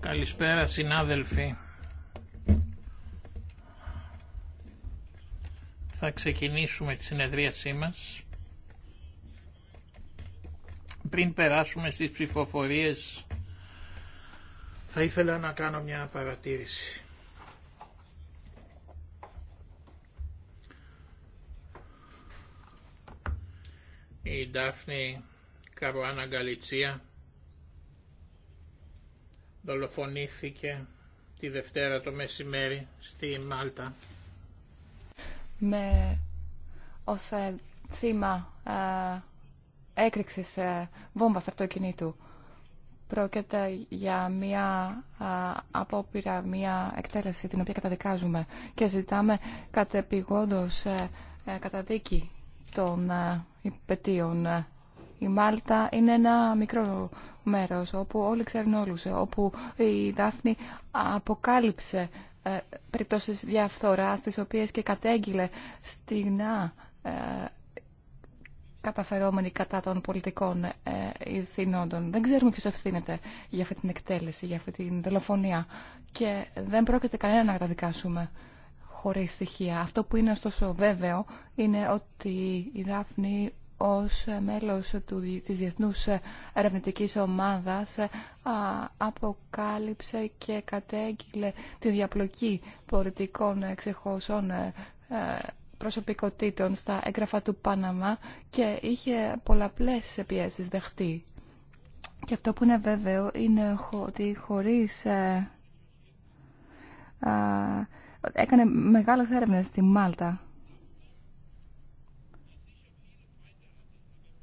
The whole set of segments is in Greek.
Καλησπέρα συνάδελφοι. Θα ξεκινήσουμε τη συνεδρίασή μας. Πριν περάσουμε στις ψηφοφορίες θα ήθελα να κάνω μια παρατήρηση. Η Ντάφνη Καρουάνα Γκαλιτσία δολοφονήθηκε τη Δευτέρα το μεσημέρι στη Μάλτα. Με ως ε, θύμα ε, έκρηξης ε, βόμβας αυτοκινήτου. Πρόκειται για μια ε, απόπειρα, μια εκτέλεση την οποία καταδικάζουμε και ζητάμε κατεπηγόντως ε, ε, καταδίκη των υπετίων η Μάλτα είναι ένα μικρό μέρος όπου όλοι ξέρουν όλους, όπου η Δάφνη αποκάλυψε ε, περιπτώσεις διαφθοράς, τις οποίες και κατέγγειλε στιγνά ε, κατά των πολιτικών ε, Δεν ξέρουμε ποιος ευθύνεται για αυτή την εκτέλεση, για αυτή την δολοφονία και δεν πρόκειται κανένα να καταδικάσουμε χωρίς στοιχεία. Αυτό που είναι ωστόσο βέβαιο είναι ότι η Δάφνη ως ε, μέλος του, της Διεθνούς ε, Ερευνητικής Ομάδας ε, αποκάλυψε και κατέγγειλε τη διαπλοκή πολιτικών εξεχώσεων προσωπικότητων στα έγγραφα του Πάναμα και είχε πολλαπλές πιέσεις δεχτεί. Και αυτό που είναι βέβαιο είναι ότι χωρίς... έκανε μεγάλες έρευνες στη Μάλτα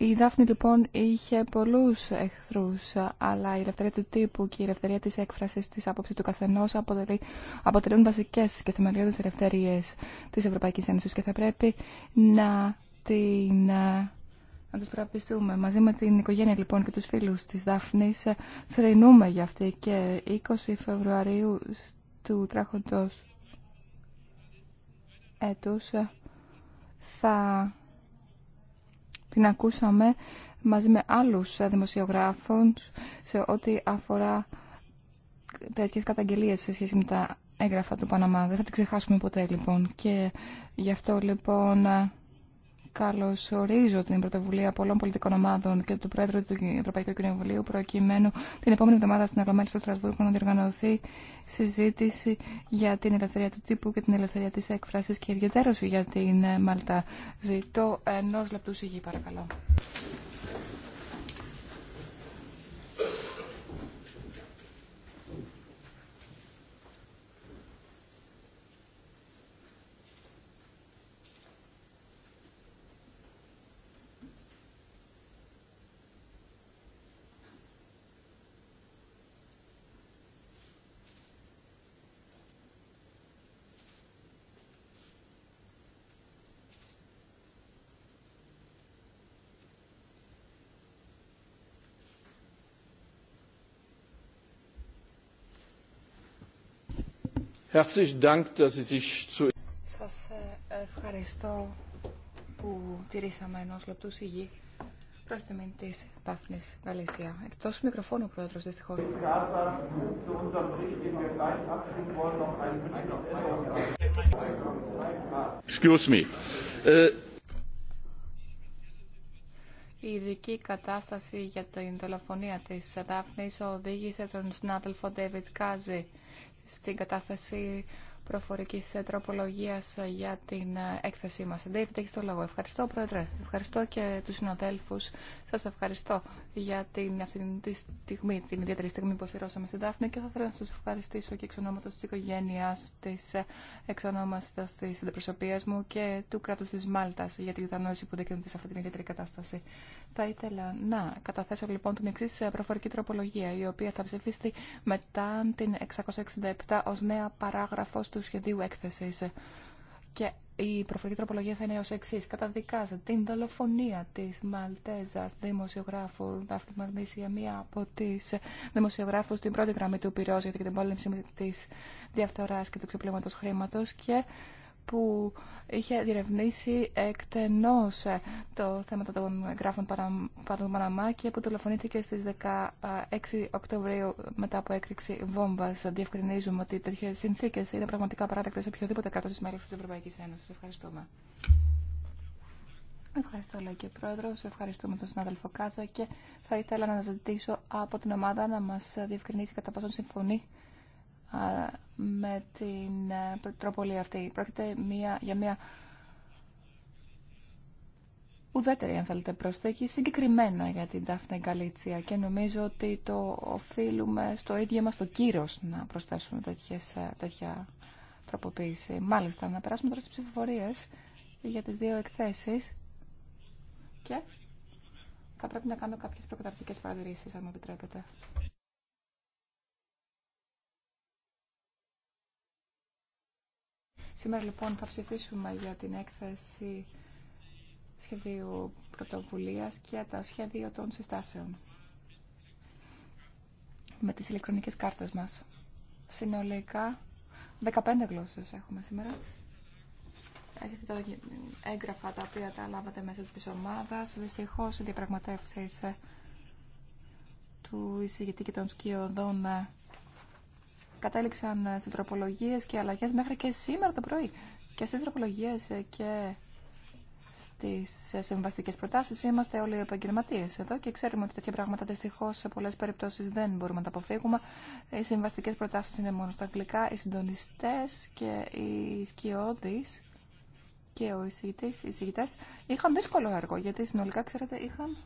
Η Δάφνη λοιπόν είχε πολλούς εχθρούς, αλλά η ελευθερία του τύπου και η ελευθερία της έκφρασης της άποψης του καθενός αποτελεί, αποτελούν βασικές και θεμελιώδεις ελευθερίες της Ευρωπαϊκής Ένωσης και θα πρέπει να την... Να παραπιστούμε. Μαζί με την οικογένεια λοιπόν και τους φίλους της Δάφνης θρυνούμε για αυτή και 20 Φεβρουαρίου του τράχοντος έτους θα την ακούσαμε μαζί με άλλους δημοσιογράφους σε ό,τι αφορά τέτοιες καταγγελίες σε σχέση με τα έγγραφα του Παναμά. Δεν θα την ξεχάσουμε ποτέ λοιπόν και γι' αυτό λοιπόν καλωσορίζω την πρωτοβουλία πολλών πολιτικών ομάδων και του Πρόεδρου του Ευρωπαϊκού Κοινοβουλίου προκειμένου την επόμενη εβδομάδα στην Ευρωμέλη στο Στρασβούργο να διοργανωθεί συζήτηση για την ελευθερία του τύπου και την ελευθερία της έκφρασης και ιδιαίτερωση για την Μαλτά. Ζητώ ενός λεπτού συγγύη παρακαλώ. Σας ε, ευχαριστώ που τηρήσαμε ενό λεπτού σιγή προ τη της Δάφνης Γαλήσια. Εκτός μικροφώνου, Πρόεδρος, δυστυχώ. Excuse me. Ε, Η ειδική κατάσταση για την δολοφονία της Δάφνης οδήγησε τον συνάδελφο Ντέβιτ Κάζη στην κατάθεση Προφορική τροπολογία για την έκθεσή μας. David, έχει το λόγο. Ευχαριστώ, Πρόεδρε. Ευχαριστώ και του συναδέλφου. Σα ευχαριστώ για την, αυτή στιγμή, την ιδιαίτερη στιγμή που αφιερώσαμε στην Τάφνη και θα ήθελα να σα ευχαριστήσω και εξ ονόματο τη οικογένεια, τη εξ ονόματο της αντιπροσωπεία μου και του κράτου τη Μάλτα για την κατανόηση που δείχνετε σε αυτή την ιδιαίτερη κατάσταση. Θα ήθελα να καταθέσω λοιπόν την εξή προφορική τροπολογία, η οποία θα ψηφίσει μετά την 667 ω νέα παράγραφο του σχεδίου έκθεση. Και η προφορική τροπολογία θα είναι ως εξή. Καταδικάζει την δολοφονία της Μαλτέζας δημοσιογράφου Δάφνη για μία από τι δημοσιογράφου στην πρώτη γραμμή του πυρός για την πόλεμψη της διαφθοράς και του ξεπλήματο χρήματο. και που είχε διερευνήσει εκτενώ ε, το θέμα των γράφων Παναμά και που τηλεφωνήθηκε στι 16 Οκτωβρίου μετά από έκρηξη Βόμβα. Διευκρινίζουμε ότι τέτοιε συνθήκε είναι πραγματικά παράτακτες σε οποιοδήποτε τη μέλη τη Ευρωπαϊκή Ένωση. Ευχαριστούμε. Ευχαριστώ, λέει και πρόεδρο. Ευχαριστούμε τον συνάδελφο Κάζα και θα ήθελα να ζητήσω από την ομάδα να μα διευκρινίσει κατά πόσο συμφωνεί με την ε, τροπολία αυτή. Πρόκειται μια, για μια ουδέτερη, αν θέλετε, προσθέκη συγκεκριμένα για την ταφνα Γκαλίτσια και νομίζω ότι το οφείλουμε στο ίδιο μας το κύρος να προσθέσουμε τέτοιες, ε, τέτοια τροποποίηση. Μάλιστα, να περάσουμε τώρα στις ψηφοφορίες για τις δύο εκθέσεις και θα πρέπει να κάνω κάποιες προκαταρτικές παρατηρήσεις, αν μου επιτρέπετε. Σήμερα λοιπόν θα ψηφίσουμε για την έκθεση σχεδίου πρωτοβουλίας και τα σχέδια των συστάσεων με τις ηλεκτρονικές κάρτες μας. Συνολικά 15 γλώσσες έχουμε σήμερα. Έχετε τα έγγραφα τα οποία τα λάβατε μέσα της ομάδας. Δυστυχώς οι διαπραγματεύσεις του εισηγητή και των σκιωδών κατέληξαν ε, σε τροπολογίε και αλλαγέ μέχρι και σήμερα το πρωί. Και στι τροπολογίε ε, και στι ε, συμβαστικέ προτάσει είμαστε όλοι οι επαγγελματίε εδώ και ξέρουμε ότι τέτοια πράγματα δυστυχώ σε πολλέ περιπτώσει δεν μπορούμε να τα αποφύγουμε. Οι συμβαστικέ προτάσει είναι μόνο στα αγγλικά, οι συντονιστέ και οι σκιώδει και ο εισηγητής, οι εισηγητέ είχαν δύσκολο έργο γιατί συνολικά ξέρετε είχαν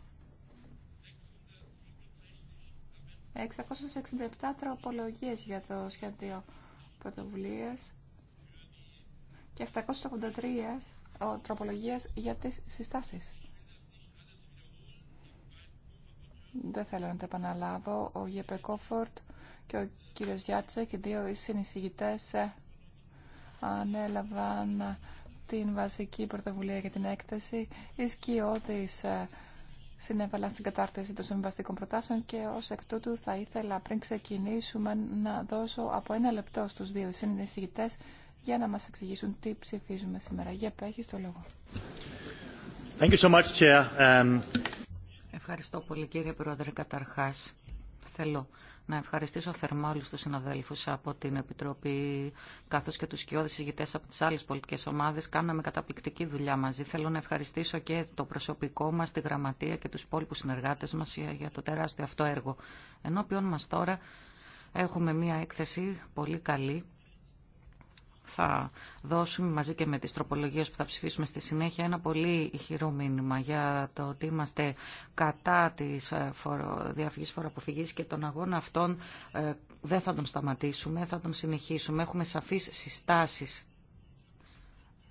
667 τροπολογίες για το σχέδιο πρωτοβουλίας και 783 τροπολογίες για τις συστάσεις. Δεν θέλω να τα επαναλάβω. Ο Γεπε Κόφορτ και ο κύριος Γιάτσε και δύο συνεισηγητές ε, ανέλαβαν την βασική πρωτοβουλία για την έκθεση. Οι σκιώδεις ε, συνέβαλα στην κατάρτιση των συμβαστικών προτάσεων και ω εκ τούτου θα ήθελα πριν ξεκινήσουμε να δώσω από ένα λεπτό στους δύο συνεισηγητέ για να μας εξηγήσουν τι ψηφίζουμε σήμερα. Για έχει το λόγο. Thank you so much, Chair. Um, Ευχαριστώ πολύ κύριε Πρόεδρε καταρχάς. Θέλω να ευχαριστήσω θερμά όλου του συναδέλφους από την Επιτροπή, καθώς και τους σκιώδει ηγητές από τις άλλες πολιτικές ομάδες. Κάναμε καταπληκτική δουλειά μαζί. Θέλω να ευχαριστήσω και το προσωπικό μας, τη γραμματεία και τους υπόλοιπου συνεργάτες μας για το τεράστιο αυτό έργο. Ενώπιον μας τώρα έχουμε μία έκθεση πολύ καλή θα δώσουμε μαζί και με τις τροπολογίες που θα ψηφίσουμε στη συνέχεια ένα πολύ ηχηρό μήνυμα για το ότι είμαστε κατά της ε, διαφυγής φοροαποφυγής και τον αγώνα αυτών ε, δεν θα τον σταματήσουμε, θα τον συνεχίσουμε. Έχουμε σαφείς συστάσεις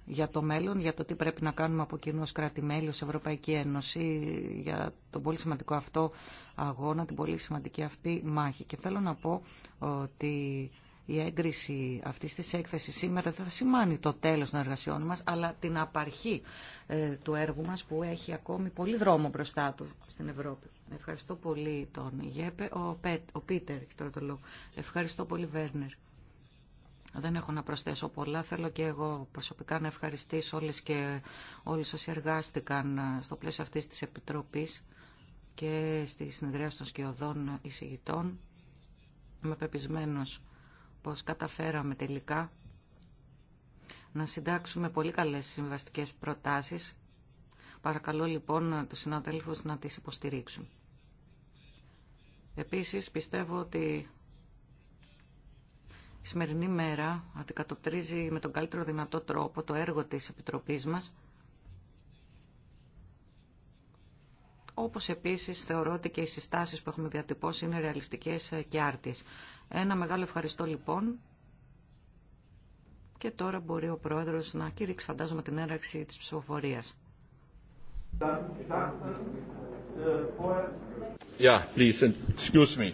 για το μέλλον, για το τι πρέπει να κάνουμε από κοινού ως κράτη-μέλη, ως Ευρωπαϊκή Ένωση, για τον πολύ σημαντικό αυτό αγώνα, την πολύ σημαντική αυτή μάχη. Και θέλω να πω ότι η έγκριση αυτής της έκθεσης σήμερα δεν θα σημάνει το τέλος των εργασιών μας, αλλά την απαρχή ε, του έργου μας που έχει ακόμη πολύ δρόμο μπροστά του στην Ευρώπη. Ευχαριστώ πολύ τον Γέπε, ο, Πέτ, ο Πίτερ έχει τώρα το λόγο. Ευχαριστώ πολύ Βέρνερ. Δεν έχω να προσθέσω πολλά. Θέλω και εγώ προσωπικά να ευχαριστήσω όλες και όλους όσοι εργάστηκαν ε, στο πλαίσιο αυτής της Επιτροπής και στη συνεδρία των σκιωδών εισηγητών. Είμαι πεπισμένος πως καταφέραμε τελικά να συντάξουμε πολύ καλές συμβαστικές προτάσεις. Παρακαλώ λοιπόν τους συναδέλφους να τις υποστηρίξουν. Επίσης πιστεύω ότι η σημερινή μέρα αντικατοπτρίζει με τον καλύτερο δυνατό τρόπο το έργο της Επιτροπής μας όπως επίσης θεωρώ ότι και οι συστάσεις που έχουμε διατυπώσει είναι ρεαλιστικές και άρτιες. Ένα μεγάλο ευχαριστώ λοιπόν και τώρα μπορεί ο Πρόεδρος να κήρυξει φαντάζομαι την έναρξη της ψηφοφορίας. Yeah,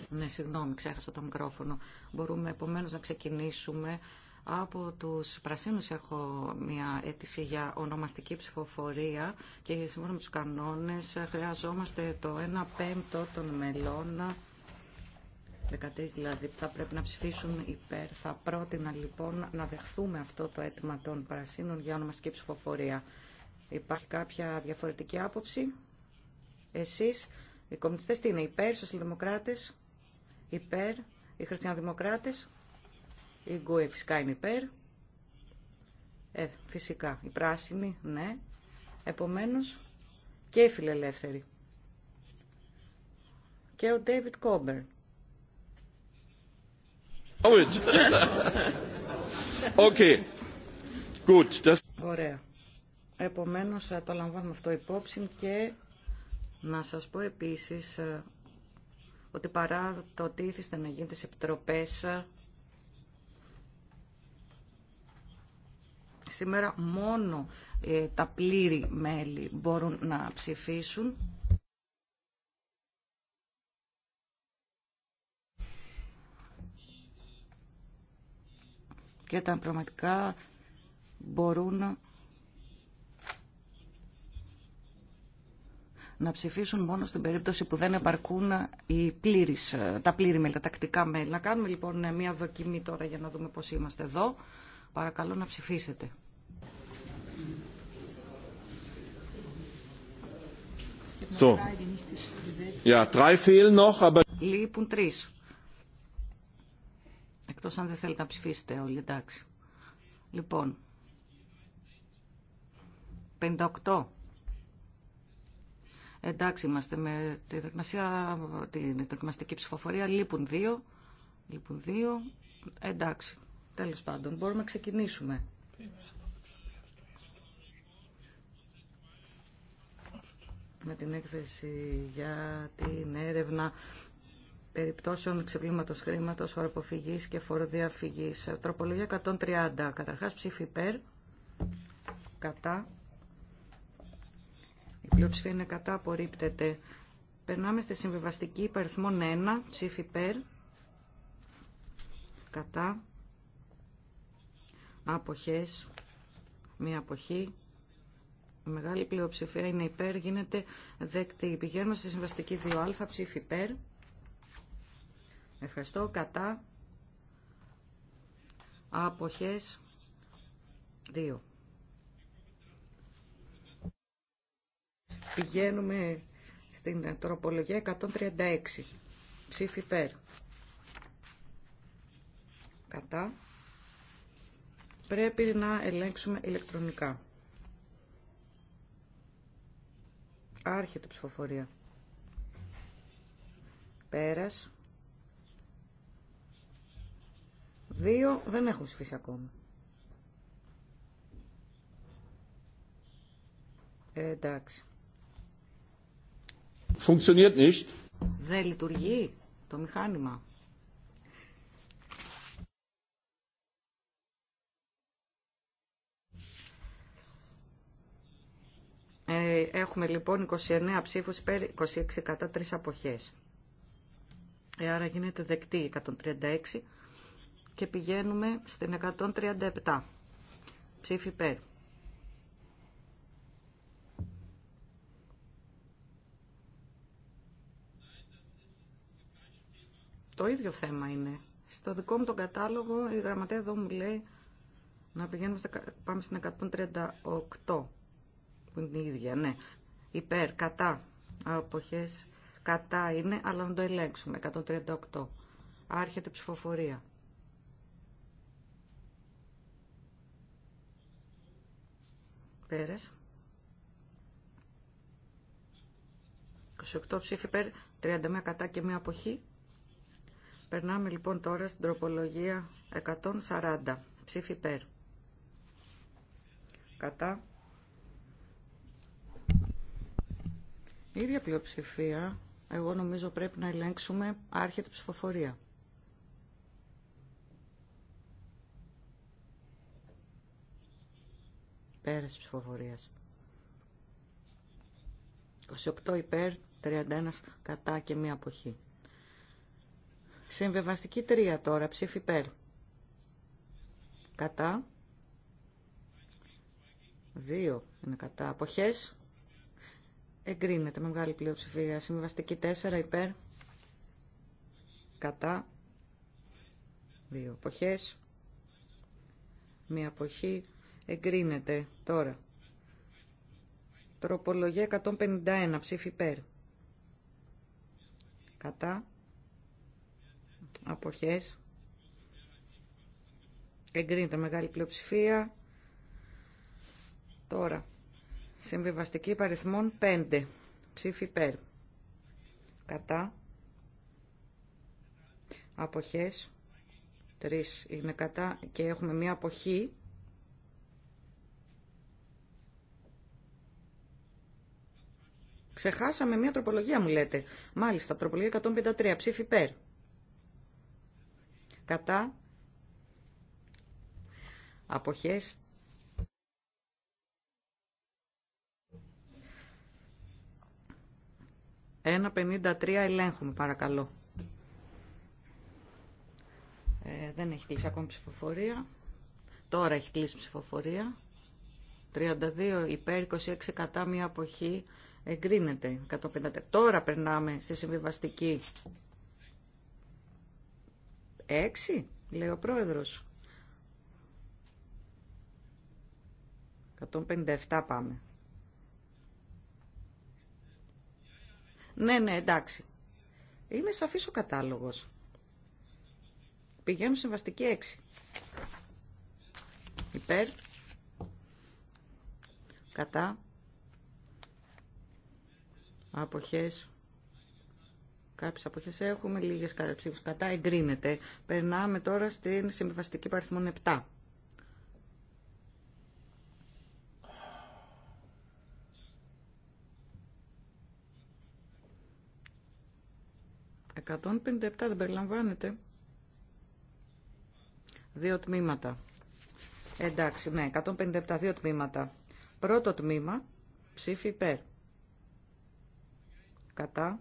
Ναι, συγγνώμη, ξέχασα το μικρόφωνο. Μπορούμε επομένως να ξεκινήσουμε από τους πρασίνους έχω μια αίτηση για ονομαστική ψηφοφορία και σύμφωνα με τους κανόνες χρειαζόμαστε το 1 πέμπτο των μελών 13 δηλαδή που θα πρέπει να ψηφίσουν υπέρ. Θα πρότεινα λοιπόν να δεχθούμε αυτό το αίτημα των πρασίνων για ονομαστική ψηφοφορία. Υπάρχει κάποια διαφορετική άποψη. Εσείς, οι κομμουνιστές τι είναι, υπέρ, οι σοσιαλδημοκράτες, υπέρ, οι χριστιανοδημοκράτες. Η γκουε φυσικά είναι υπέρ. Ε, φυσικά. Η πράσινη, ναι. Επομένως, και η φιλελεύθερη. Και ο Ντέιβιτ Κόμπερ. Ωραία. Επομένως, ε, το λαμβάνουμε αυτό υπόψη και να σας πω επίσης ε, ότι παρά το ότι ήθιστε να γίνετε σε επιτροπές Σήμερα μόνο ε, τα πλήρη μέλη μπορούν να ψηφίσουν. Και τα πραγματικά μπορούν να ψηφίσουν μόνο στην περίπτωση που δεν επαρκούν οι πλήρης, ε, τα πλήρη μέλη, τα τακτικά μέλη. Να κάνουμε λοιπόν ε, μια δοκιμή τώρα για να δούμε πώς είμαστε εδώ. Παρακαλώ να ψηφίσετε. So. Ja, drei Λείπουν τρεις. Εκτός αν δεν θέλετε να ψηφίσετε όλοι, εντάξει. Λοιπόν, 58. Εντάξει, είμαστε με τη την δοκιμαστική ψηφοφορία. Λείπουν δύο. Λείπουν δύο. Εντάξει, τέλος πάντων, μπορούμε να ξεκινήσουμε. με την έκθεση για την έρευνα περιπτώσεων ξεπλήματος χρήματος, φοροποφυγής και φοροδιαφυγής. Τροπολογία 130. Καταρχάς ψήφι υπέρ, κατά. Η πλειοψηφία είναι κατά, απορρίπτεται. Περνάμε στη συμβιβαστική υπαριθμόν 1, ψήφι υπέρ, κατά. Αποχές, μία αποχή, μεγάλη πλειοψηφία είναι υπέρ, γίνεται δεκτή. Πηγαίνουμε στη συμβαστική 2α, ψήφι υπέρ. Ευχαριστώ. Κατά. Αποχές. 2. Πηγαίνουμε στην τροπολογία 136. Ψήφι υπέρ. Κατά. Πρέπει να ελέγξουμε ηλεκτρονικά. Άρχεται η ψηφοφορία. Πέρας. Δύο δεν έχουν ψηφίσει ακόμα. Ε, εντάξει. Δεν λειτουργεί το μηχάνημα. Ε, έχουμε λοιπόν 29 ψήφους υπέρ 26 κατά 3 αποχές. Ε, άρα γίνεται δεκτή 136 και πηγαίνουμε στην 137 ψήφι υπέρ. Το ίδιο θέμα είναι. Στο δικό μου τον κατάλογο η γραμματέα εδώ μου λέει να πηγαίνουμε πάμε στην 138 που είναι η ίδια, ναι. Υπέρ, κατά, αποχές, κατά είναι, αλλά να το ελέγξουμε, 138. Άρχεται ψηφοφορία. Πέρες. 28 ψήφοι υπέρ, 31 κατά και μία αποχή. Περνάμε λοιπόν τώρα στην τροπολογία 140. Ψήφι υπέρ. Κατά. Η ίδια πλειοψηφία, εγώ νομίζω πρέπει να ελέγξουμε άρχεται ψηφοφορία. της ψηφοφορίας. 28 υπέρ, 31 κατά και μία αποχή. Συμβεβαστική 3 τώρα, ψήφι υπέρ. Κατά. 2 είναι κατά. Αποχές. Εγκρίνεται με μεγάλη πλειοψηφία. Συμβαστική 4 υπέρ. Κατά. Δύο εποχές. Μία εποχή. Εγκρίνεται τώρα. Τροπολογία 151. Ψήφι υπέρ. Κατά. Αποχές. Εγκρίνεται μεγάλη πλειοψηφία. Τώρα. Συμβιβαστική υπαριθμών 5. Ψήφι υπέρ. Κατά. Αποχές. 3 είναι κατά και έχουμε μία αποχή. Ξεχάσαμε μία τροπολογία μου λέτε. Μάλιστα, τροπολογία 153. Ψήφι υπέρ. Κατά. Αποχές. 1.53 ελέγχουμε παρακαλώ. Ε, δεν έχει κλείσει ακόμη ψηφοφορία. Τώρα έχει κλείσει ψηφοφορία. 32 υπέρ, 26 κατά μία αποχή εγκρίνεται. 150. Τώρα περνάμε στη συμβιβαστική. 6, λέει ο πρόεδρος. 157 πάμε. Ναι, ναι, εντάξει. Είναι σαφή ο κατάλογο. Πηγαίνουν συμβαστική 6. Υπέρ. Κατά. Αποχές. Κάποιες αποχές έχουμε, λίγες ψήφους κατά, εγκρίνεται. Περνάμε τώρα στην συμβαστική παριθμόν 7. 157 δεν περιλαμβάνεται. Δύο τμήματα. Εντάξει, ναι, 157 δύο τμήματα. Πρώτο τμήμα, ψήφι υπέρ. Κατά.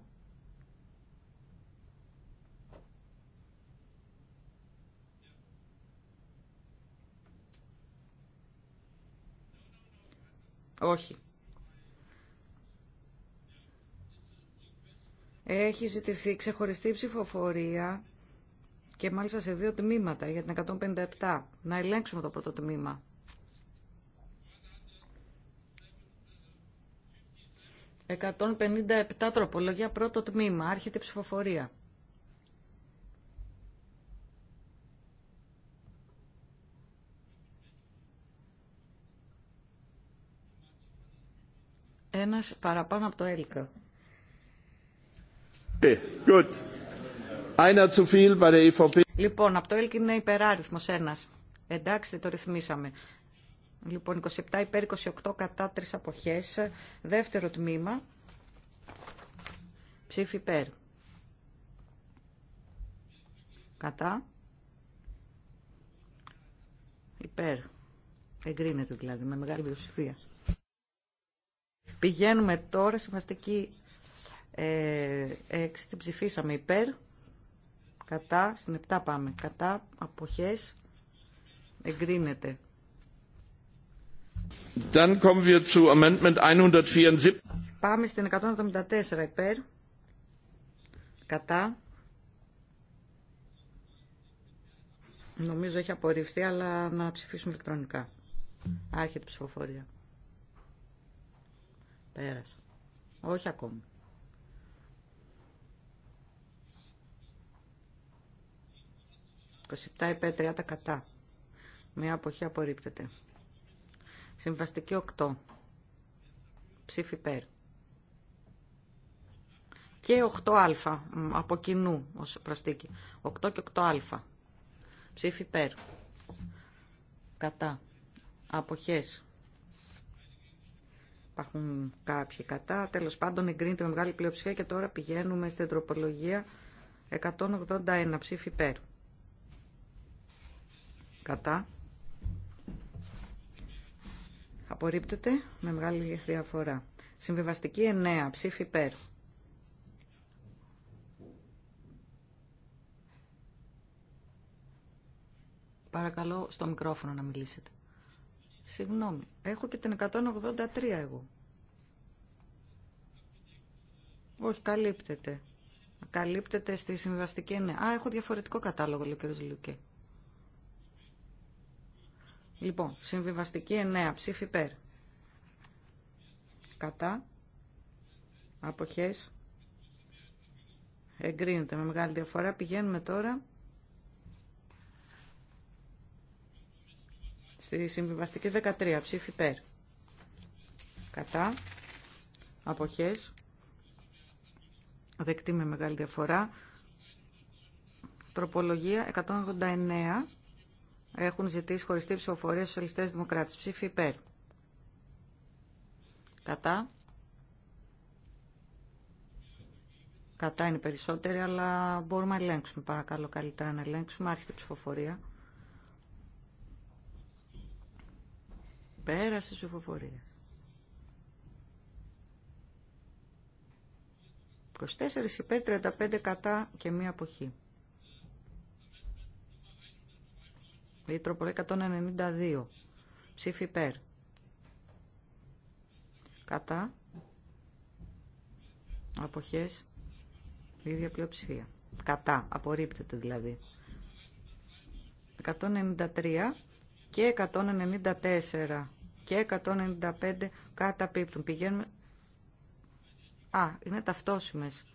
Όχι. Έχει ζητηθεί ξεχωριστή ψηφοφορία και μάλιστα σε δύο τμήματα για την 157. Να ελέγξουμε το πρώτο τμήμα. 157 τροπολογία πρώτο τμήμα. Άρχεται η ψηφοφορία. Ένας παραπάνω από το έλικα. Ε, λοιπόν, από το ΕΛΚ είναι υπεράριθμο ένα. Εντάξει, το ρυθμίσαμε. Λοιπόν, 27 υπέρ 28 κατά 3 αποχέ. Δεύτερο τμήμα. Ψήφι υπέρ. Κατά. Υπέρ. Εγκρίνεται δηλαδή με μεγάλη πλειοψηφία. Πηγαίνουμε τώρα στη βαστική ε, την ψηφίσαμε υπέρ. Κατά, στην 7 πάμε. Κατά, αποχές, εγκρίνεται. Dann kommen wir zu Amendment 174. Πάμε στην 174 υπέρ. Κατά. Νομίζω έχει απορριφθεί, αλλά να ψηφίσουμε ηλεκτρονικά. Άρχεται ψηφοφορία. Πέρασε. Όχι ακόμα. 27 υπέρ 30 κατά. Μία αποχή απορρίπτεται. Συμβαστική 8. Ψήφι υπέρ. Και 8α από κοινού ως προστίκη. 8 και 8α. Ψήφι υπέρ. Κατά. Αποχέ. Υπάρχουν κάποιοι κατά. Τέλο πάντων εγκρίνεται με μεγάλη πλειοψηφία και τώρα πηγαίνουμε στην τροπολογία 181 ψήφι υπέρ. Κατά. Απορρίπτεται με μεγάλη διαφορά. Συμβιβαστική 9. Ψήφι υπέρ. Παρακαλώ στο μικρόφωνο να μιλήσετε. Συγγνώμη, έχω και την 183 εγώ. Όχι, καλύπτεται. Καλύπτεται στη συμβιβαστική 9. Α, έχω διαφορετικό κατάλογο, λέει ο κ. Λουκέ. Λοιπόν, συμβιβαστική 9, ψήφι ΠΕΡ, Κατά. Αποχές. Εγκρίνεται με μεγάλη διαφορά. Πηγαίνουμε τώρα στη συμβιβαστική 13, ψήφι ΠΕΡ, Κατά. Αποχές. Δεκτή με μεγάλη διαφορά. Τροπολογία 189 έχουν ζητήσει χωριστή ψηφοφορία στους λιστές δημοκράτες. Ψήφι υπέρ. Κατά. Κατά είναι περισσότεροι, αλλά μπορούμε να ελέγξουμε παρακαλώ καλύτερα να ελέγξουμε. Άρχεται ψηφοφορία. Πέρασε ψηφοφορία. 24 υπέρ, 35 κατά και μία αποχή. Η 192. Ψήφι υπέρ. Κατά. Αποχές. ίδια πλειοψηφία. Κατά. Απορρίπτεται δηλαδή. 193 και 194 και 195 καταπίπτουν. Πηγαίνουμε... Α, είναι ταυτόσιμες.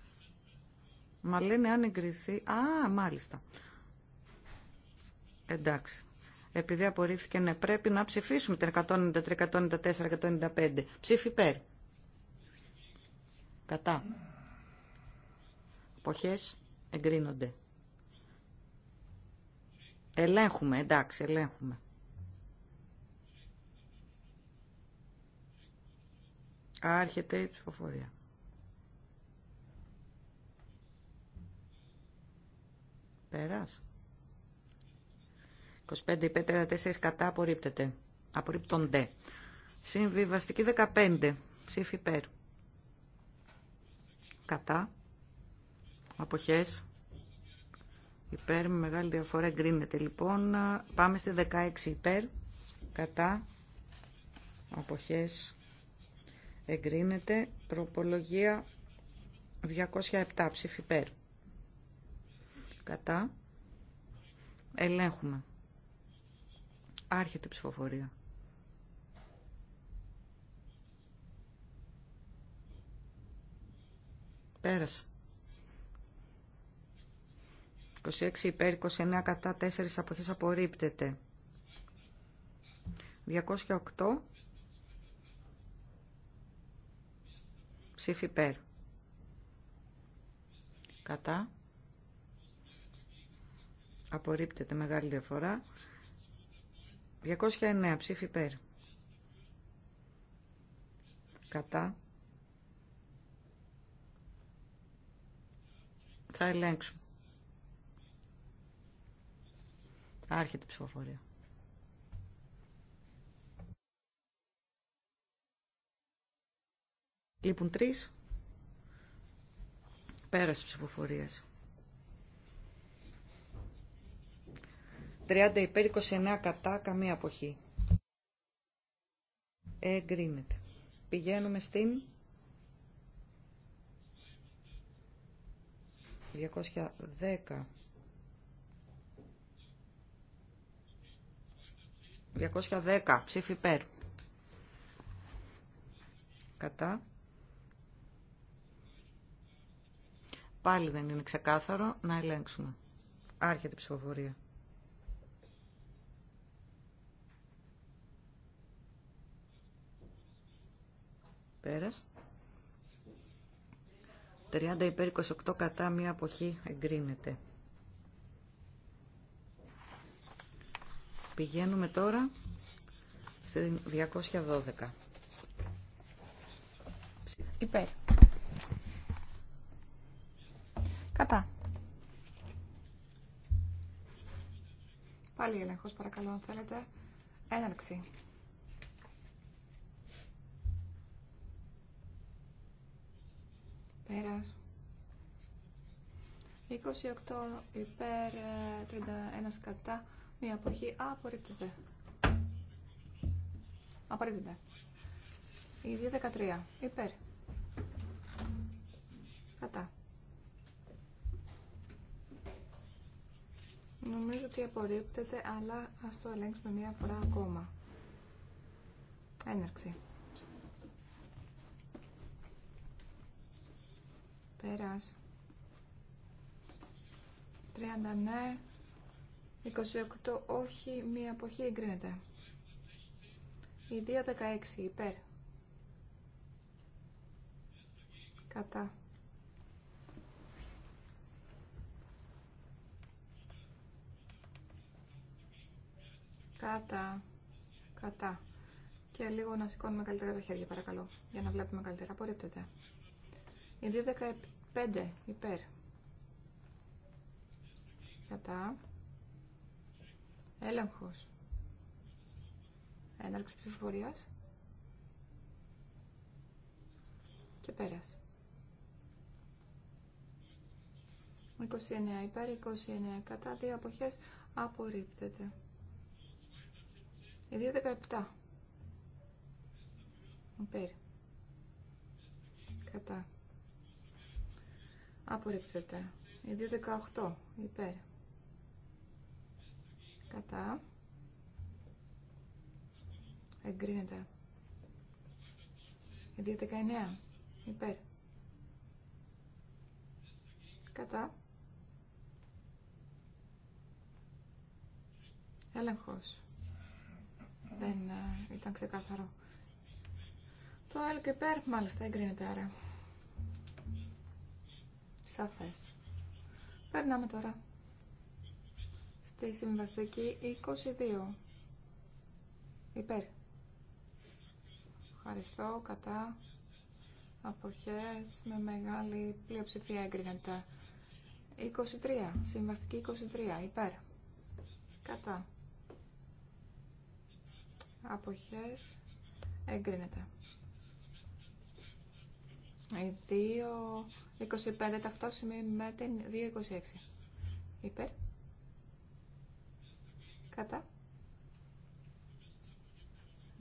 Μα λένε αν εγκριθεί... Α, μάλιστα. Εντάξει. Επειδή απορρίφθηκε, ναι, πρέπει να ψηφίσουμε την 193, 194 195. Ψήφι υπέρ. Κατά. Αποχές εγκρίνονται. Ελέγχουμε, εντάξει, ελέγχουμε. Άρχεται η ψηφοφορία. Περάσα. 25 υπέρ 34 κατά απορρίπτεται. Απορρίπτονται. Συμβιβαστική 15. Ψήφι υπέρ. Κατά. Αποχές. Υπέρ με μεγάλη διαφορά εγκρίνεται. Λοιπόν, πάμε στη 16 υπέρ. Κατά. Αποχές. Εγκρίνεται. Τροπολογία 207. Ψήφι υπέρ. Κατά. Ελέγχουμε. Άρχεται η ψηφοφορία. Πέρασε. 26 υπέρ, 29 κατά, 4 αποχές απορρίπτεται. 208 ψήφι υπέρ. Κατά. Απορρίπτεται μεγάλη διαφορά. 209 ψήφι υπέρ. Κατά. Θα ελέγξω. Άρχεται η ψηφοφορία. Λείπουν τρεις. Πέρασε ψηφοφορίας. ψηφοφορία. 30 υπέρ 29 κατά καμία αποχή. Εγκρίνεται. Πηγαίνουμε στην 210. 210 ψήφι υπέρ. Κατά. Πάλι δεν είναι ξεκάθαρο να ελέγξουμε. Άρχεται η ψηφοφορία. 30 υπέρ 28 κατά μία αποχή εγκρίνεται. Πηγαίνουμε τώρα στη 212. Υπέρ. Κατά. Πάλι έλεγχος παρακαλώ αν θέλετε. Έναρξη. Πέρας. 28 υπέρ, 31 ε, κατά, μία αποχή. Απορρίπτεται. Απορρίπτεται. Η 13 υπέρ. Κατά. Νομίζω ότι απορρίπτεται, αλλά ας το ελέγξουμε μία φορά ακόμα. Έναρξη. Πέρας. 30 ναι, 28 όχι, μία αποχή εγκρίνεται. Η 16 υπέρ. Κατά. Κατά. Κατά. Και λίγο να σηκώνουμε καλύτερα τα χέρια, παρακαλώ. Για να βλέπουμε καλύτερα. Απορρίπτεται. Η 5 υπέρ. Κατά. Έλεγχος. Έναρξη ψηφοφορία. Και πέρας. 29 υπέρ, 29 κατά, δύο αποχές απορρίπτεται. Η 217. Υπέρ. Κατά. Απορρίπτεται. Η 218 υπέρ. Κατά. Εγκρίνεται. Η 219 υπέρ. Κατά. Έλεγχο. Δεν ε, ήταν ξεκάθαρο. Το L και υπέρ μάλιστα εγκρίνεται άρα. Σαφές. Περνάμε τώρα στη συμβαστική 22. Υπέρ. Ευχαριστώ. Κατά. Αποχές με μεγάλη πλειοψηφία έγκρινεται. 23. Συμβαστική 23. Υπέρ. Κατά. Αποχές έγκρινεται. Οι δύο 25 ταυτόσημοι με την 226. Υπέρ. Κατά.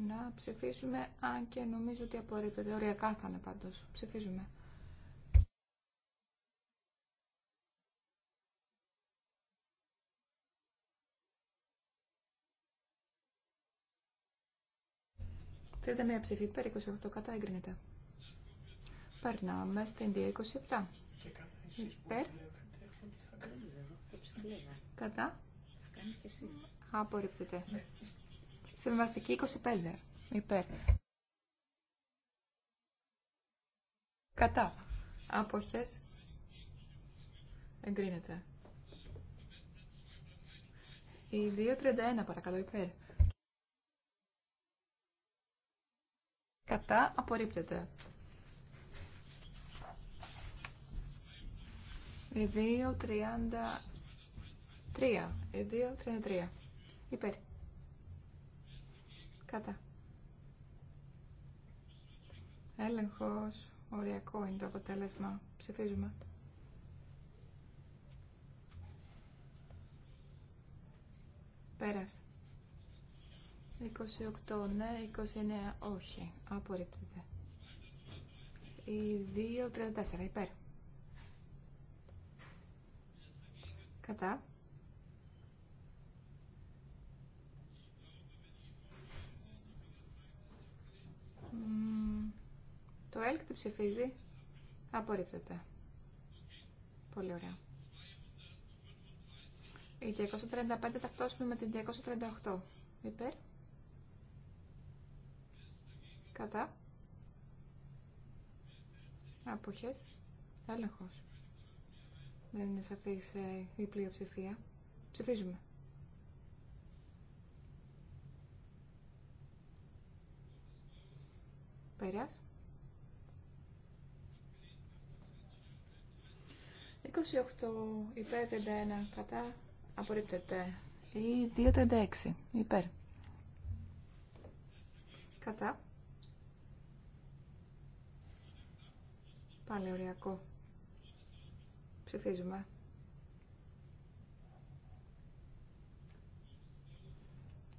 Να ψηφίσουμε, αν και νομίζω ότι απορρίπτεται. Οριακά θα είναι πάντως. Ψηφίζουμε. Τρίτα μία ψήφι υπέρ, 28 κατά, εγκρίνεται. Περνάμε στην 227. Υπέρ. Κατά. Απορρίπτεται. Συμβαστική 25. Υπέρ. Κατά. Άποχες. Εγκρίνεται. Η 2.31 παρακαλώ υπέρ. Κατά απορρίπτεται. 2.33. 2.33. Υπέρ. Κατά. Έλεγχος. Οριακό είναι το αποτέλεσμα. Ψηφίζουμε. Πέρασε. 28 ναι, 29 όχι. Απορρίπτεται. Η 2.34 υπέρ. Κατά. Το ΕΛΚ τι ψηφίζει. Απορρίπτεται. Πολύ ωραία. Η 235 ταυτόσιμη με την 238. Υπέρ. Κατά. Αποχές. Έλεγχος. Δεν είναι σαφής ε, η πλειοψηφία. Ψηφίζουμε. Πέρας. 28 υπέρ 31 κατά απορρίπτεται ή 236 υπέρ κατά Πάλι ωριακό Ψηφίζουμε.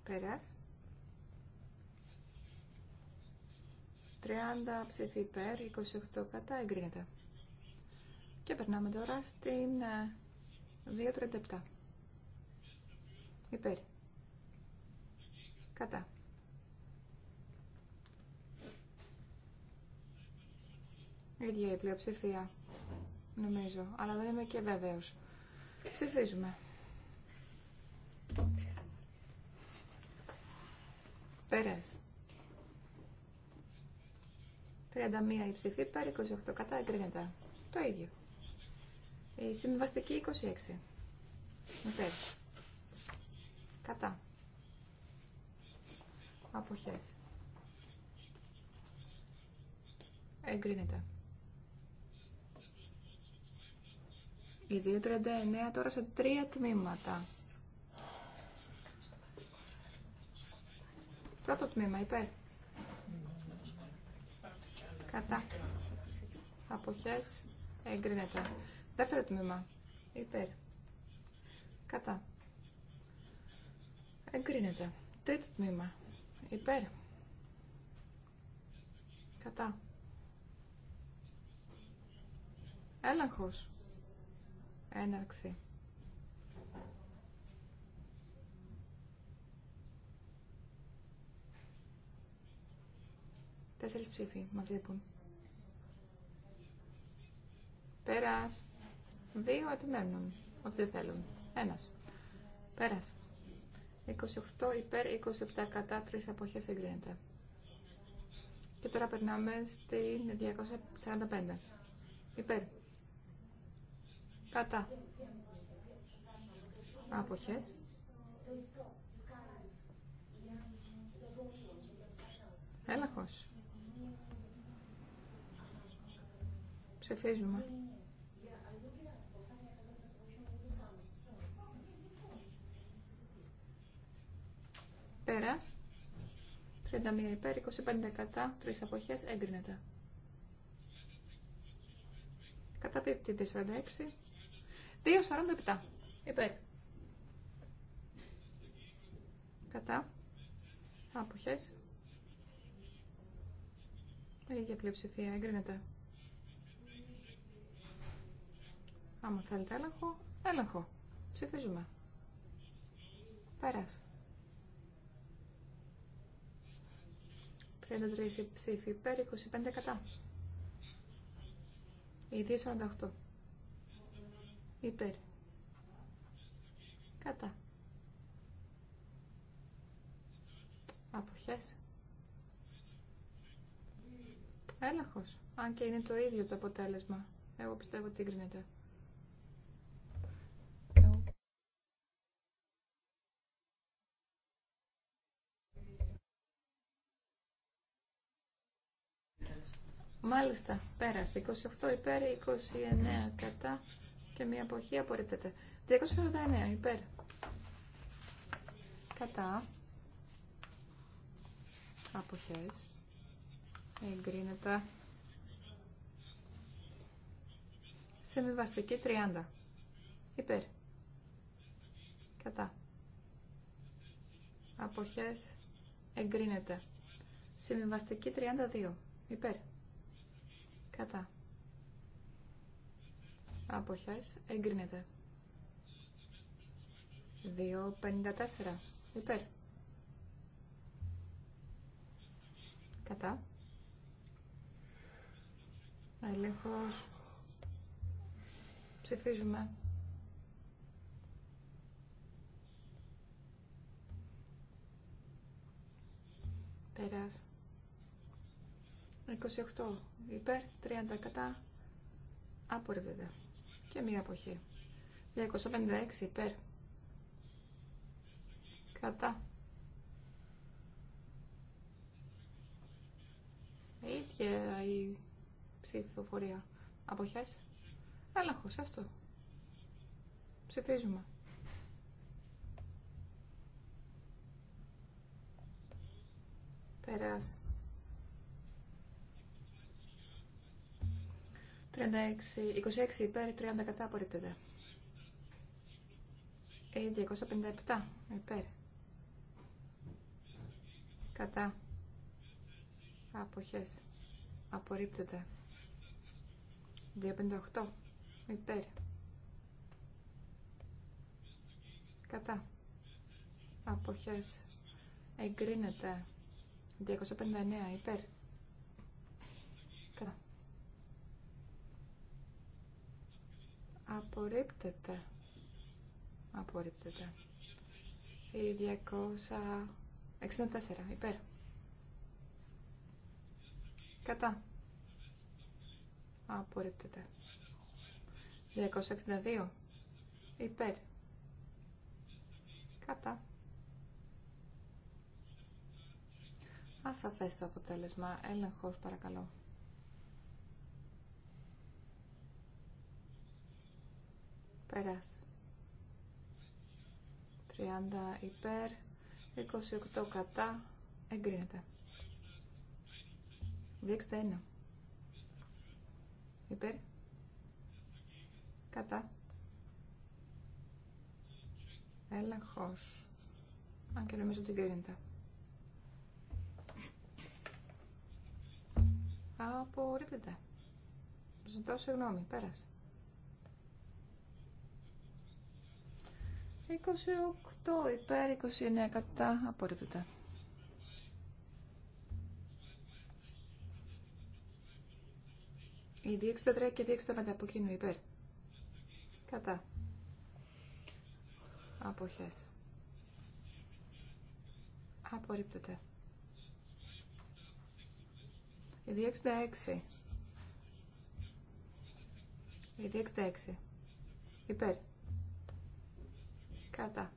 Πέρας. 30 ψηφί υπέρ, 28 κατά, εγκρίνεται. Και περνάμε τώρα στην 2.37. Ε, υπέρ. Κατά. Ίδια η πλειοψηφία νομίζω, αλλά δεν είμαι και βέβαιος. Ψηφίζουμε. Πέρε. 31 η ψηφή, πέρα 28 κατά, εγκρίνεται. Το ίδιο. Η συμβιβαστική 26. πέρα. Κατά. Αποχές. Εγκρίνεται. Η 239 τώρα σε τρία τμήματα. Πρώτο τμήμα, υπέρ. Κατά. Αποχές. Εγκρίνεται. Δεύτερο τμήμα. Υπέρ. Κατά. Εγκρίνεται. Τρίτο τμήμα. Υπέρ. Κατά. Έλεγχος. Έναρξη. Τέσσερις ψήφοι μας λείπουν. Πέρας. Δύο επιμένουν ότι δεν θέλουν. Ένας. Πέρας. 28 υπέρ, 27 κατά, τρεις αποχές εγκρίνεται. Και τώρα περνάμε στην 245. Υπέρ. Κατά. Άποχες. Έλεγχος. Ψεφίζουμε. Πέρας. 31 υπέρ, 25 κατά, 3 αποχές, έγκρινεται. Καταπίπτει 46. 2.47. Υπέρ. Κατά. Αποχές. Η ίδια πλειοψηφία εγκρίνεται. Άμα θέλετε έλεγχο, έλεγχο. Ψηφίζουμε. Πέρασε. 33 ψήφοι υπέρ, 25 κατά. Η 2.48. Υπέρ. Κατά. Αποχές. Έλαχος. Αν και είναι το ίδιο το αποτέλεσμα. Εγώ πιστεύω ότι εγκρίνεται. Μάλιστα, πέρασε. 28 υπέρ, 29 κατά και μία αποχή απορρίπτεται. 249 υπέρ. Κατά. Αποχές. Εγκρίνεται. Σεμιβαστική 30. Υπέρ. Κατά. Αποχές. Εγκρίνεται. Συμβιβαστική 32. Υπέρ. Κατά. Αποχές. Εγκρίνεται. 2.54. Υπέρ. Κατά. Έλεγχος. Ψηφίζουμε. Πέρας. 28. Υπέρ. 30. Κατά. απορριβεύεται και μία αποχή. 256 υπέρ. Κατά. Η ίδια η ψηφοφορία. Αποχές. Έλαχος, το. Ψηφίζουμε. Περάσει. 36, 26 υπέρ, 30 κατά απορρίπτεται. 257 ε, υπέρ. Κατά. Αποχές. Απορρίπτεται. 258 υπέρ. Κατά. Αποχές. Εγκρίνεται. 259 υπέρ. Απορρίπτεται. Απορρίπτεται. Η 264. Υπέρ. Κατά. Απορρίπτεται. 262. Υπέρ. Κατά. αφέστε το αποτέλεσμα. Έλεγχος παρακαλώ. Περάσει. 30 υπέρ, 28 κατά, εγκρίνεται. 261. Υπέρ. Κατά. Έλεγχος. Αν και νομίζω ότι εγκρίνεται. Απορρίπτεται. Ζητώ συγγνώμη. Πέρασε. 28 υπέρ 29 κατά απορρίπτεται. 263 και 265 από κοινού υπέρ. Κατά. Αποχές. Απορρίπτεται. 266. 266. Υπέρ. Κατά.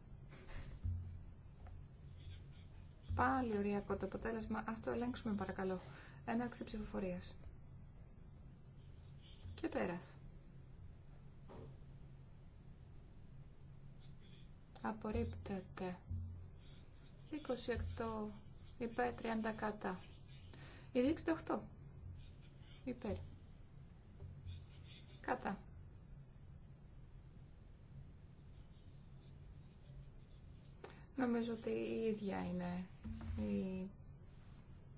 Πάλι ωριακό το αποτέλεσμα. Ας το ελέγξουμε παρακαλώ. Έναρξη ψηφοφορίας. Και πέρας. Απορρίπτεται. 28 υπέρ 30 κατά. Η 8 υπέρ. Κατά. Νομίζω ότι η ίδια είναι η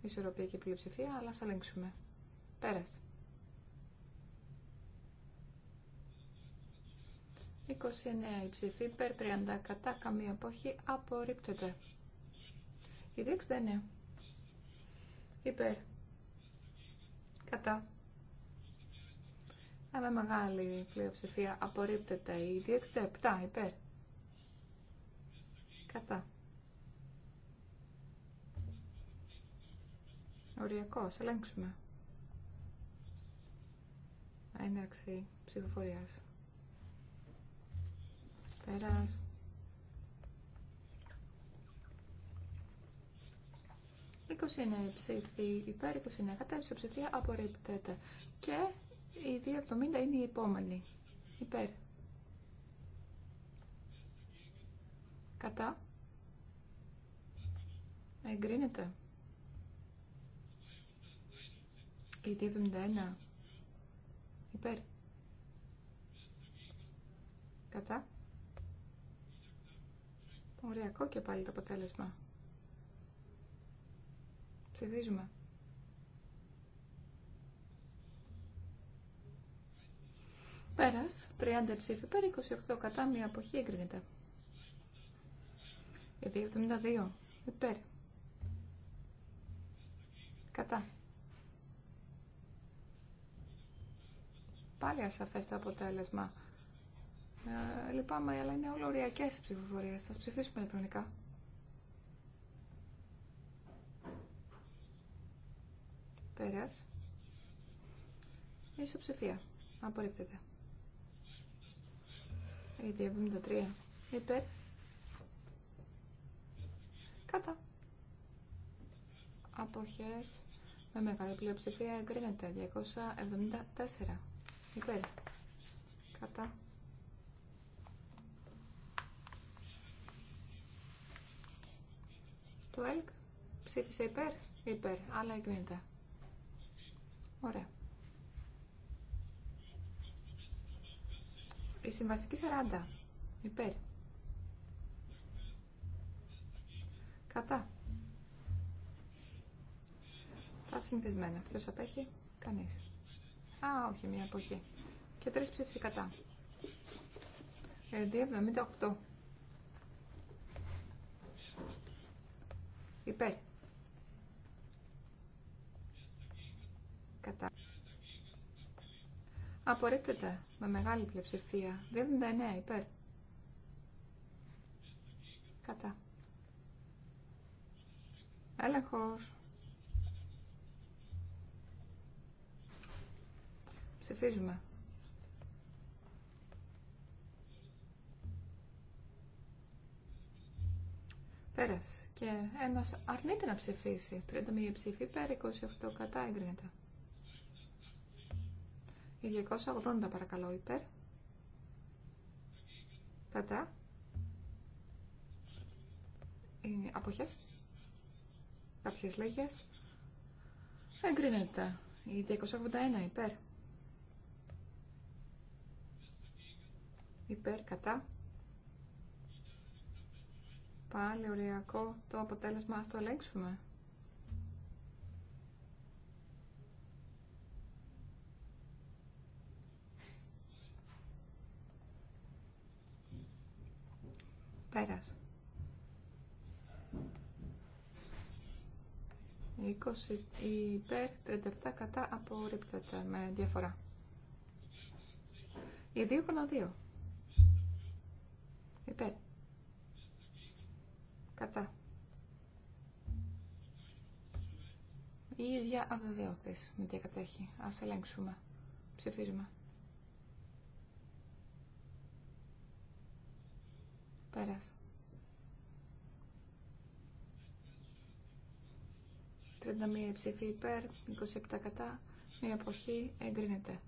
ισορροπία και η πλειοψηφία, αλλά ας ελέγξουμε. Πέρασε. 29 η ψηφή, υπέρ 30 κατά, καμία αποχή, απορρίπτεται. Η 269. Υπέρ. Κατά. Με μεγάλη πλειοψηφία απορρίπτεται η 267 υπέρ. Οριακό. Οριακός. Ελέγξουμε. Έναρξη ψηφοφορίας. Πέρας. είναι ψήφοι υπέρ, 20 είναι κατά, η ψηφία απορρίπτεται. Και η 270 είναι η επόμενη. Υπέρ. Κατά. Εγκρίνεται. Η 71. Υπέρ. Κατά. Ωριακό και πάλι το αποτέλεσμα. Ψηφίζουμε. Πέρας, 30 ψήφι, πέρα 28 κατά, μία αποχή εγκρίνεται. 72. υπέρ κατά πάλι ασαφές το αποτέλεσμα ε, λυπάμαι αλλά είναι όλο οριακές οι ψηφοφορίες θα ψηφίσουμε ηλεκτρονικά πέρας ισοψηφία απορρίπτεται η 73. υπέρ Κατά. Αποχές με μεγάλη πλειοψηφία εγκρίνεται. 274. Υπέρ. Κατά. Το ΕΛΚ ψήφισε υπέρ. Υπέρ. Αλλά εγκρίνεται. Ωραία. Η συμβαστική 40. Υπέρ. Κατά. Τα συνηθισμένα. Ποιο απέχει, κανεί. Α, όχι, μία εποχή. Και τρει ψήφισε κατά. Εντί 78. Υπέρ. Κατά. Απορρίπτεται με μεγάλη πλειοψηφία. 79 υπέρ. Κατά. Έλεγχος. Ψηφίζουμε. Πέρασε. Και ένας αρνείται να ψηφίσει. 30 μία ψήφοι υπέρ, 28 κατά εγκρίνεται. 280 παρακαλώ υπέρ. Κατά. Οι αποχές. Κάποιες λέγε Εγκρίνεται. Η 281 υπέρ. Υπέρ κατά. Πάλι οριακό το αποτέλεσμα. Ας το ελέγξουμε. Πέρασε. 20 υπέρ, 37 κατά απορρίπτεται με διαφορά. Η 2,2 υπέρ, κατά. Η ίδια αβεβαιότητα με διακατέχει. Ας ελέγξουμε. Ψηφίζουμε. Πέρασε. 31 ψήφοι υπέρ, 27 κατά, μία εποχή εγκρίνεται.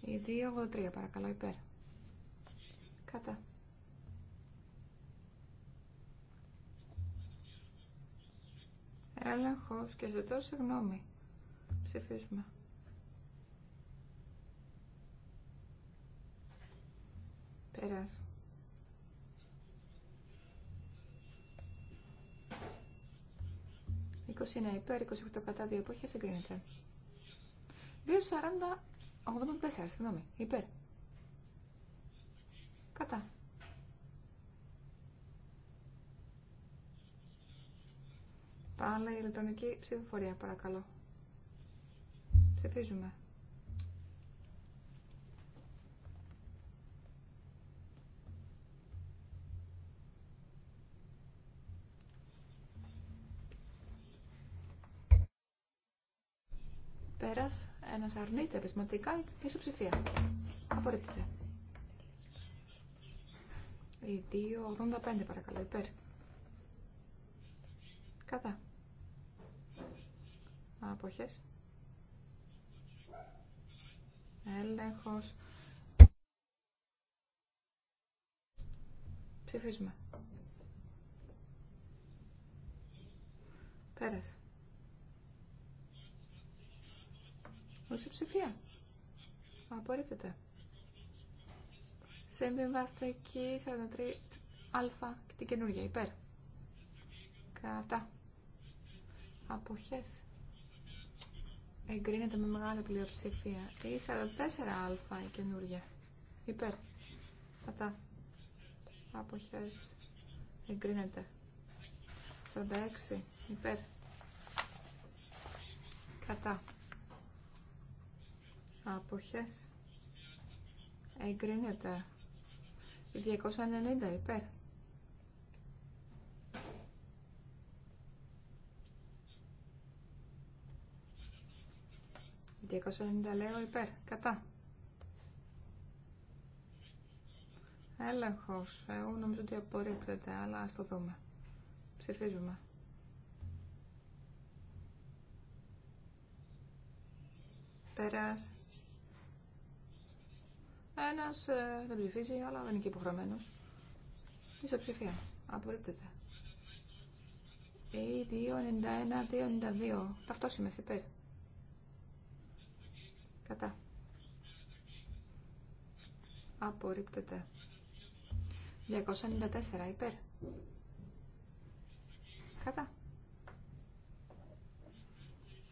Η 283 παρακαλώ υπέρ. Κατά. Έλεγχο και ζητώ συγγνώμη. Ψηφίζουμε. Περάσουμε. 21 υπέρ, 28 κατά, 2 εποχές εγκρίνεται. 2.40, 84, συγγνώμη, υπέρ. Κατά. η ηλεκτρονική ψηφοφορία, παρακαλώ. Ψηφίζουμε. Πέρας, ένας αρνείται και η ψηφία. Απορρίπτεται. Η 2.85 παρακαλώ, υπέρ. Κατά. Αποχές. Έλεγχος. Ψηφίζουμε. Πέρασε. ψηφία. απορριπτεται Απορρίπτεται. Συμβιβαστική 43α και την καινούργια. Υπέρ. Κατά. Αποχές. Εγκρίνεται με μεγάλη πλειοψηφία. Η 44α η καινούργια. Υπέρ. Κατά. Αποχές. Εγκρίνεται. 46. Υπέρ. Κατά. Αποχές. Εγκρίνεται. 290 υπέρ. «290 λέω υπέρ, κατά». Έλεγχος. Εγώ νομίζω ότι απορρίπτεται, αλλά ας το δούμε. Ψηφίζουμε. περάσει ένα ε, δεν ψηφίζει, αλλά δεν είναι και υποχρεωμένο. ισοψηφια Ισοψηφία. Απορρίπτεται. Ή ε, 291-292. Ταυτόσημες υπέρ. Κατά. Απορρίπτεται. 294 υπέρ. Κατά.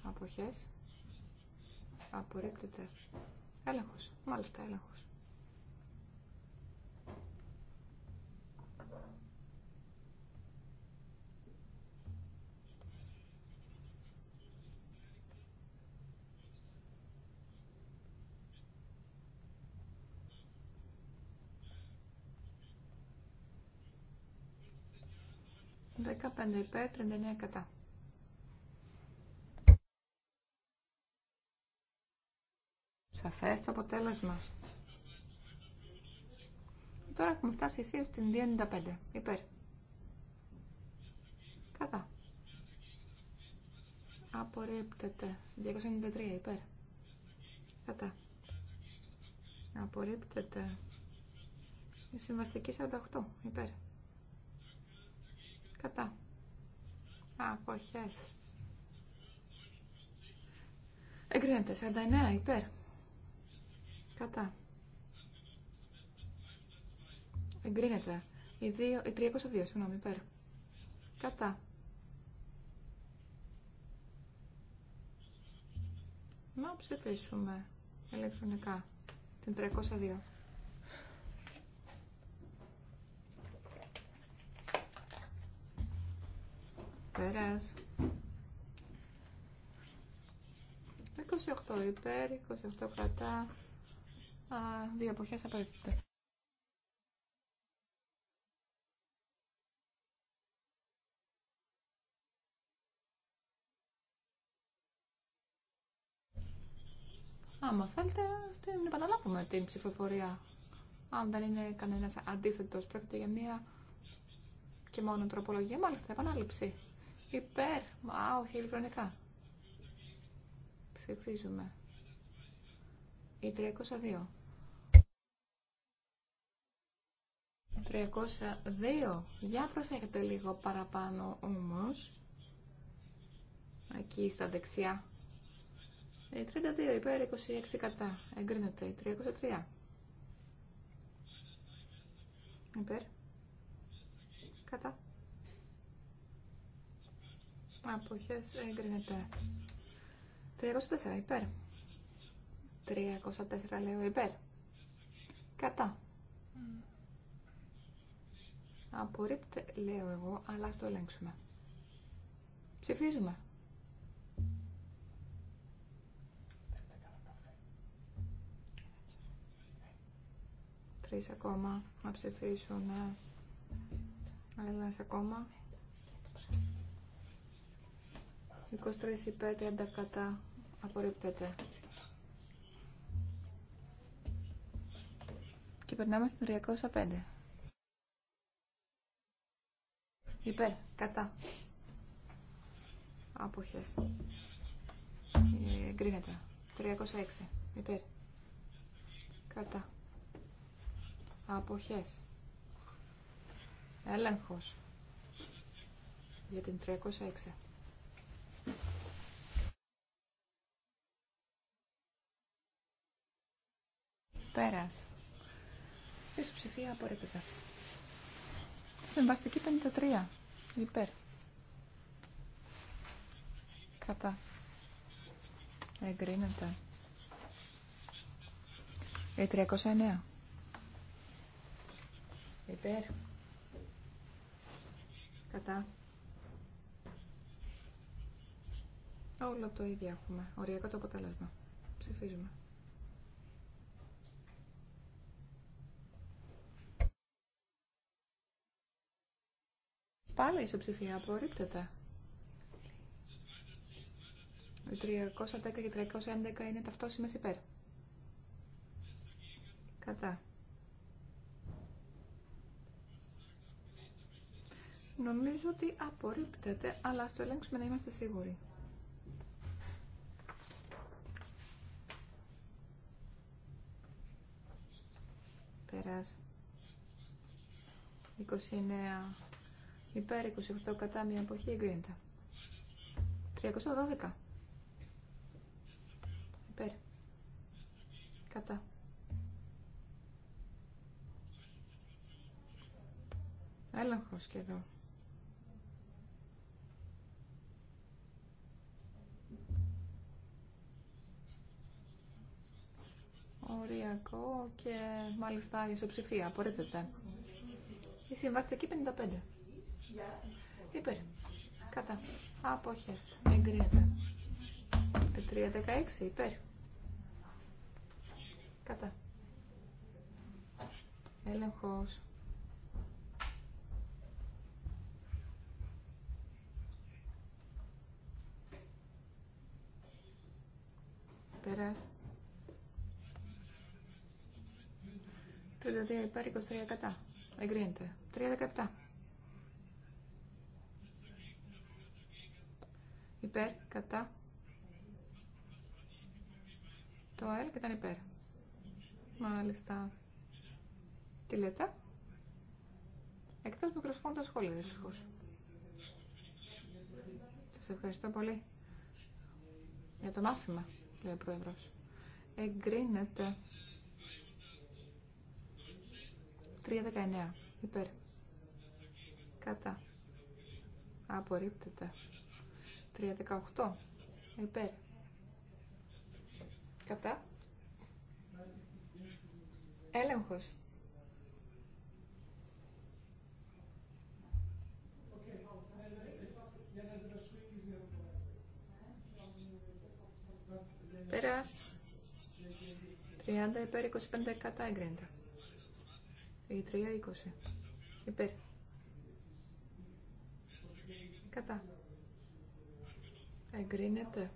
Αποχές. Απορρίπτεται. Έλεγχος. Μάλιστα, έλεγχος. 15 υπέρ, 39 κατά. Σαφές το αποτέλεσμα. Τώρα έχουμε φτάσει εσύ στην 295. Υπέρ. Κατά. Απορρίπτεται. 293. Υπέρ. Κατά. Απορρίπτεται. Η συμβαστική 48. Υπέρ κατά αποχές εγκρίνεται 49 υπέρ κατά εγκρίνεται η, 2, η 302 συγγνώμη υπέρ κατά να ψηφίσουμε ηλεκτρονικά την 302 Πέρας. 28 υπέρ, 28 κρατά, Α, δύο εποχές απαραίτητα. Άμα θέλετε, την επαναλάβουμε την ψηφοφορία. Αν δεν είναι κανένα αντίθετο, πρόκειται για μία και μόνο τροπολογία, μάλιστα επανάληψη. Υπέρ. Α, όχι, ηλεκτρονικά. Ψηφίζουμε. Η 302. 302. Για προσέχετε λίγο παραπάνω όμως. Εκεί στα δεξιά. Η ε, 32 υπέρ 26 κατά. Εγκρίνεται η 303. Υπέρ. Κατά. Αποχές εγκρίνεται. 304 υπέρ. 304 λέω υπέρ. Κατά. Απορρίπτε λέω εγώ, αλλά ας το ελέγξουμε. Ψηφίζουμε. Τρεις ακόμα να ψηφίσουν. Ένας ακόμα. 23 υπέρ κατά απορρίπτεται. Και περνάμε στην 305. Υπέρ, κατά. Άποχες. Ε, εγκρίνεται. 306. Υπέρ. Κατά. Αποχές. Έλεγχος. Για την 306. Πέρας. από απορρίπτεται. Συμβαστική 53. Υπέρ. Κατά. Εγκρίνεται. Η 309. Υπέρ. Κατά. Όλο το ίδιο έχουμε. Οριακό το αποτέλεσμα. Ψηφίζουμε. Πάλι η ισοψηφία απορρίπτεται. 310 και 311 είναι ταυτόσιμες υπέρ. Κατά. Νομίζω ότι απορρίπτεται, αλλά ας το ελέγξουμε να είμαστε σίγουροι. Πέρας. 29 Υπέρ 28 κατά μία εποχή εγκρίνεται. 312. Υπέρ. Κατά. Έλεγχος και εδώ. Οριακό και μάλιστα ισοψηφία. Απορρίπτεται. Η συμβαστική 55. Υπέρ. Κατά. Αποχές. Εγκρίνεται. Εγκρίνεται. 3-16. Υπέρ. Κατά. Έλεγχος. Πέρας. 32 υπέρ, 23 κατά. Εγκρίνεται. Εγκρίνεται. 3-17. Υπέρ, κατά. Το και ήταν υπέρ. Μάλιστα. Τι λέτε. Εκτός μικροσφόντα σχόλια, δυστυχώς. Σας ευχαριστώ πολύ για το μάθημα, λέει ο Πρόεδρος. Εγκρίνεται 3.19 υπέρ. Κατά. Απορρίπτεται. 318 υπέρ κατά έλεγχος Πέρας 30 υπέρ 25 κατά εγκρίνεται η 20. υπέρ κατά Εγκρίνεται.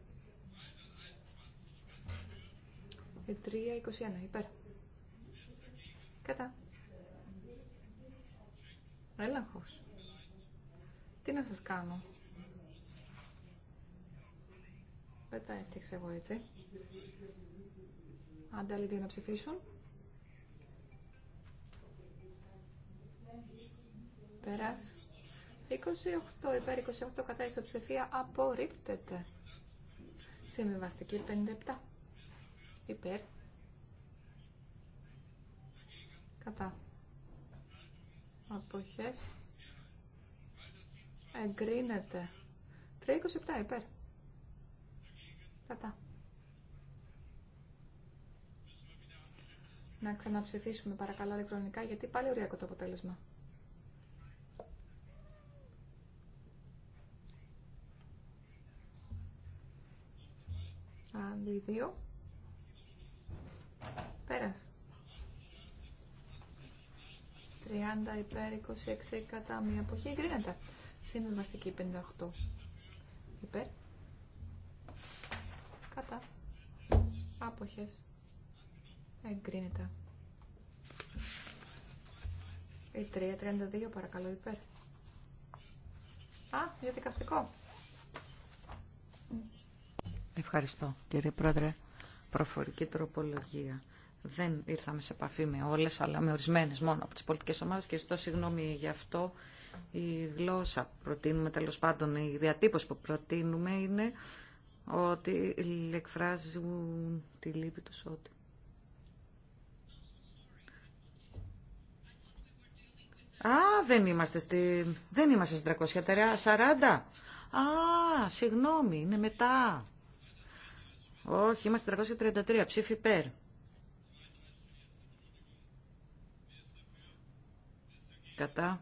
Η ε, 321 υπέρ. Κατά. Έλεγχος. Τι να σας κάνω. Δεν τα έφτιαξα εγώ έτσι. Άντε άλλοι δύο να ψηφίσουν. Πέρας. 28 υπέρ 28 κατά ισοψηφία απορρίπτεται. Συμβιβαστική 57 υπέρ κατά αποχές εγκρίνεται. 327 υπέρ κατά. Να ξαναψηφίσουμε παρακαλώ ηλεκτρονικά γιατί πάλι ωριακό το αποτέλεσμα. Αντί 2. Πέρας. 30 υπέρ 26 κατά μία αποχή εγκρίνεται. Συμβαστική 58 υπέρ. Κατά. Άποχες. Εγκρίνεται. Η 3, 32 παρακαλώ υπέρ. Α, διαδικαστικό. Ευχαριστώ κύριε Πρόεδρε. Προφορική τροπολογία. Δεν ήρθαμε σε επαφή με όλες, αλλά με ορισμένες μόνο από τις πολιτικές ομάδες και ζητώ συγγνώμη γι' αυτό. Η γλώσσα προτείνουμε, τέλος πάντων η διατύπωση που προτείνουμε είναι ότι εκφράζουν τη λύπη τους ότι... Α, δεν είμαστε, στη... δεν είμαστε στην 340. Α, συγγνώμη, είναι μετά. Όχι, είμαστε 333. Ψήφι υπέρ. Κατά.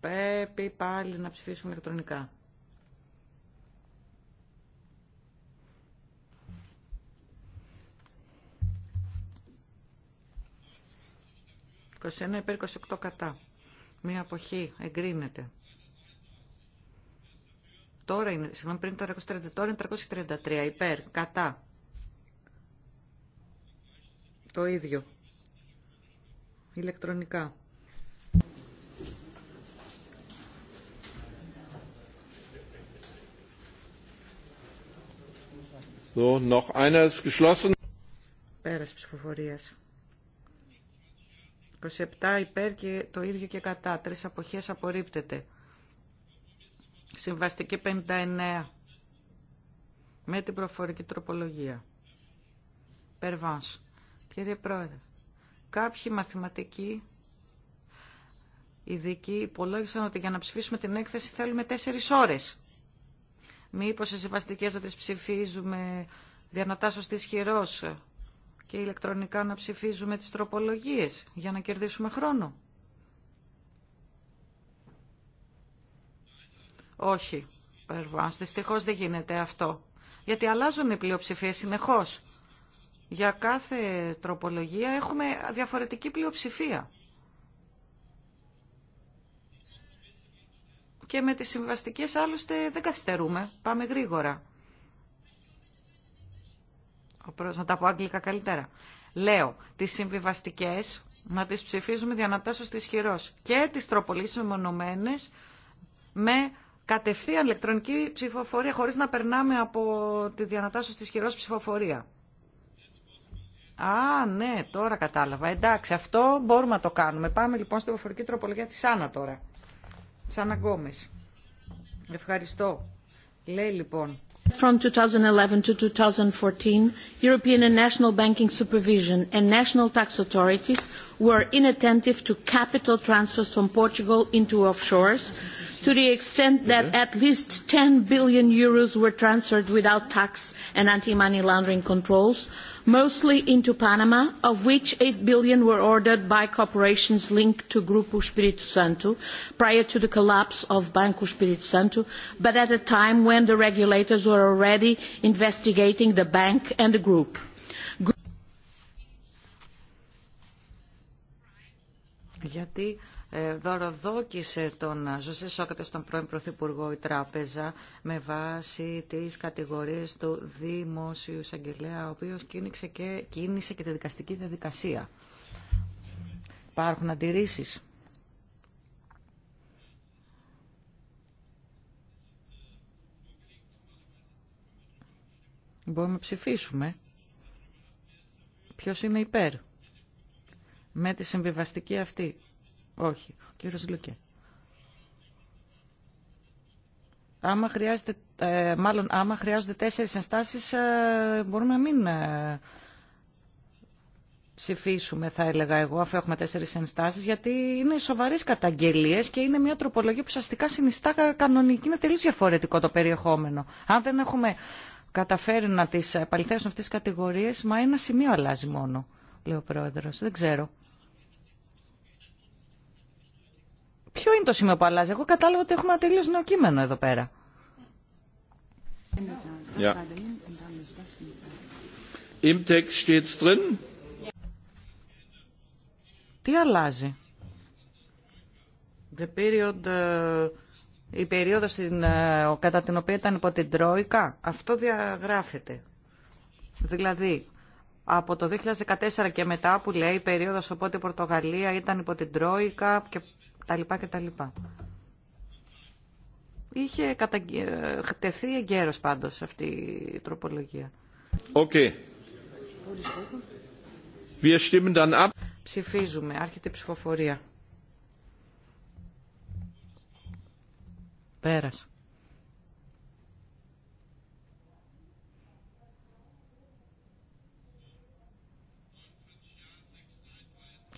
Πρέπει πάλι να ψηφίσουμε ηλεκτρονικά. «21 υπέρ 28 κατά». Μία αποχή εγκρίνεται. Τώρα είναι, συγγνώμη, πριν 330, τώρα είναι 333, υπέρ, κατά. Το ίδιο. Ηλεκτρονικά. So, noch einer ist geschlossen. Πέρας ψηφοφορίας. 27 υπέρ και το ίδιο και κατά. Τρεις αποχέ απορρίπτεται. Συμβαστική 59 με την προφορική τροπολογία. Περβάνς. Κύριε Πρόεδρε, κάποιοι μαθηματικοί ειδικοί υπολόγισαν ότι για να ψηφίσουμε την έκθεση θέλουμε τέσσερις ώρες. Μήπως σε συμβαστικές να τις ψηφίζουμε διανατά σωστή χειρός και ηλεκτρονικά να ψηφίζουμε τις τροπολογίες για να κερδίσουμε χρόνο. Όχι, Περβάνς, δυστυχώς δεν γίνεται αυτό. Γιατί αλλάζουν οι πλειοψηφίες συνεχώς. Για κάθε τροπολογία έχουμε διαφορετική πλειοψηφία. Και με τις συμβαστικές άλλωστε δεν καθυστερούμε. Πάμε γρήγορα. Να τα πω αγγλικά καλύτερα. Λέω, τις συμβιβαστικές να τις ψηφίζουμε διανατάσσως της χειρός και τις τροπολίσεις μεμονωμένες με κατευθείαν ηλεκτρονική ψηφοφορία χωρίς να περνάμε από τη διανατάσσωση της χειρός ψηφοφορία. Α, ναι, τώρα κατάλαβα. Εντάξει, αυτό μπορούμε να το κάνουμε. Πάμε λοιπόν στην ψηφοφορική τροπολογία της Άννα τώρα. Σαν Γκόμες. Ευχαριστώ. Λέει λοιπόν. From 2011 to 2014, European and national banking supervision and national tax authorities were inattentive to capital transfers from Portugal into offshores to the extent that at least 10 billion euros were transferred without tax and anti-money laundering controls, mostly into Panama, of which 8 billion were ordered by corporations linked to Grupo Espírito Santo prior to the collapse of Banco Espírito Santo, but at a time when the regulators were already investigating the bank and the group. Ε, δωροδόκησε τον ε, Ζωσέ Σόκατα στον πρώην Πρωθυπουργό η Τράπεζα με βάση τις κατηγορίες του Δημόσιου Σαγγελέα, ο οποίος κίνησε και, κίνησε και τη δικαστική διαδικασία. Υπάρχουν αντιρρήσει. Μπορούμε να ψηφίσουμε. Ποιος είναι υπέρ με τη συμβιβαστική αυτή όχι. Ο κύριος Λουκέ. Άμα χρειάζεται, ε, μάλλον άμα χρειάζονται τέσσερις ενστάσεις ε, μπορούμε να μην ε, ψηφίσουμε θα έλεγα εγώ αφού έχουμε τέσσερις ενστάσεις γιατί είναι σοβαρές καταγγελίες και είναι μια τροπολογία που σαστικά συνιστά κανονική, είναι τελείως διαφορετικό το περιεχόμενο. Αν δεν έχουμε καταφέρει να τις παληθέσουμε αυτές τις κατηγορίες, μα ένα σημείο αλλάζει μόνο, λέει ο Πρόεδρος. Δεν ξέρω. Ποιο είναι το σημείο που αλλάζει. Εγώ κατάλαβα ότι έχουμε ένα τελείως νέο κείμενο εδώ πέρα. Yeah. steht's drin. Τι αλλάζει. The ε, η περίοδο ε, κατά την οποία ήταν υπό την Τρόικα, αυτό διαγράφεται. Δηλαδή, από το 2014 και μετά που λέει η περίοδος οπότε η Πορτογαλία ήταν υπό την Τρόικα και και λοιπά. Είχε χτεθεί εγκαίρος πάντως αυτή η τροπολογία. Okay. Ψηφίζουμε. Άρχεται η ψηφοφορία. Πέρασε.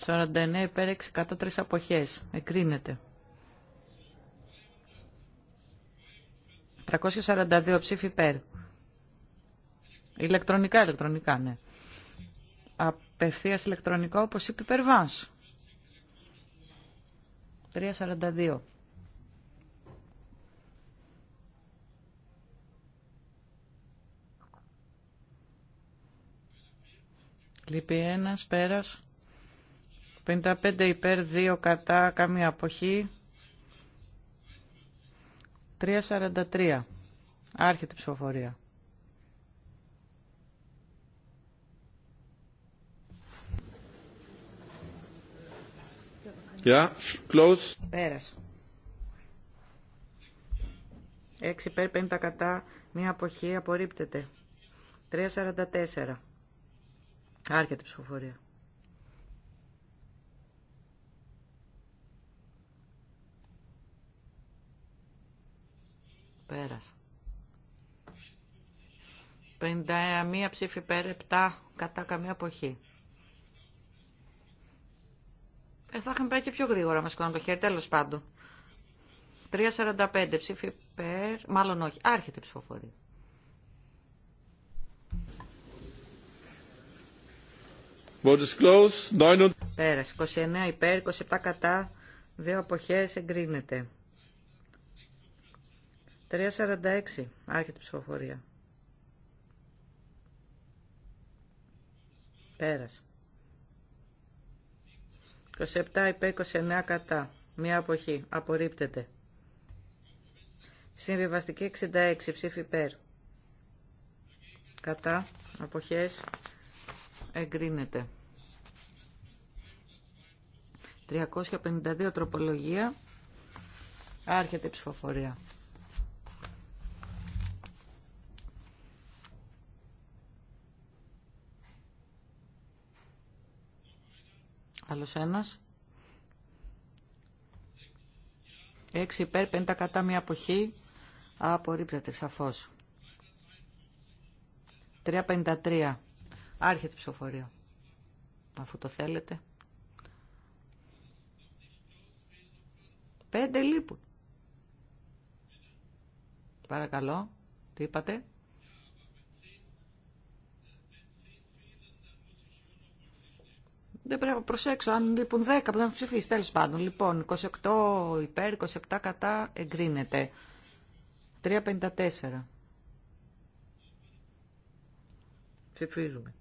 49 υπέρ 6 κατά 3 αποχές. Εκρίνεται. 342 ψήφι υπέρ. Ηλεκτρονικά, ηλεκτρονικά, ναι. Απευθείας ηλεκτρονικά, όπως είπε υπέρ 342. Λείπει ένας, πέρας. 55 υπέρ, 2 κατά, καμία αποχή. 3.43. Άρχεται η ψηφοφορία. Yeah, close. Πέρασε. 6 υπέρ, 50 κατά, μία αποχή απορρίπτεται. 3.44. Άρχεται η ψηφοφορία. Πέρασε. 51 ψήφι πέρα, 7 κατά καμία αποχή. Ε, θα είχαμε πάει και πιο γρήγορα μας σκόνα το χέρι, τέλο πάντων. 3.45 ψήφι περ, μάλλον όχι, άρχεται η ψηφοφορία. Πέρασε, 29 υπέρ, 27 κατά, δύο αποχές εγκρίνεται. 346. Άρχεται η ψηφοφορία. Πέρασε. 27 υπέρ 29 κατά. Μία αποχή. Απορρίπτεται. Συμβιβαστική 66. Ψήφι υπέρ. Κατά. Αποχές. Εγκρίνεται. 352 τροπολογία. Άρχεται η ψηφοφορία. Άλλος ένας. 6 υπέρ, 50 κατά μία αποχή. Απορρίπτεται σαφώς. 353. Άρχεται η ψηφοφορία. Αφού το θέλετε. 5 λείπουν. Παρακαλώ. Τι είπατε. Δεν πρέπει να προσέξω αν λείπουν 10 που δεν έχουν ψηφίσει. Τέλο πάντων, λοιπόν, 28 υπέρ, 27 κατά εγκρίνεται. 354. Ψηφίζουμε.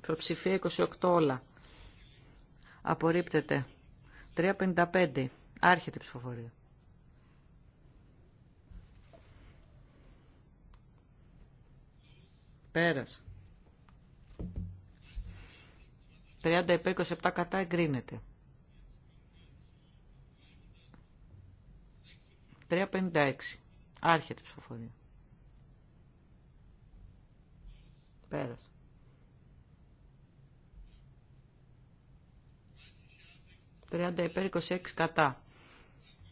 Θα ψηφίει 28 όλα. Απορρίπτεται. 355. Άρχεται η ψηφοφορία. Πέρας. 30 υπέρ 27 κατά εγκρίνεται. 356. Άρχεται η ψηφοφορία. Πέρας. 30 υπέρ 26 κατά.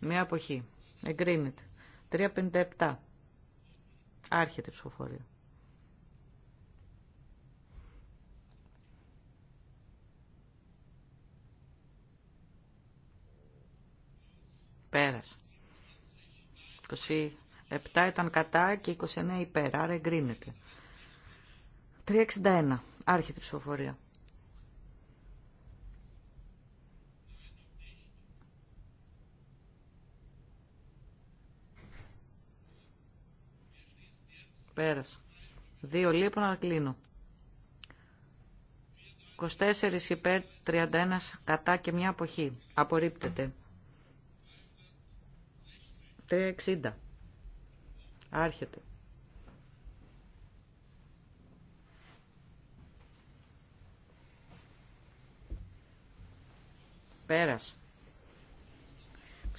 Μια αποχή. Εγκρίνεται. 357. Άρχεται η ψηφοφορία. Πέρας. 27 ήταν κατά και 29 υπέρ, άρα εγκρίνεται. 361, άρχεται η ψηφοφορία. Πέρας. Δύο λείπουν, αλλά κλείνω. 24 υπέρ, 31 κατά και μια αποχή. Απορρίπτεται. 360. Άρχεται. Πέρας.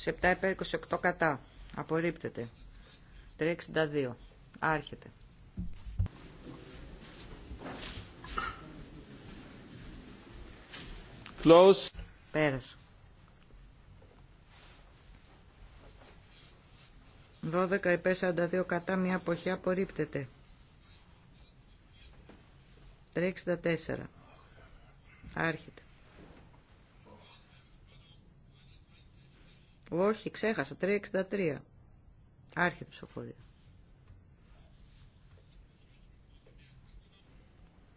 27 υπέρ 28 κατά. Απορρίπτεται. 362. Άρχεται. Close. Πέρας. 12 υπέρ 42 κατά μια εποχή απορρίπτεται. 364. Άρχεται. Όχι, ξέχασα. 363. Άρχεται η ψηφοφορία.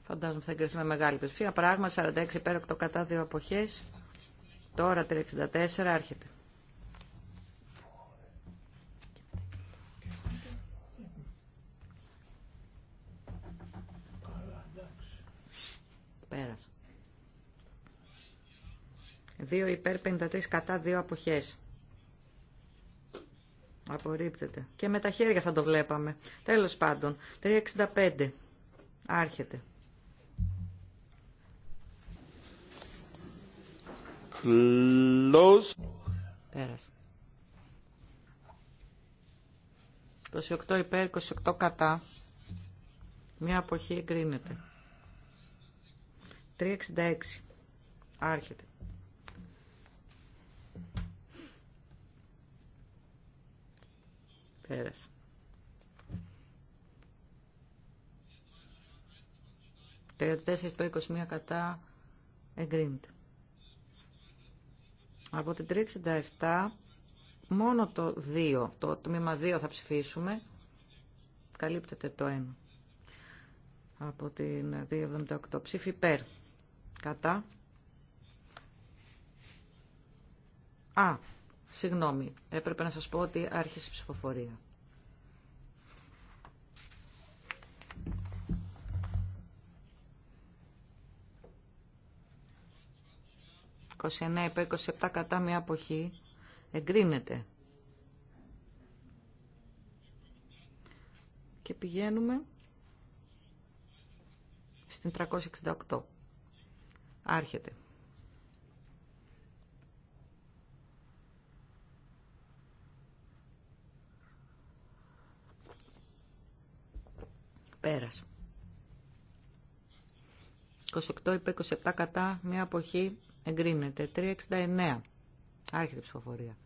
Φαντάζομαι θα εγκριθούμε μεγάλη πλειοψηφία. Πράγμα 46 υπέρ 8 κατά δύο εποχές. Τώρα 364 άρχεται. Πέρας. 2 υπέρ 53 κατά 2 αποχές. Απορρίπτεται. Και με τα χέρια θα το βλέπαμε. Τέλος πάντων. 365. Άρχεται. Close. Πέρασε. 28 υπέρ, 28 κατά. Μια αποχή εγκρίνεται. 366. Άρχεται. Πέρασε. Τριαντιτέσσερις το 21 κατά εγκρίνεται. Από την 367 μόνο το 2, το τμήμα 2 θα ψηφίσουμε. Καλύπτεται το 1. Από την 278 ψήφι υπέρ. Κατά. Α, συγγνώμη. Έπρεπε να σας πω ότι άρχισε η ψηφοφορία. υπέρ 27 κατά μια αποχή εγκρίνεται. Και πηγαίνουμε στην 368. Άρχεται. Πέρας. 28 υπέρ 27 κατά, μία αποχή εγκρίνεται. 369. Άρχεται η ψηφοφορία.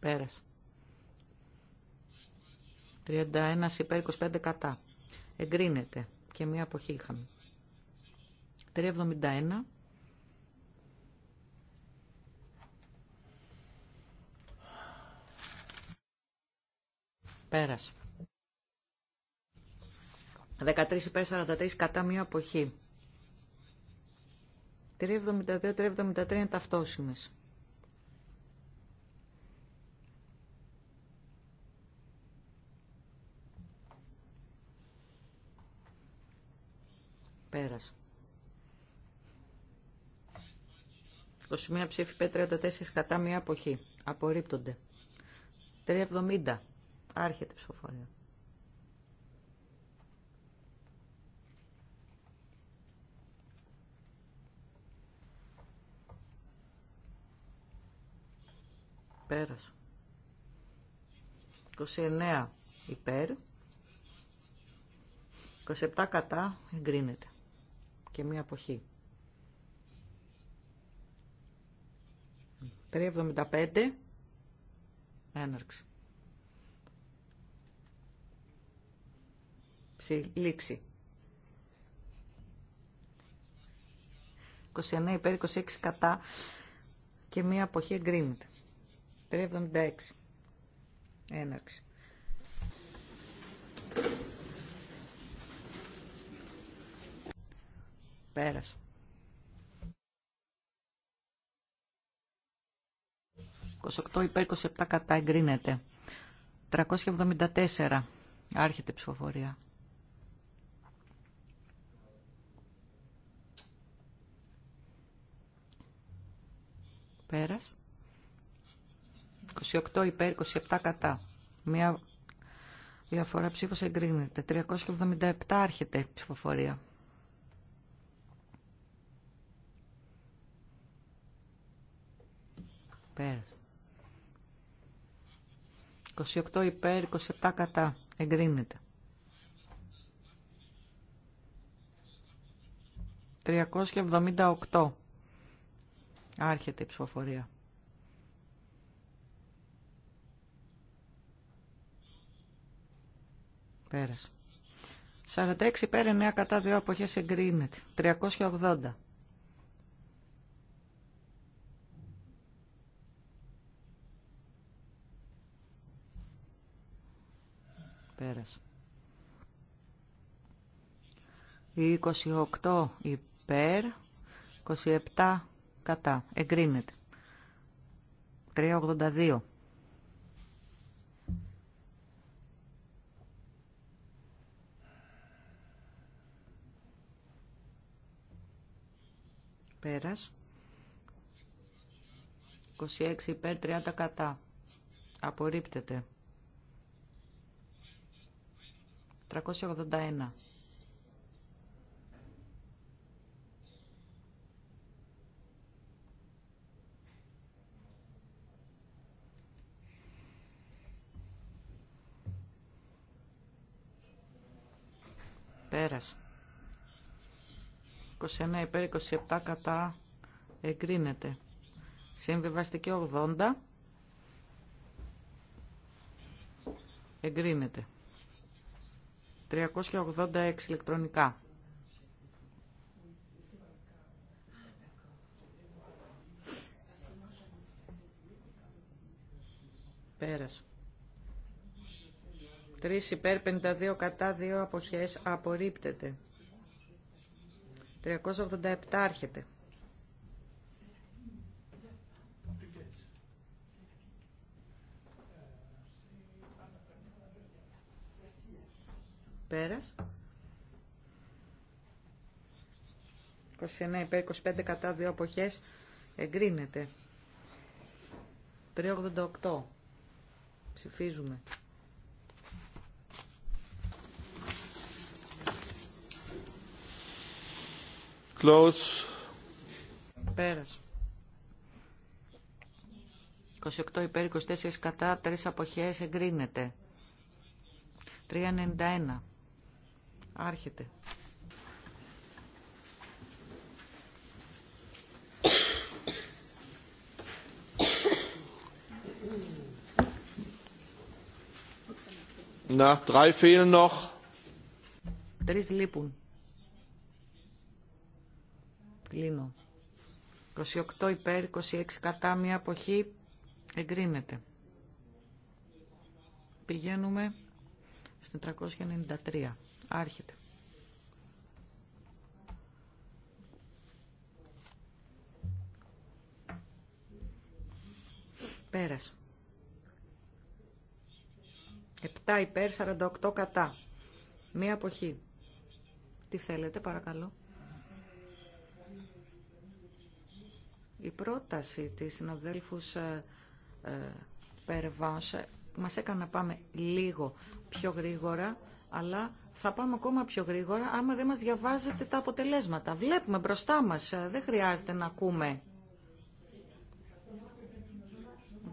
Πέρασε. 31 υπέρ 25 κατά. Εγκρίνεται. Και μία αποχή είχαμε. 371. Πέρασε. 13 υπέρ 43 κατά μία αποχή. 372-373 είναι ταυτόσιμες. Πέρας. 21 ψηφι 534 τέσσερις κατά μία αποχή. Απορρίπτονται. 370. Άρχεται η ψηφοφορία. Πέρασε. 29 υπέρ. 27 κατά εγκρίνεται και μία αποχή. 3.75 έναρξη. Ψη, λήξη. 29 υπέρ 26 κατά και μία αποχή εγκρίνεται. 3.76 έναρξη. Πέρας. υπέρ 27 κατά εγκρίνεται. 374 άρχεται ψηφοφορία. Πέρας. 28 υπέρ 27 κατά. Μία διαφορά ψήφος εγκρίνεται. 377 άρχεται ψηφοφορία. Υπέρ. 28 υπέρ, 27 κατά. Εγκρίνεται. 378. Άρχεται η ψηφοφορία. Πέρασε. 46 υπέρ, 9 κατά, 2 αποχές εγκρίνεται. 380. 28 υπέρ, 27 κατά. Εγκρίνεται. 382. Πέρας. 26 υπέρ, 30 κατά. Απορρίπτεται. 381. Πέρας. 21 υπέρ 27 κατά εγκρίνεται. Συμβιβαστική 80 εγκρίνεται. 386 ηλεκτρονικά. Πέρασε. 3 υπέρ 52 κατά 2 αποχές απορρίπτεται. 387 άρχεται. Πέρας. 29 υπέρ 25 κατά 2 αποχές εγκρίνεται. 388. Ψηφίζουμε. Close. Πέρας. 28 υπέρ 24 κατά 3 αποχές εγκρίνεται. 391. Άρχεται. Να, fehlen noch. Τρεις λείπουν. Κλείνω. 28 υπέρ, 26 κατά, μία εποχή εγκρίνεται. Πηγαίνουμε στην 393. Άρχεται. Πέρας. 7 υπέρ, 48 κατά. Μία αποχή. Τι θέλετε παρακαλώ. Η πρόταση της συναδέλφους ε, ε Περβάσε μας έκανε να πάμε λίγο πιο γρήγορα αλλά θα πάμε ακόμα πιο γρήγορα άμα δεν μας διαβάζετε τα αποτελέσματα. Βλέπουμε μπροστά μας, ε, δεν χρειάζεται να ακούμε.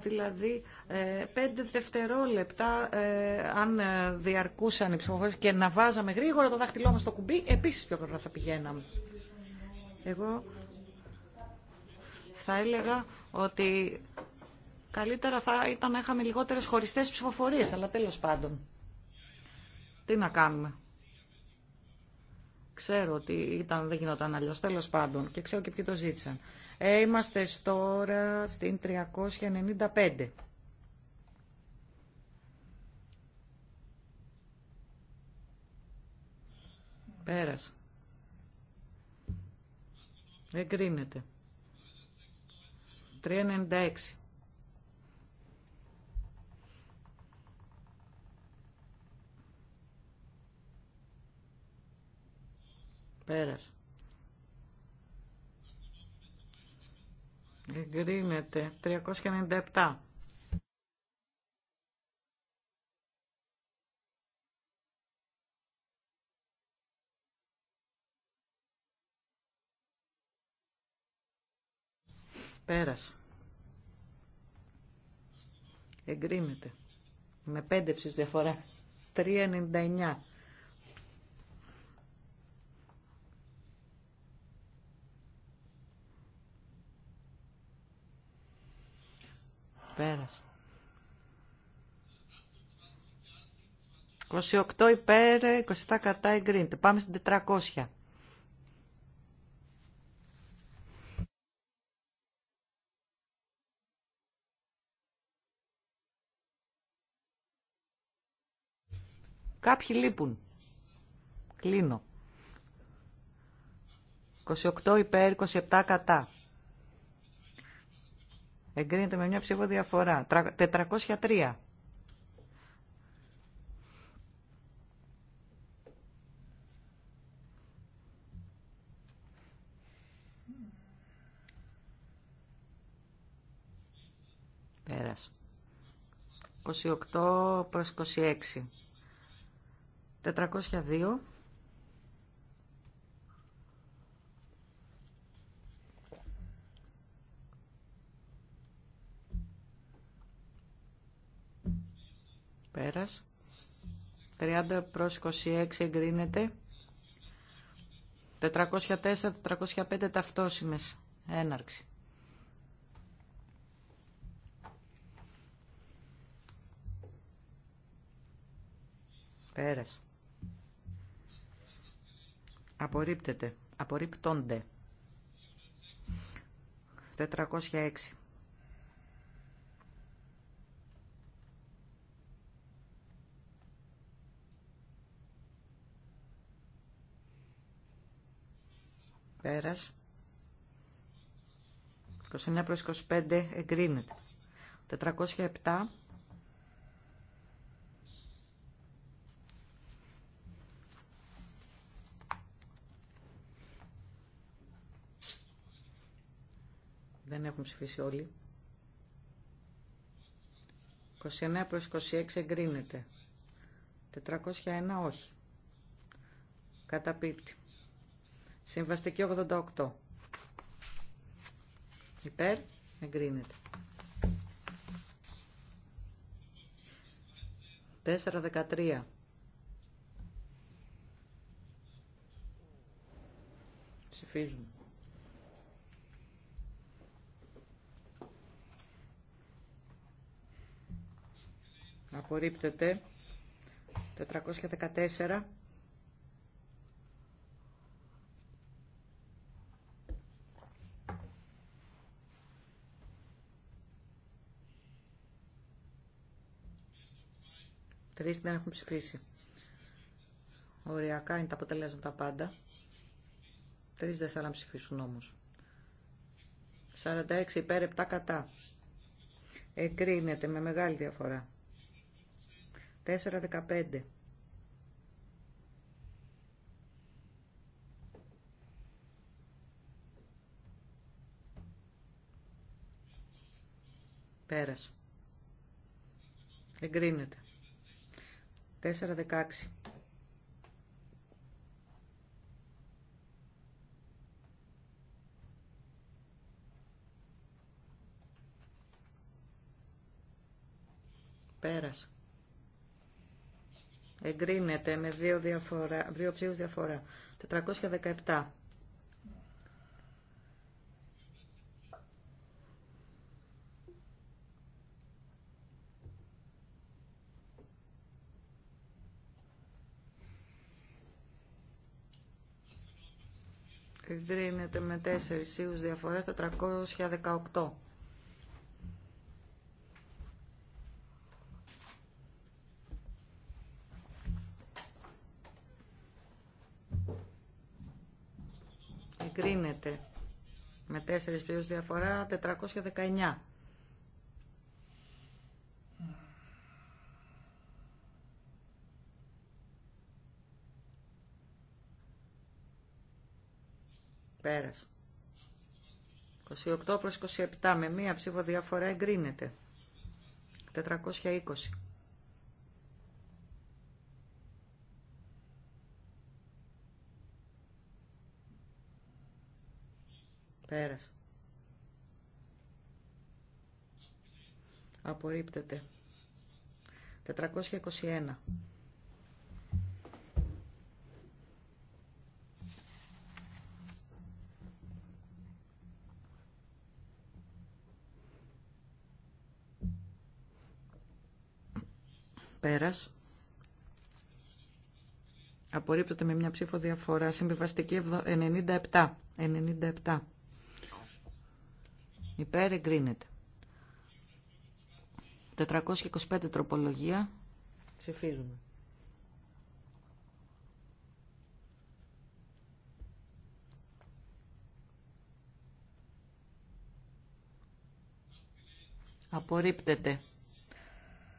Δηλαδή, ε, πέντε δευτερόλεπτα, ε, αν ε, διαρκούσαν οι ψηφοφορίες και να βάζαμε γρήγορα το δάχτυλό μας στο κουμπί, επίσης πιο γρήγορα θα πηγαίναμε. Εγώ θα έλεγα ότι καλύτερα θα ήταν να είχαμε λιγότερες χωριστές ψηφοφορίες, αλλά τέλος πάντων. Τι να κάνουμε. Ξέρω ότι ήταν, δεν γινόταν αλλιώ τέλο πάντων. Και ξέρω και ποιοι το ζήτησαν. Ε, είμαστε τώρα στην 395. Πέρασε. Εγκρίνεται. 396. Πέρας. Εγκρίνεται. 397. Πέρας. Εγκρίνεται. Με πέντε ψηφίες διαφορά. 3,99. 28 υπέρ, 27 κατά εγκρίνεται. Πάμε στην 400. Κάποιοι λείπουν. Κλείνω. 28 υπέρ, 27 κατά. Εγκρίνεται με μια ψήφο διαφορά. 403. Πέρας. 28 προς 26. 402. Πέρας. 30 προς 26 εγκρίνεται. 404-405 ταυτόσημες. Έναρξη. Πέρας. Απορρίπτεται. Απορρίπτονται. 406. Πέρας. 29 προς 25 εγκρίνεται. 407 Δεν έχουν ψηφίσει όλοι. 29 προς 26 εγκρίνεται. 401 όχι. Καταπίπτει. Συμβαστική 88. Υπέρ. Εγκρίνεται. 4.13. Ψηφίζουμε. Απορρίπτεται. 414. Τρεις δεν έχουν ψηφίσει. Οριακά είναι τα αποτελέσματα πάντα. Τρεις δεν θέλουν να ψηφίσουν όμως. 46 υπέρ 7 κατά. Εγκρίνεται με μεγάλη διαφορά. 4-15. Πέρασε. Εγκρίνεται. 416. Πέρασε. Εγκρίνεται με δύο, διαφορά, δύο ψήφους διαφορά. 417. εγκρίνεται με 4 ίους διαφορές 418. Εγκρίνεται με 4 ίους διαφορά 419. Πέρας. 28 προς 27 με μία ψήφο διαφορά εγκρίνεται. 420. Πέρασε Απορρίπτεται. 421. Πέρας. Απορρίπτεται με μια ψήφο διαφορά. Συμβιβαστική 97. 97. Υπέρ εγκρίνεται. 425 τροπολογία. Ψηφίζουμε. Απορρίπτεται.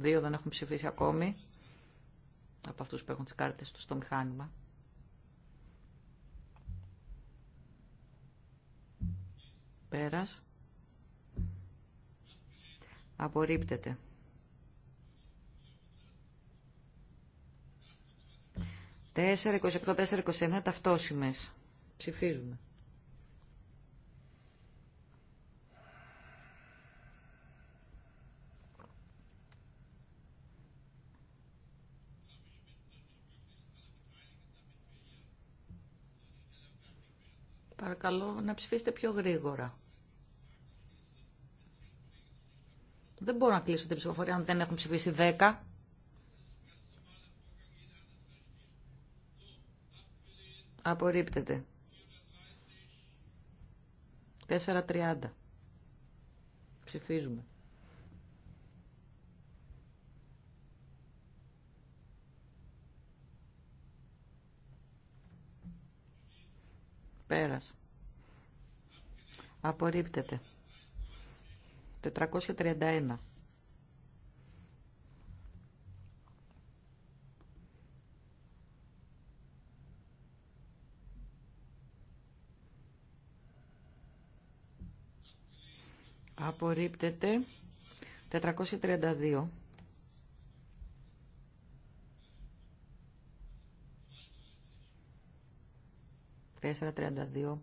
Δύο δεν έχουν ψηφίσει ακόμη από αυτούς που έχουν τις κάρτες τους στο μηχάνημα. Πέρας. Απορρίπτεται. 4, 28, 4, 29 ταυτόσημες. Ψηφίζουμε. Παρακαλώ να ψηφίσετε πιο γρήγορα. Δεν μπορώ να κλείσω την ψηφοφορία αν δεν έχουν ψηφίσει 10. Απορρίπτεται. 4.30. Ψηφίζουμε. Πέρασε. Απορρίπτεται. 431. Απορρίπτεται. 432. 432. τριάντα δύο.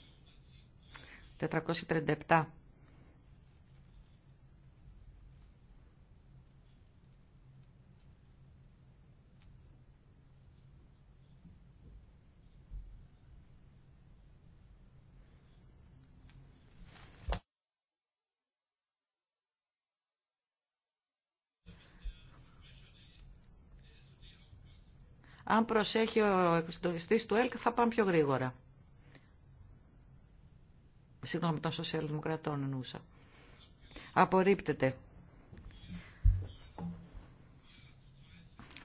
437. Αν προσέχει ο συντονιστής του ΕΛΚ θα πάμε πιο γρήγορα. Συγγνώμη, των σοσιαλδημοκρατών εννοούσα. Απορρίπτεται.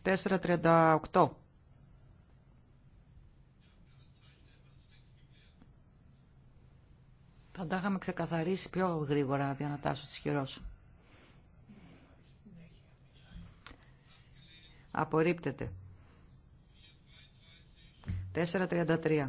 4.38. Θα τα είχαμε ξεκαθαρίσει πιο γρήγορα, τάσω τις χειρός. Απορρίπτεται. 4.33.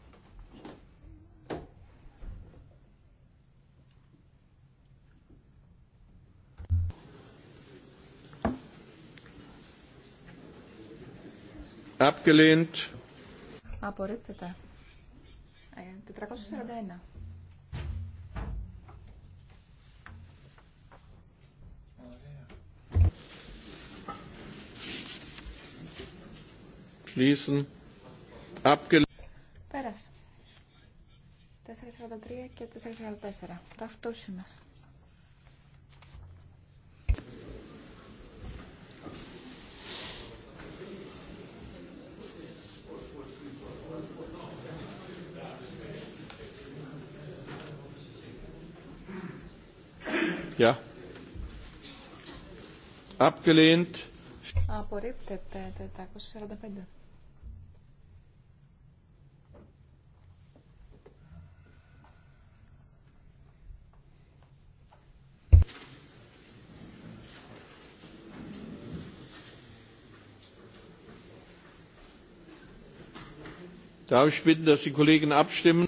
Abgelehnt. Απορρίπτεται. 441. Ε, Schließen. Πέρασε. 443 και 444. Ταυτόσιμες. Abgelehnt. Απορρίπτεται 445. Darf ich bitten, dass die Kollegen abstimmen?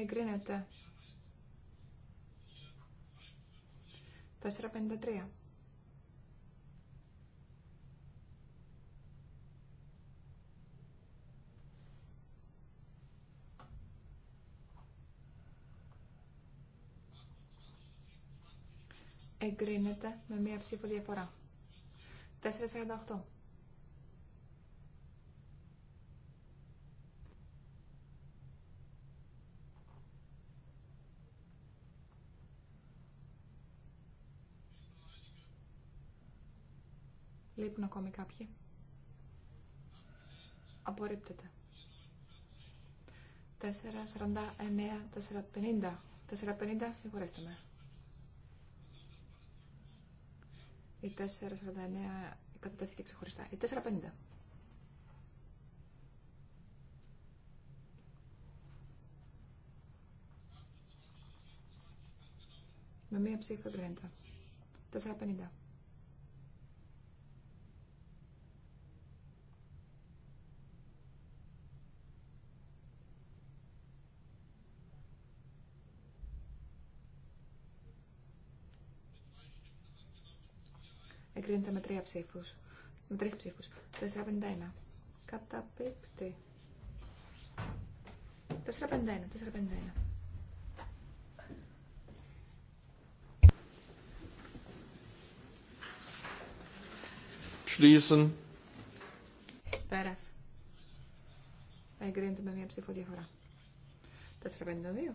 Εγκρίνεται. 453. Εγκρίνεται με μία ψήφο διαφορά. 448. Λείπουν ακόμη κάποιοι. Απορρίπτεται. 4, 49, 4, 450, συγχωρέστε με. Η 49 κατατέθηκε ξεχωριστά. Η 50. Με μία ψήφα 4, 450. εγκρίνεται με τρία ψήφου, Με τρεις ψήφους. 451. Καταπίπτει. 451. 451. Schließen. Πέρας. Εγκρίνεται με μία ψήφο διαφορά. 452.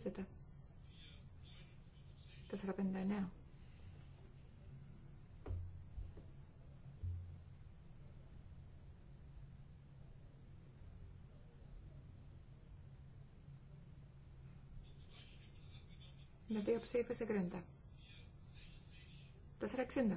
σκέφτεται. 459. Με δύο ψήφες εγκρίνεται. 460.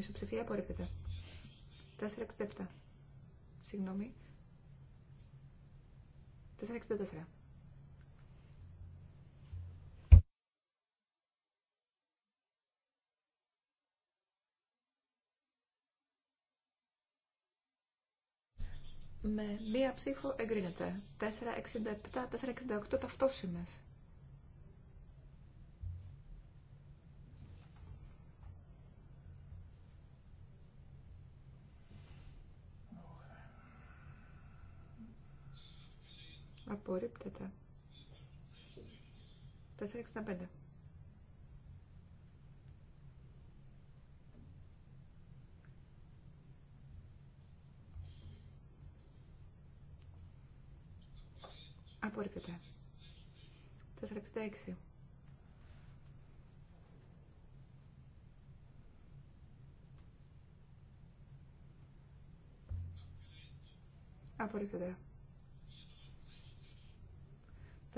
Μισοψηφία απορρίπτεται. 467. Συγγνώμη. 464. Με μία ψήφο εγκρίνεται. 467, 468 ταυτόσημες. Απορρίπτεται. 465. Απορρίπτεται. 466. Απορρίπτεται.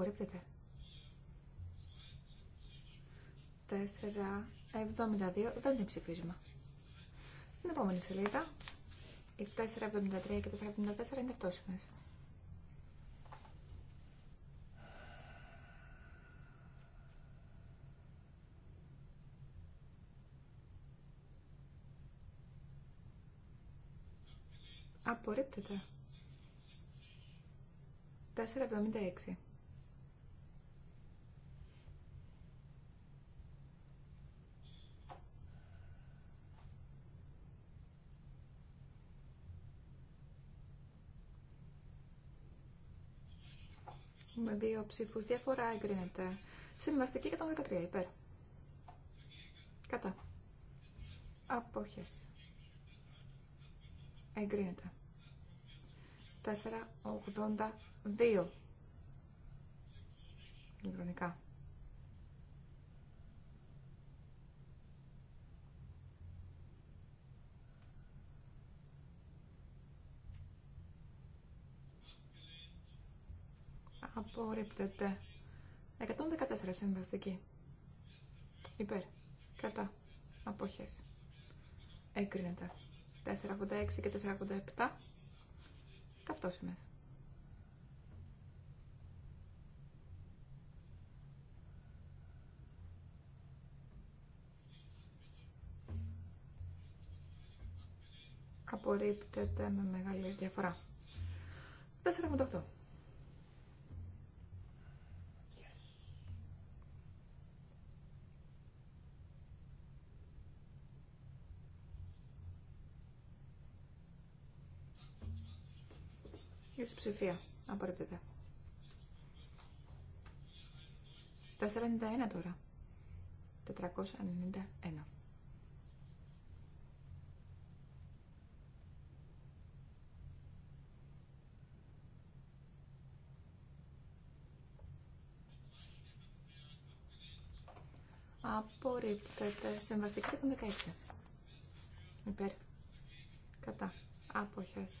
Απορρίπτεται. 4,72. Δεν την ψηφίζουμε. Στην επόμενη σελίδα, οι 4,73 και 4,74 είναι αυτόσιμε. Απορρίπτεται. 4,76. με δύο ψήφους διαφορά εγκρίνεται. Συμβαστική 113 υπέρ. Κατά. Απόχες. Εγκρίνεται. 482. Ηλεκτρονικά. απορρίπτεται. 114 συμβαστική. Υπέρ. Κατά. Αποχές. Έκρινεται. 486 και 487. Ταυτόσιμες. Απορρίπτεται με μεγάλη διαφορά. 4,88. ψηφία. Απορρίπτεται. 491 τώρα. 491. Απορρίπτεται. Συμβαστική 116. Υπέρ. Κατά. Άποχες.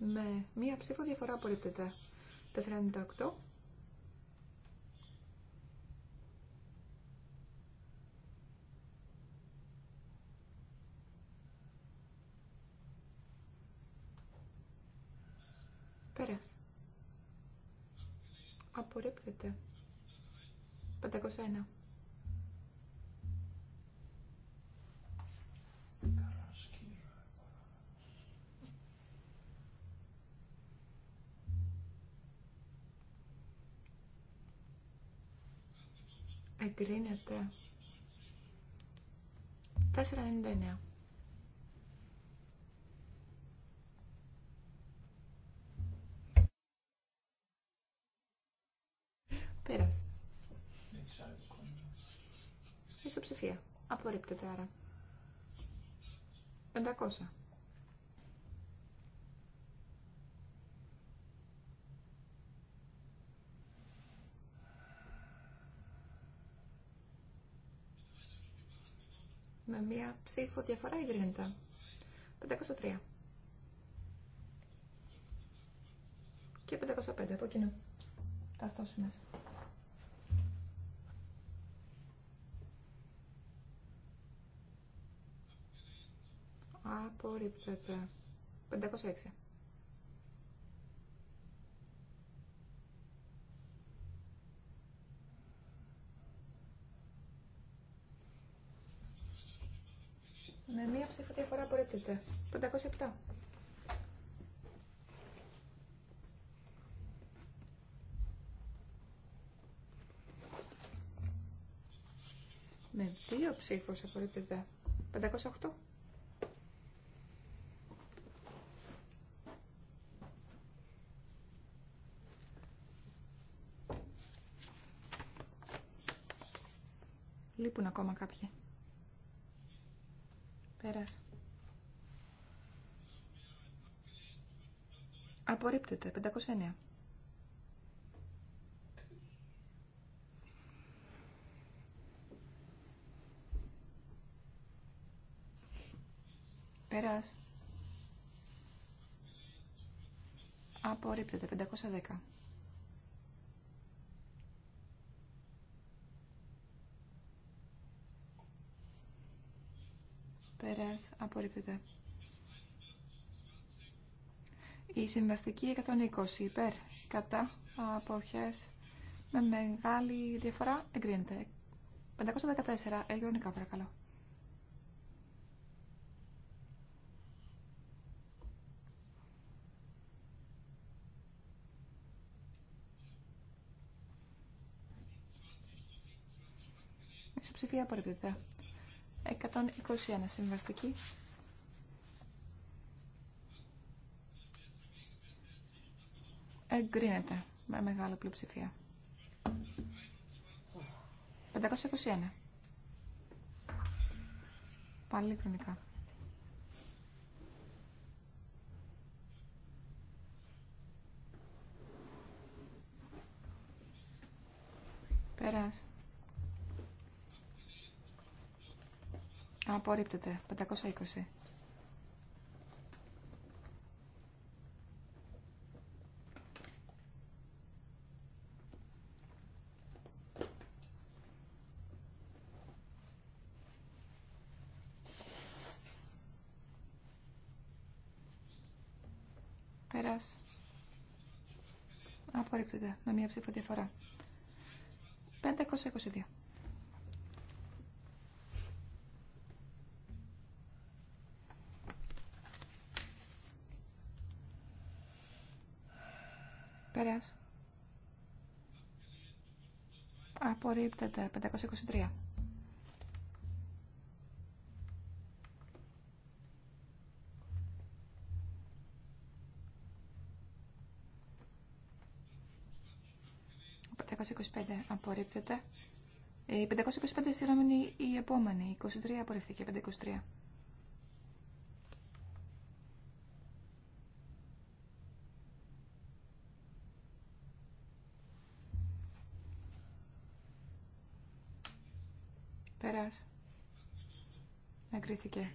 Με μία ψήφο διαφορά απορρίπτεται. 498. Πέρας. Απορρίπτεται. 501. εγκρίνεται 4,99 Πέρασε. Ισοψηφία. Απορρίπτεται άρα. 500. Με μία ψήφο διαφορά εγκρίνεται. 503. Και 505 από κοινού. Ταυτόχρονα. Απορρίπτεται. 506. Με μία ψήφο διαφορά απορρίπτεται. 507. Με δύο ψήφους απορρίπτεται. 508. Λείπουν ακόμα κάποιοι. Πέρας. Απορρίπτεται. 509. Πέρας. Απορρίπτεται. 510. Η συμβαστική 120 υπέρ κατά αποχές με μεγάλη διαφορά εγκρίνεται. 514 ελληνικά παρακαλώ. Η 121 συμβαστική. Εγκρίνεται με μεγάλη πλειοψηφία. 521. Πάλι ηλεκτρονικά. Πέρασε. Απορρίπτεται. 520. Πέρας. Απορρίπτεται με μία ψήφο διαφορά. 522. Πέρας. Απορρίπτεται. 523. Απορρίπτεται. Η 525 σειρά η επόμενη. Η 23 απορριφθήκε. 523. εγκρίθηκε.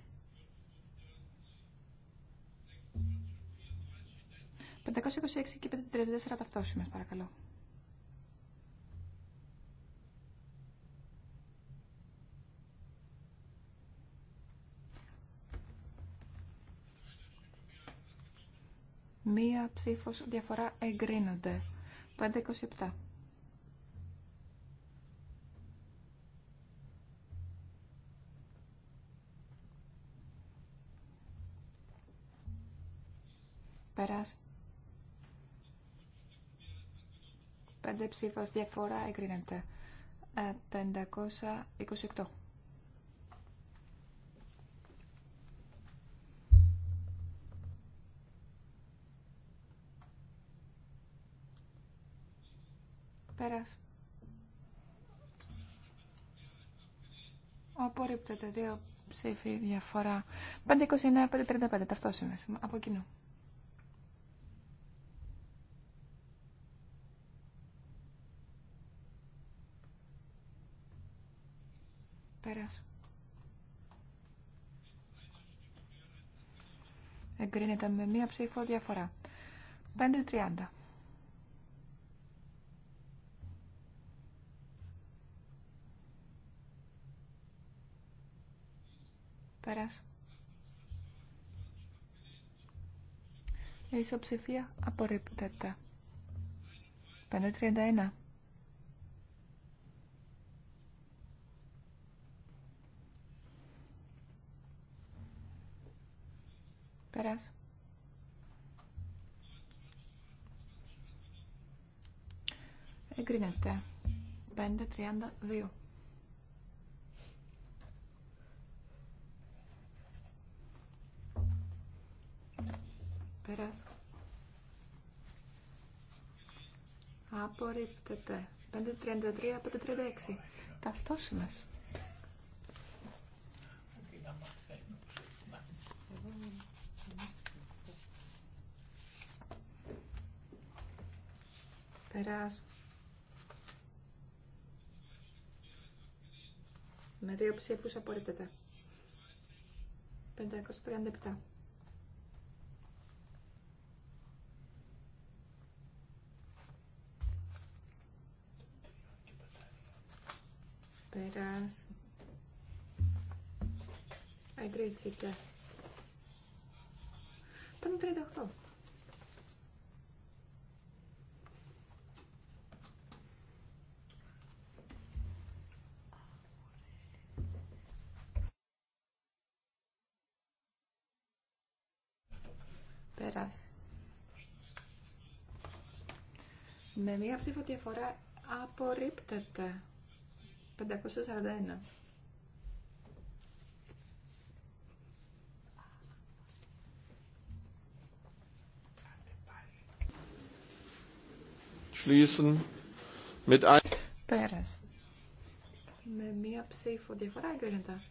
526 και 534 ταυτόσημες παρακαλώ. Μία ψήφος διαφορά εγκρίνονται. 527. Πέρας. Πέντε ψήφος διαφορά εγκρίνεται. 528. Ε, Πέρας. Απορρίπτεται δύο ψήφοι διαφορά. 529-535 ταυτόσημες από κοινού. χαράς. Εγκρίνεται με μία ψήφο διαφορά. 5.30. Η ισοψηφία απορρίπτεται. 5.31. Πέρας. Εγκρίνεται. 5.32. Πέρας. Απορρίπτεται. 5.33, 5.36. Ταυτόσιμες. Περάς. Με δύο ψήφους απορρίπτεται. 537. Πέρας. Εγκρίθηκε. 538. Με μία ψήφο διαφορά απορρίπτεται. 541. mit ein... Πέρας. Με μία ψήφο διαφορά εγκρίνεται.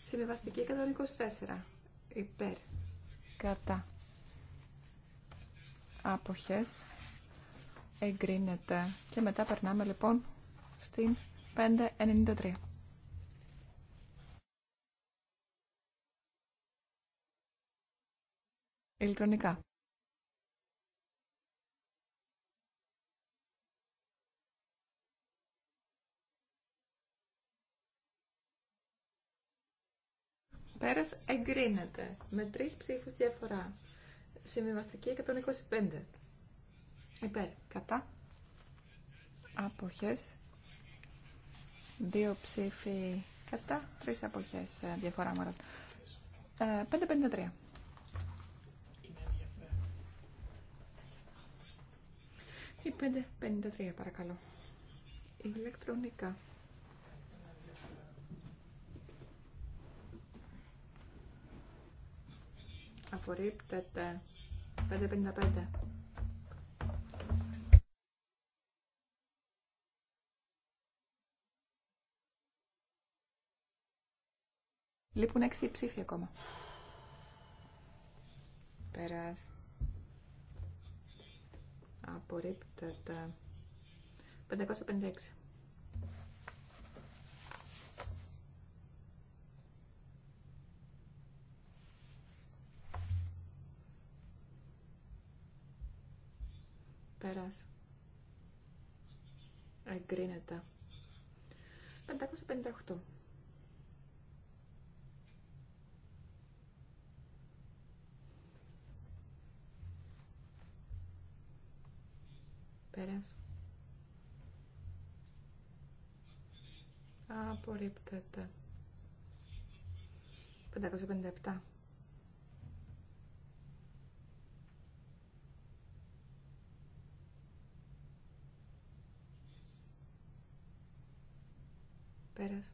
Συμβιβαστική 124. Υπέρ. Κατά άποχες εγκρίνεται. Και μετά περνάμε λοιπόν στην 593. Ηλεκτρονικά. Πέρας εγκρίνεται με τρεις ψήφους διαφορά. Συμβιβαστική 125. Υπέρ. Κατά. Αποχές. Δύο ψήφοι κατά. Τρεις αποχές. Ε, διαφορά μόνο. 553. Ε, Η 553 παρακαλώ. Ηλεκτρονικά. Απορρίπτεται. 555. Λείπουν 6 ψήφοι ακόμα. Περάζει. περίπτωση 556. Πέρας. Εγκρίνεται. 558. Πέρας. Απορρίπτεται. 557. Πέρας.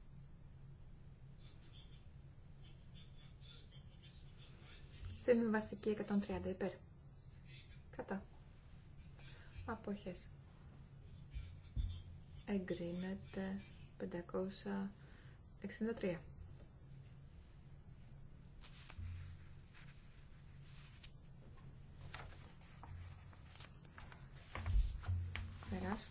Συμβιβαστική 130 υπέρ. Κατά. Αποχές. Εγκρίνεται 563. Πέρας.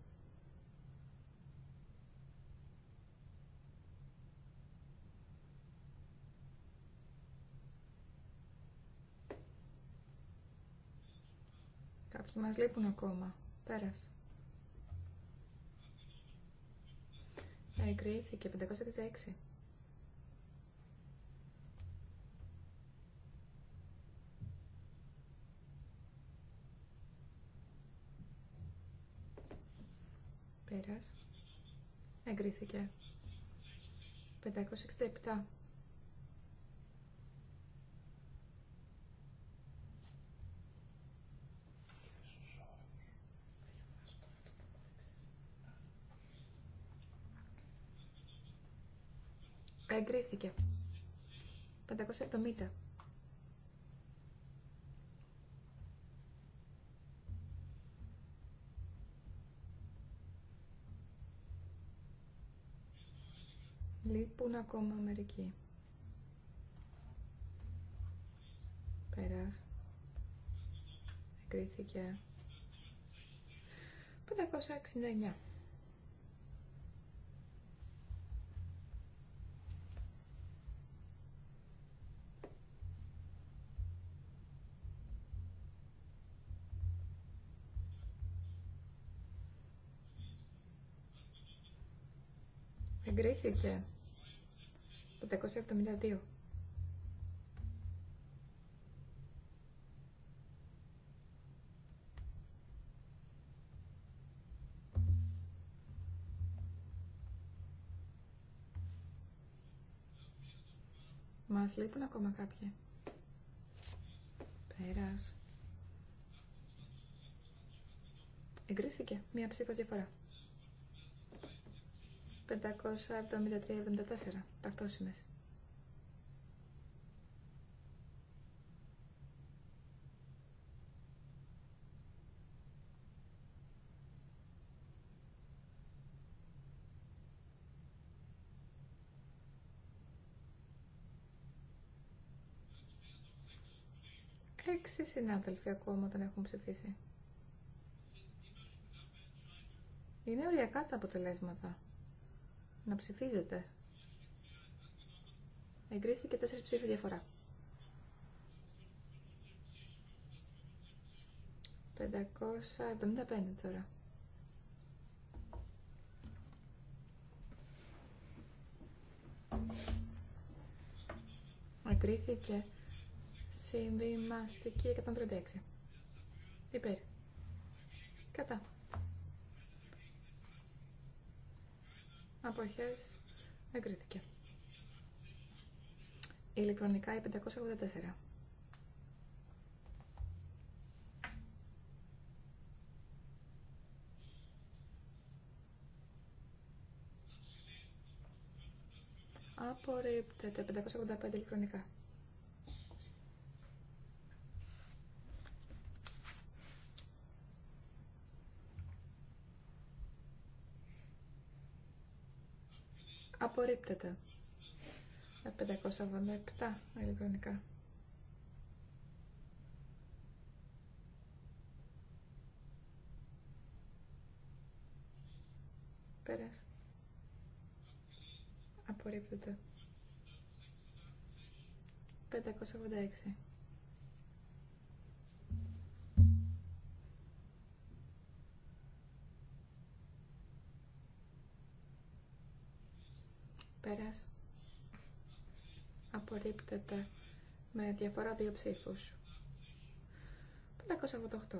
Κάποιοι μας λείπουν ακόμα. Πέρασε. Εγκρίθηκε 566. Πέρας. Εγκρίθηκε. 567. Εγκρίθηκε. 570. Λείπουν ακόμα μερικοί. Πέρας. Εγκρίθηκε. 569. εγκρίθηκε. 572. Μας λείπουν ακόμα κάποιοι. Πέρας. Εγκρίθηκε. Μία ψήφος διαφορά. 573-74. Ταυτόσιμες. Έξι συνάδελφοι ακόμα δεν έχουν ψηφίσει. Είναι οριακά τα αποτελέσματα να ψηφίζετε. Εγκρίθηκε τέσσερις ψήφια διαφορά. 575 τώρα. Εγκρίθηκε συμβημαστική 136. Υπέρ. Κατά. αποχές εγκρίθηκε. Ηλεκτρονικά η 584. Απορρίπτεται 585 ηλεκτρονικά. απορρίπτεται. 587 ηλεκτρονικά. Πέρας. Απορρίπτεται. 586. Πέρας. Απορρίπτεται με διαφορά δύο ψήφου 588.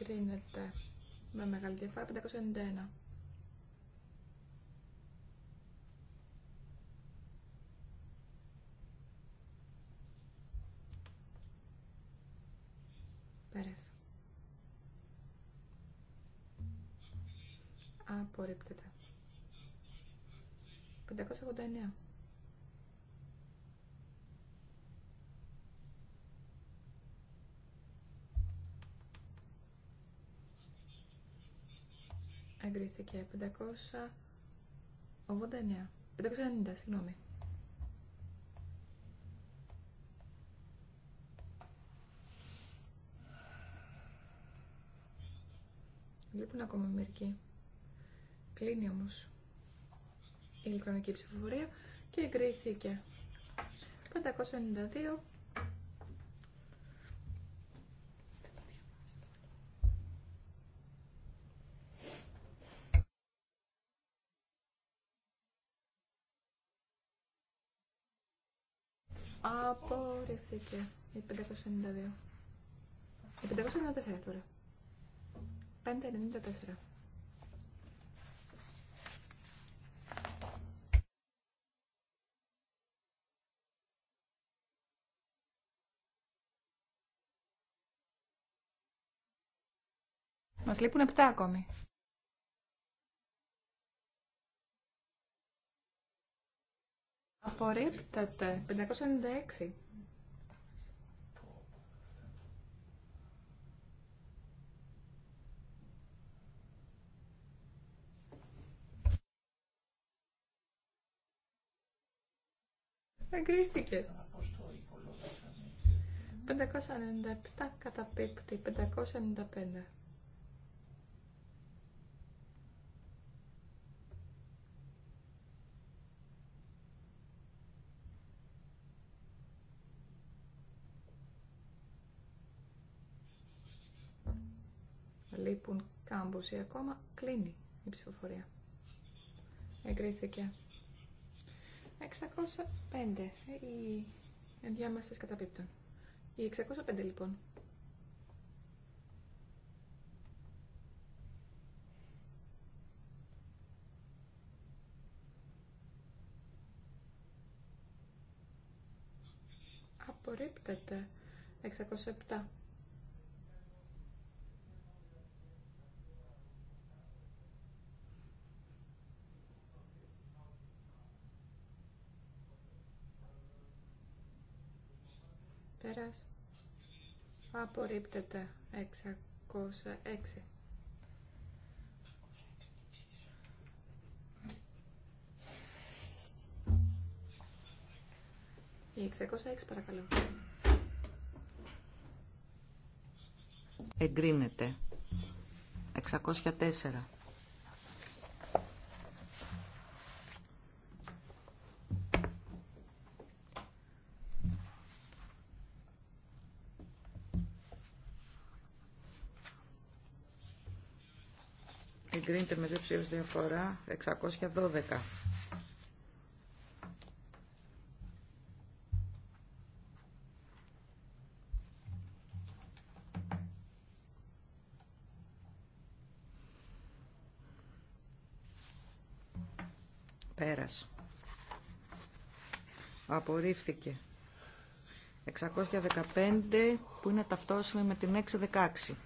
Εγκρίνεται με μεγάλη διαφορά 591. Πέρας. Απορρίπτεται. 589. Εγκρίθηκε 589. 590, συγγνώμη. 589. Λείπουν ακόμα μερικοί. Κλείνει όμω η ηλεκτρονική ψηφοφορία και εγκρίθηκε. 592. Απορρίφθηκε η 592. Η 594 τώρα. 594. Μας λείπουν 7 ακόμη. Απορρίπτεται. 596. Εγκρίθηκε. 597 πίπτη, 595. Λείπουν κάμποση ακόμα. Κλείνει η ψηφοφορία. Εγκρίθηκε. 605. ή ενδιάμεσε καταπίπτουν. Η 605 λοιπόν. Απορρίπτεται. 607. Πέρας. Απορρίπτεται. 606. Η 606 παρακαλώ. Εγκρίνεται. 604. γίνεται με δύο διαφορά 612. Πέρας. Απορρίφθηκε. 615 που είναι ταυτόσιμη με την 616.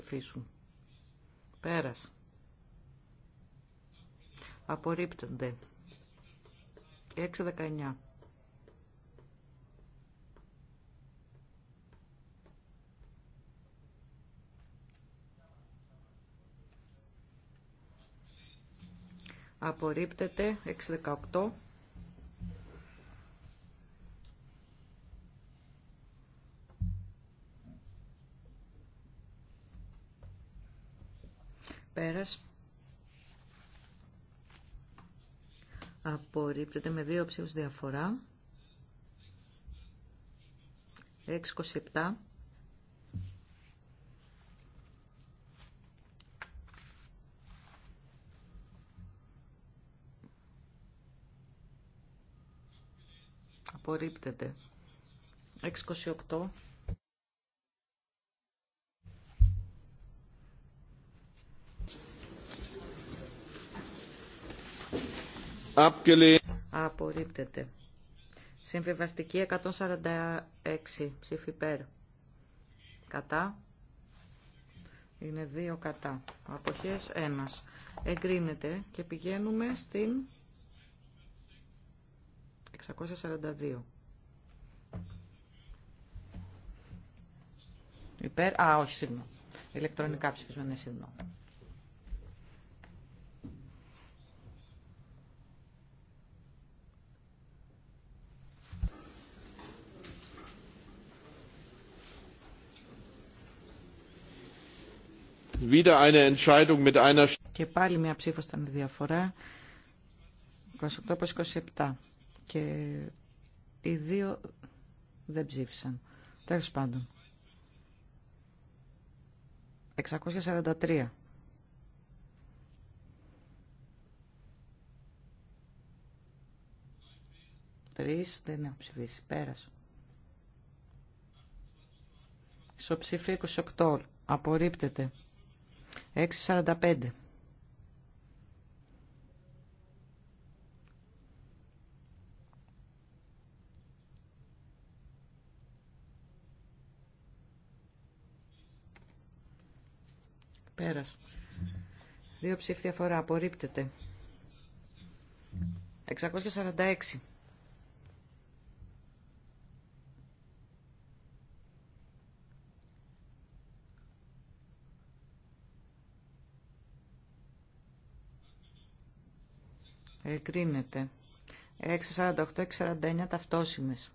ψηφίσουν. Πέρας. Απορρίπτονται. 6-19. Απορρίπτεται 6-18. Πέρας. Απορρίπτεται με δύο ψήφους διαφορά. 627. Απορρίπτεται. 628. Απορρίπτεται. Συμβιβαστική 146. Ψήφι υπέρ. Κατά. Είναι δύο κατά. Αποχές ένας. Εγκρίνεται και πηγαίνουμε στην 642. Υπέρ. Α, όχι, συγγνώμη. Ηλεκτρονικά είναι συγγνώμη. Και πάλι μια ψήφο ήταν η διαφορά. 28 προ 27. Και οι δύο δεν ψήφισαν. Τέλος πάντων. 643. Τρεις δεν έχω ψηφίσει. Πέρασε. Ισοψήφια 28. Απορρίπτεται. 6.45. Πέρας. Δύο ψήφια φορά. Απορρίπτεται. 646. Εγκρίνεται. 648 648-649, ταυτόσημες.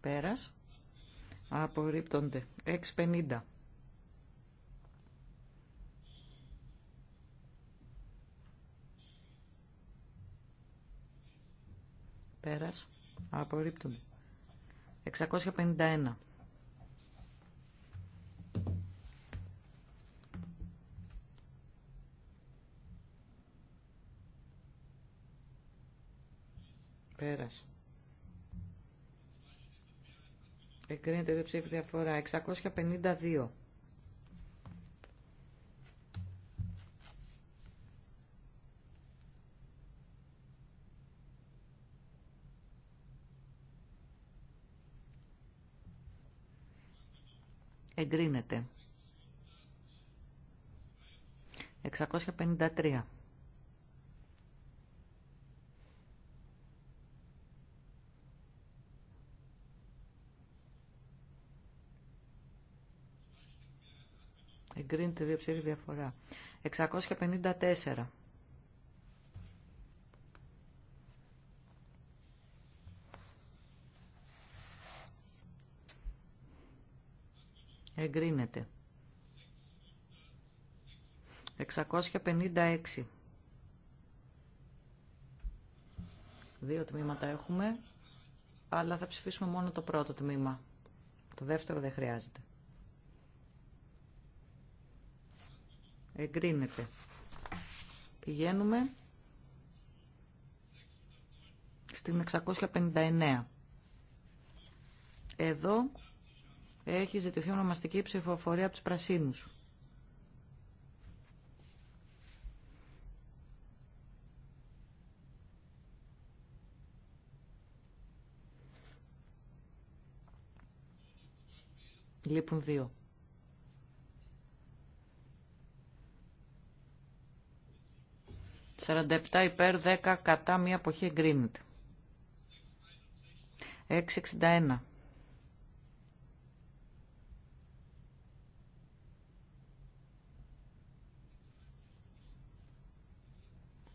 Πέρας. Απορρίπτονται. 650. Πέρας. Απορρίπτονται. 651. Πέρας. Εγκρίνεται δύο ψήφι διαφορά. 652. Εγκρίνεται. 653. εγκρίνεται δύο ψήφι διαφορά. 654. Εγκρίνεται. 656. Δύο τμήματα έχουμε, αλλά θα ψηφίσουμε μόνο το πρώτο τμήμα. Το δεύτερο δεν χρειάζεται. Εγκρίνεται. Πηγαίνουμε στην 659. Εδώ έχει ζητηθεί ονομαστική ψηφοφορία από τους πρασίνους. Λείπουν δύο. 47 υπέρ 10 κατά μία αποχή εγκρίνεται. 661.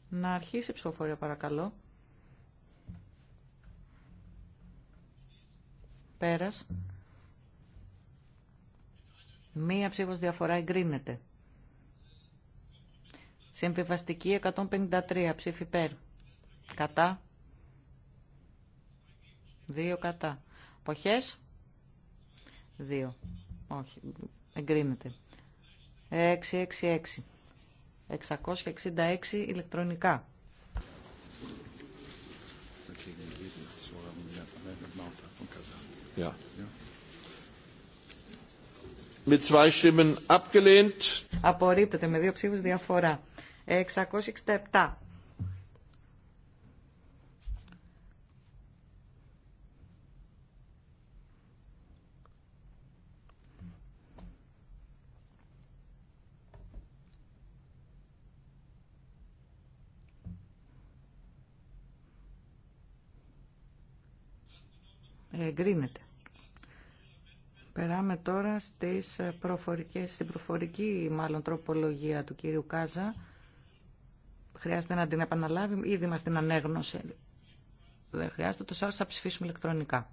Να αρχίσει η ψηφοφορία παρακαλώ. Πέρας. Μία ψήφος διαφορά εγκρίνεται. Συμβιβαστική 153 ψήφι υπέρ. Κατά. Δύο κατά. Ποχές. Δύο. Όχι. Εγκρίνεται. 666. 666 ηλεκτρονικά. Απορρίπτεται με δύο ψήφους διαφορά. 667. Εγκρίνεται. Περάμε τώρα στις προφορικές, στην προφορική μάλλον τροπολογία του κύριου Κάζα χρειάζεται να την επαναλάβει, ήδη μας την ανέγνωσε. Δεν χρειάζεται, το άλλους θα ψηφίσουμε ηλεκτρονικά.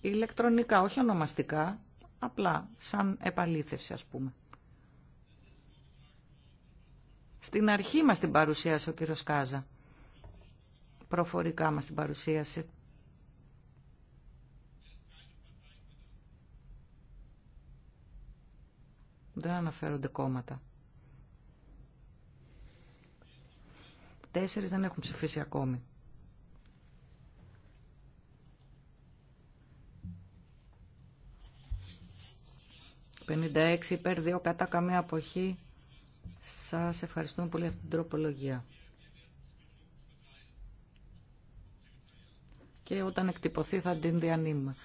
Ηλεκτρονικά, όχι ονομαστικά, απλά σαν επαλήθευση ας πούμε. Στην αρχή μας την παρουσίασε ο κύριος Κάζα. Προφορικά μας την παρουσίασε. Δεν αναφέρονται κόμματα. Τέσσερις δεν έχουν ψηφίσει ακόμη. «56 υπέρ 2 κατά καμία αποχή». Σας ευχαριστούμε πολύ αυτή την τροπολογία. Και όταν εκτυπωθεί θα την διανύμουμε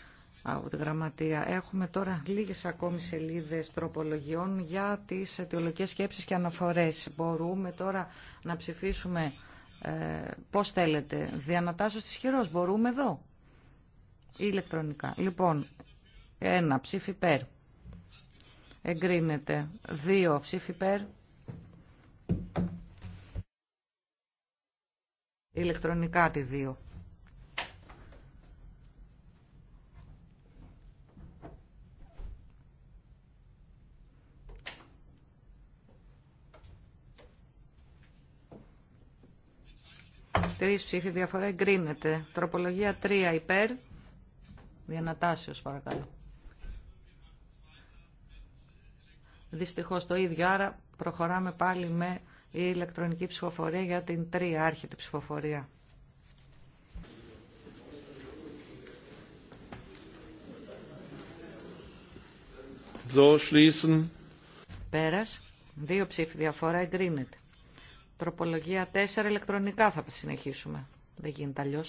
από τη Γραμματεία. Έχουμε τώρα λίγες ακόμη σελίδες τροπολογιών για τις αιτιολογικές σκέψεις και αναφορές. Μπορούμε τώρα να ψηφίσουμε ε, πώς θέλετε. Διανατάσσω στις χειρός. Μπορούμε εδώ. Ηλεκτρονικά. Λοιπόν, ένα ψήφι περ. Εγκρίνεται. Δύο ψήφι περ. Ηλεκτρονικά τη δύο. Τρεις ψήφοι διαφορά εγκρίνεται. Τροπολογία 3 υπέρ. Διανατάσεως παρακαλώ. Δυστυχώς το ίδιο, άρα προχωράμε πάλι με η ηλεκτρονική ψηφοφορία για την 3 άρχεται ψηφοφορία. So, Πέρας, δύο ψήφοι διαφορά εγκρίνεται. Τροπολογία 4 ηλεκτρονικά θα συνεχίσουμε. Δεν γίνεται αλλιώ.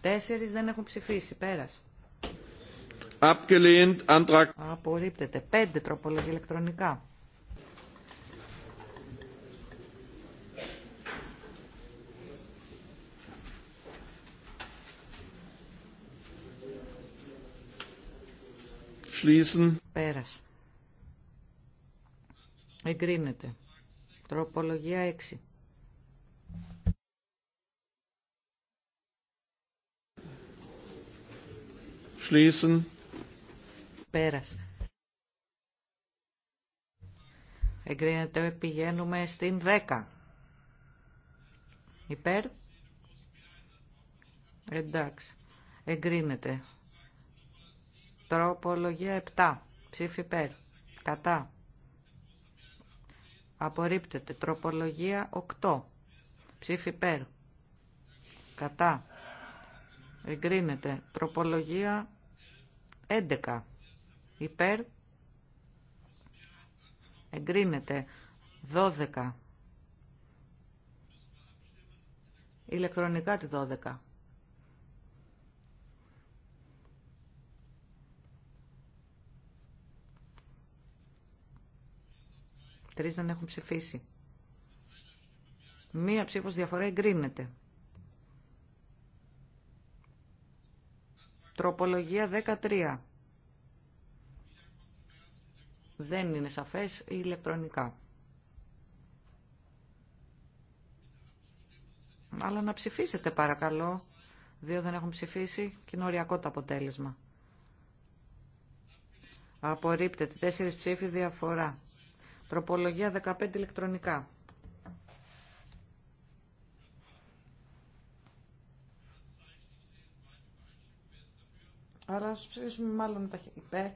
Τέσσερις δεν έχουν ψηφίσει. Πέρας. Απολύπτεται. Πέντε τροπολογία ηλεκτρονικά. schließen. Πέρασε. Εγκρίνεται. Τροπολογία 6. Schließen. Πέρασε. Εγκρίνεται. Πηγαίνουμε στην 10. Υπέρ. Εντάξει. Εγκρίνεται. Τροπολογία 7. Ψήφι ΠΕΡ. Κατά. Απορρίπτεται. Τροπολογία 8. Ψήφι υπέρ. Κατά. Εγκρίνεται. Τροπολογία 11. Υπέρ. Εγκρίνεται. 12. Ηλεκτρονικά τη 12. Τρει δεν έχουν ψηφίσει. Μία ψήφο διαφορά εγκρίνεται. Τροπολογία 13. Δεν είναι σαφές ή ηλεκτρονικά. Αλλά να ψηφίσετε παρακαλώ. Δύο δεν έχουν ψηφίσει και είναι οριακό το αποτέλεσμα. Απορρίπτεται. Τέσσερις ψήφοι διαφορά. Τροπολογία 15 ηλεκτρονικά. Άρα ας ψηφίσουμε μάλλον τα χέρια.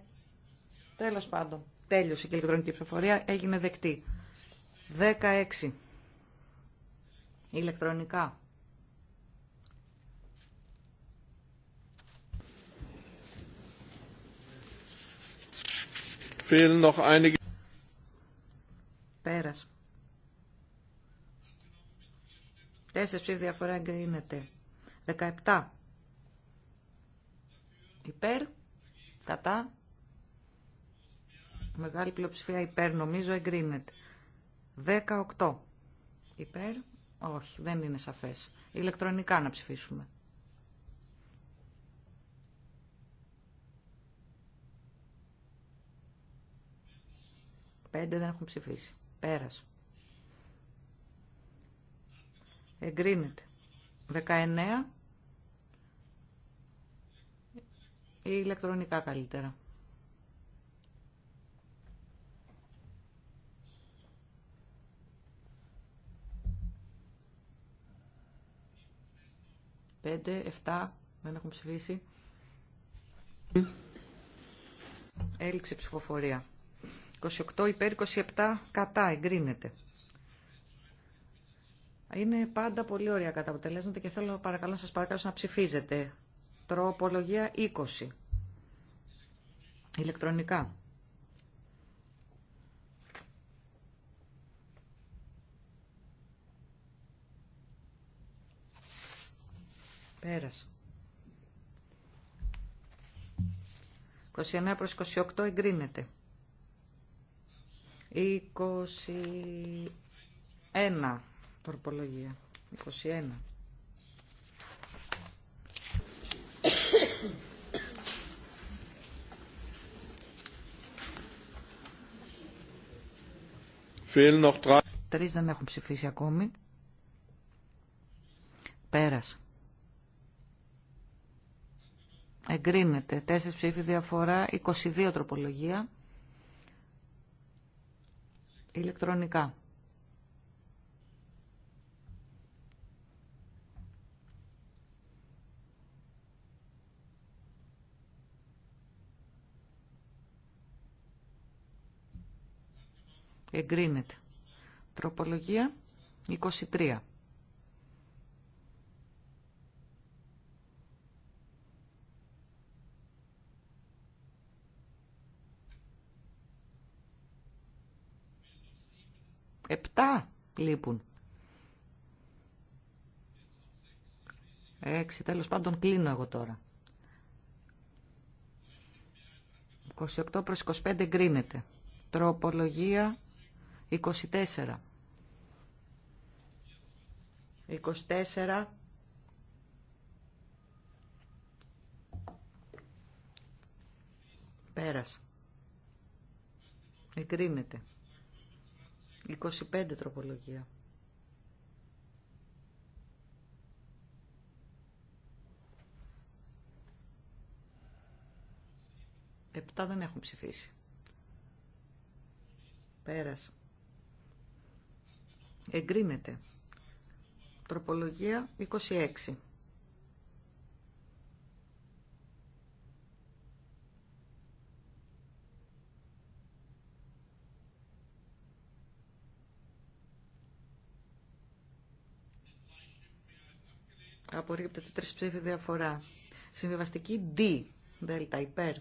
Τέλος πάντων. Τέλειωσε και η ηλεκτρονική ψηφοφορία. Έγινε δεκτή. 16. Ηλεκτρονικά. noch Πέρας. Τέσσερις ψήφοι διαφορά εγκρίνεται. 17. Υπέρ. Κατά. Μεγάλη πλειοψηφία υπέρ νομίζω εγκρίνεται. 18. Υπέρ. Όχι, δεν είναι σαφές. Ηλεκτρονικά να ψηφίσουμε. 5 δεν έχουν ψηφίσει. Πέρας. Εγκρίνεται. 19. Ή ηλεκτρονικά καλύτερα. Πέντε, εφτά, δεν έχουμε ψηφίσει. Έληξε ψηφοφορία. 28 υπέρ 27 κατά εγκρίνεται. Είναι πάντα πολύ ωραία κατά αποτελέσματα και θέλω παρακαλώ σας παρακαλώ να ψηφίζετε. Τροπολογία 20. Ηλεκτρονικά. Πέρασε. 29 προς 28 εγκρίνεται. 21 τροπολογία. 21. Τρεις δεν έχουν ψηφίσει ακόμη. Πέρας. Εγκρίνεται. Τέσσερις ψήφοι διαφορά. 22 τροπολογία ηλεκτρονικά. Εγκρίνεται. Τροπολογία 23. Επτά λείπουν. Έξι, τέλος πάντων κλείνω εγώ τώρα. 28 προς 25 γκρίνεται. Τροπολογία 24. 24. Πέρασε. Εγκρίνεται. 25 τροπολογία. Επτά δεν έχουν ψηφίσει. Πέρας. Εγκρίνεται. Τροπολογία 26. απορρίπτεται τρεις ψήφοι διαφορά. Συμβιβαστική D, δέλτα, υπέρ.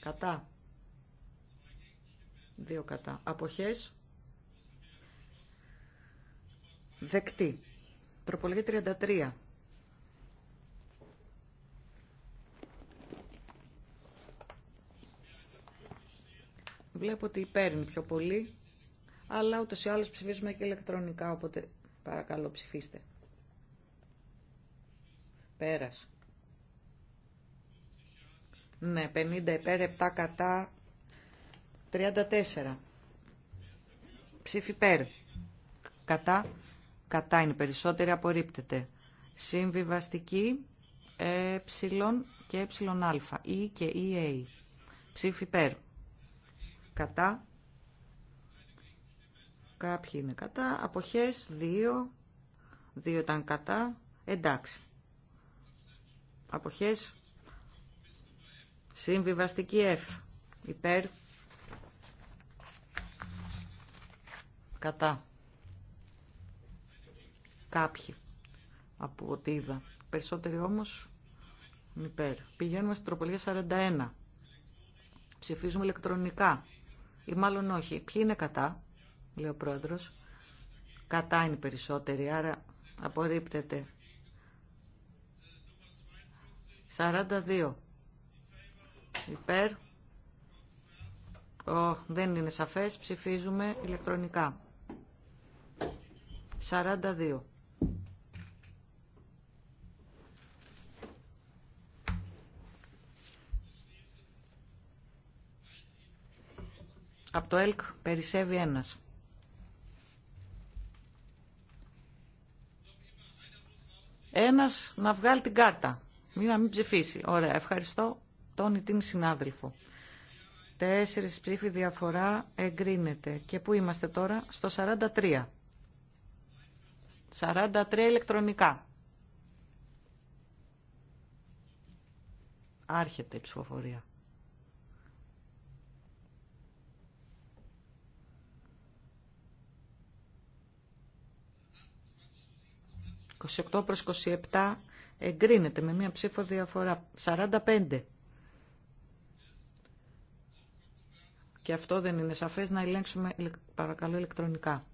Κατά. Δύο κατά. Αποχές. Δεκτή. Τροπολογία 33. Βλέπω ότι παίρνει πιο πολύ, αλλά ούτως ή άλλως ψηφίζουμε και ηλεκτρονικά, οπότε παρακαλώ ψηφίστε. Πέρας. Ναι, 50 υπέρ, 7 κατά, 34. Ψήφι υπέρ. Κατά, κατά είναι περισσότερη, απορρίπτεται. Συμβιβαστική, ε και ε α, ή και α. Ψήφι υπέρ. Κατά, κάποιοι είναι κατά, αποχές, 2, 2 ήταν κατά, εντάξει αποχές συμβιβαστική F υπέρ κατά κάποιοι από ό,τι είδα περισσότεροι όμως υπέρ πηγαίνουμε στην τροπολογία 41 ψηφίζουμε ηλεκτρονικά ή μάλλον όχι ποιοι είναι κατά λέει ο πρόεδρος κατά είναι περισσότεροι άρα απορρίπτεται 42. Υπέρ. Ο, δεν είναι σαφές. Ψηφίζουμε ηλεκτρονικά. 42. Από το ΕΛΚ περισσεύει ένας. Ένας να βγάλει την κάρτα. Μην να μην ψηφίσει. Ωραία. Ευχαριστώ τον ή την συνάδελφο. Τέσσερις ψήφοι διαφορά εγκρίνεται. Και πού είμαστε τώρα? Στο 43. 43 ηλεκτρονικά. Άρχεται η ψηφοφορία. ...28 προς 27 Εγκρίνεται με μία ψήφο διαφορά. 45. Και αυτό δεν είναι σαφές να ελέγξουμε παρακαλώ ηλεκτρονικά.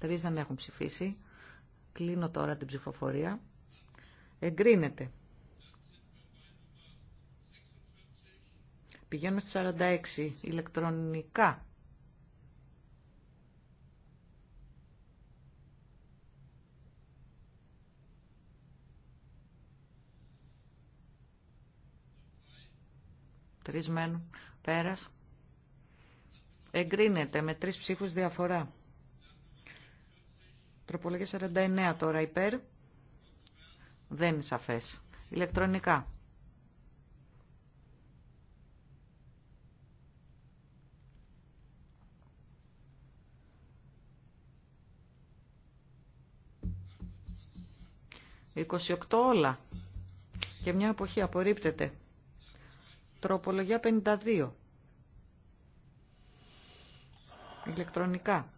Τρεις δεν έχουν ψηφίσει. Κλείνω τώρα την ψηφοφορία. Εγκρίνεται. Πηγαίνουμε στις 46 ηλεκτρονικά. Τρισμένο, Πέρας. Εγκρίνεται με τρεις ψήφους διαφορά. Τροπολογία 49 τώρα υπέρ. Δεν είναι σαφές. Ηλεκτρονικά. «28 όλα» και μια εποχή απορρίπτεται. Τροπολογία 52. Ηλεκτρονικά.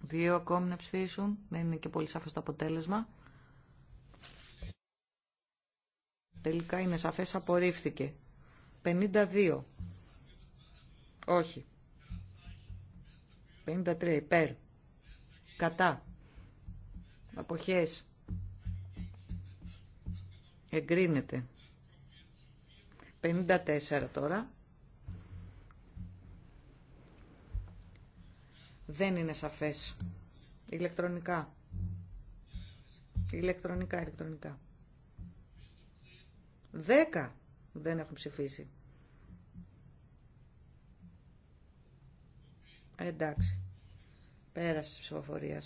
Δύο ακόμη να ψηφίσουν. Δεν είναι και πολύ σαφές το αποτέλεσμα. Τελικά είναι σαφές, απορρίφθηκε. 52. Όχι. 53 Περ. Κατά. Αποχές. Εγκρίνεται. 54 τώρα. Δεν είναι σαφές. Ηλεκτρονικά. Ηλεκτρονικά, ηλεκτρονικά. 10 δεν έχουν ψηφίσει. Εντάξει. Πέραση τη ψηφοφορία.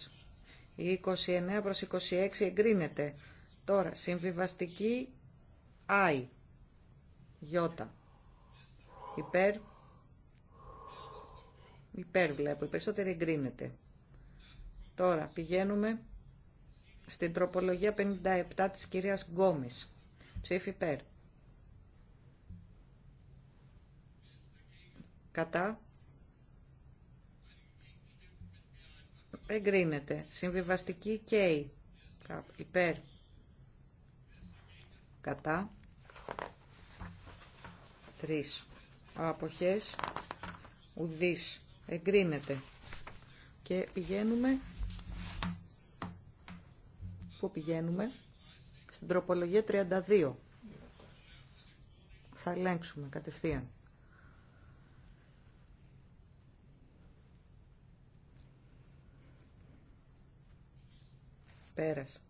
29 προς 26 εγκρίνεται. Τώρα, συμβιβαστική I, Ι, υπέρ, υπέρ βλέπω, η περισσότερη εγκρίνεται. Τώρα, πηγαίνουμε στην τροπολογία 57 της κυρίας Γκόμης. Ψήφι υπέρ. Κατά. εγκρίνεται. Συμβιβαστική K υπέρ κατά τρεις αποχές ουδής εγκρίνεται και πηγαίνουμε που πηγαίνουμε στην τροπολογία 32 θα ελέγξουμε κατευθείαν Πέρας.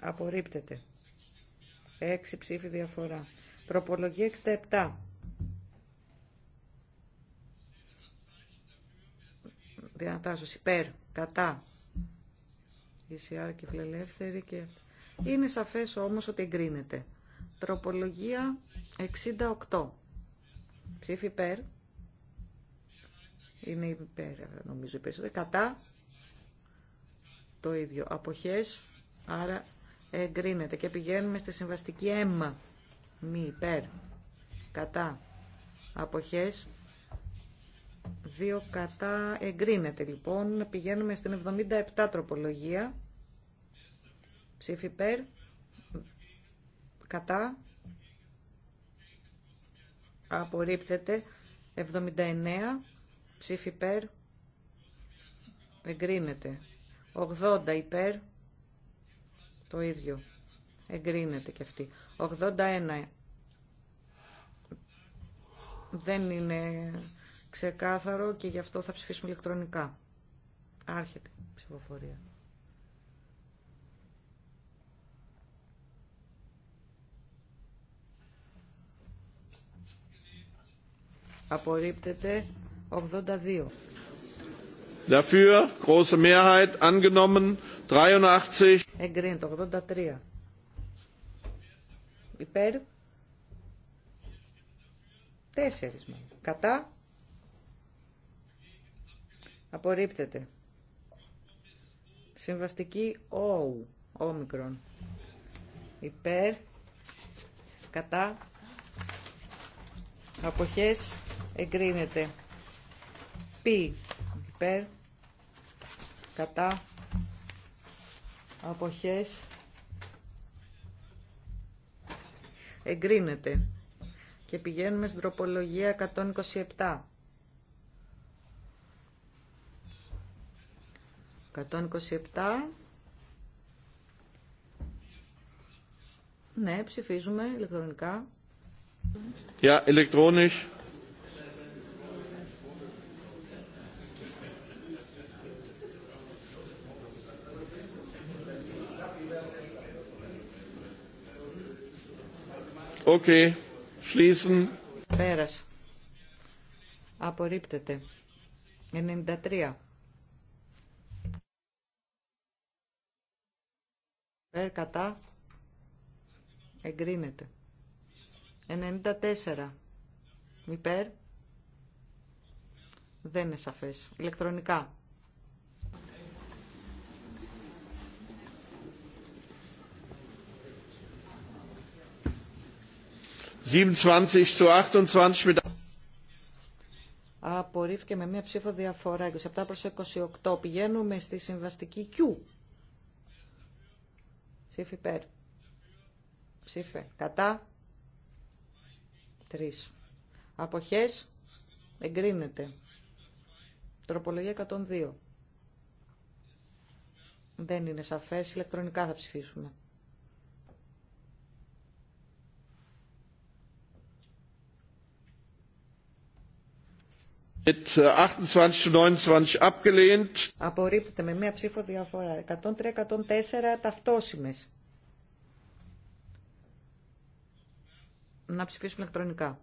Απορρίπτεται. Έξι ψήφι διαφορά. Τροπολογία 67. Διανατάσσος υπέρ, κατά. ΙΣΙΑΡ και φιλελεύθερη και... Είναι σαφές όμως ότι εγκρίνεται. Τροπολογία 68. Ψήφι υπέρ. Είναι υπέρ, νομίζω, υπέρ. Κατά το ίδιο. Αποχές, άρα εγκρίνεται. Και πηγαίνουμε στη συμβαστική έμμα Μη υπέρ. Κατά. Αποχές. Δύο κατά εγκρίνεται. Λοιπόν, πηγαίνουμε στην 77 τροπολογία. Ψήφι υπέρ. Κατά. Απορρίπτεται. 79. Ψήφι υπέρ. Εγκρίνεται. 80 υπέρ, το ίδιο. Εγκρίνεται και αυτή. 81. Δεν είναι ξεκάθαρο και γι' αυτό θα ψηφίσουμε ηλεκτρονικά. Άρχεται η ψηφοφορία. Απορρίπτεται 82 dafür große mehrheit angenommen 83 εγκρίνεται 83 υπέρ 4 μάλλον κατά απορρίπτεται συμβαστική ο όμικρον υπέρ κατά αποχές εγκρίνεται π υπέρ κατά αποχές εγκρίνεται και πηγαίνουμε στην τροπολογία 127 127 Ναι, ψηφίζουμε ηλεκτρονικά. Ja, ηλεκτρονικά Okay. Schließen. Πέρας. Απορρίπτεται. 93. Υπέρ κατά. Εγκρίνεται. 94. Υπέρ. Δεν είναι σαφές. Ηλεκτρονικά. 27 28 Απορρίφθηκε με μία ψήφο διαφορά. 27 προς 28. Πηγαίνουμε στη συμβαστική Q. Ψήφι υπέρ. Ψήφε. Κατά. Τρεις. Αποχές. Εγκρίνεται. Τροπολογία 102. Δεν είναι σαφές. Ηλεκτρονικά θα ψηφίσουμε. Mit 28 äh, Απορρίπτεται με μία ψήφο διαφορά. 103-104 ταυτόσιμες. Να ψηφίσουμε ηλεκτρονικά.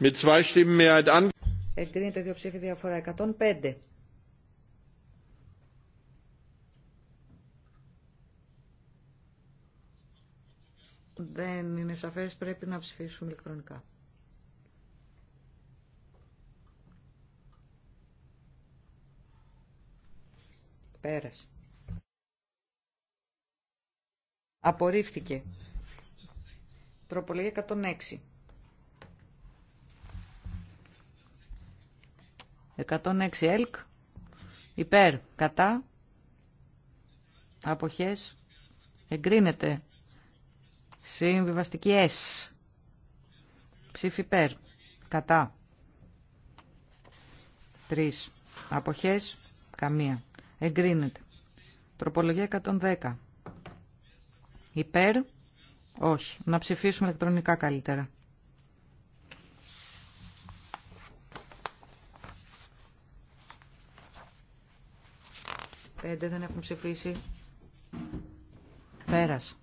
Mit Stimmen Mehrheit an. Εγκρίνεται δύο ψήφοι διαφορά. 105. δεν είναι σαφές πρέπει να ψηφίσουμε ηλεκτρονικά. Πέρασε. Απορρίφθηκε. Τροπολογία 106. 106 ΕΛΚ. Υπέρ. Κατά. Αποχές. Εγκρίνεται. Συμβιβαστική S. Ψήφι υπέρ. Κατά. Τρεις. Αποχές. Καμία. Εγκρίνεται. Τροπολογία 110. Υπέρ. Όχι. Να ψηφίσουμε ηλεκτρονικά καλύτερα. Πέντε δεν έχουν ψηφίσει. Πέρασε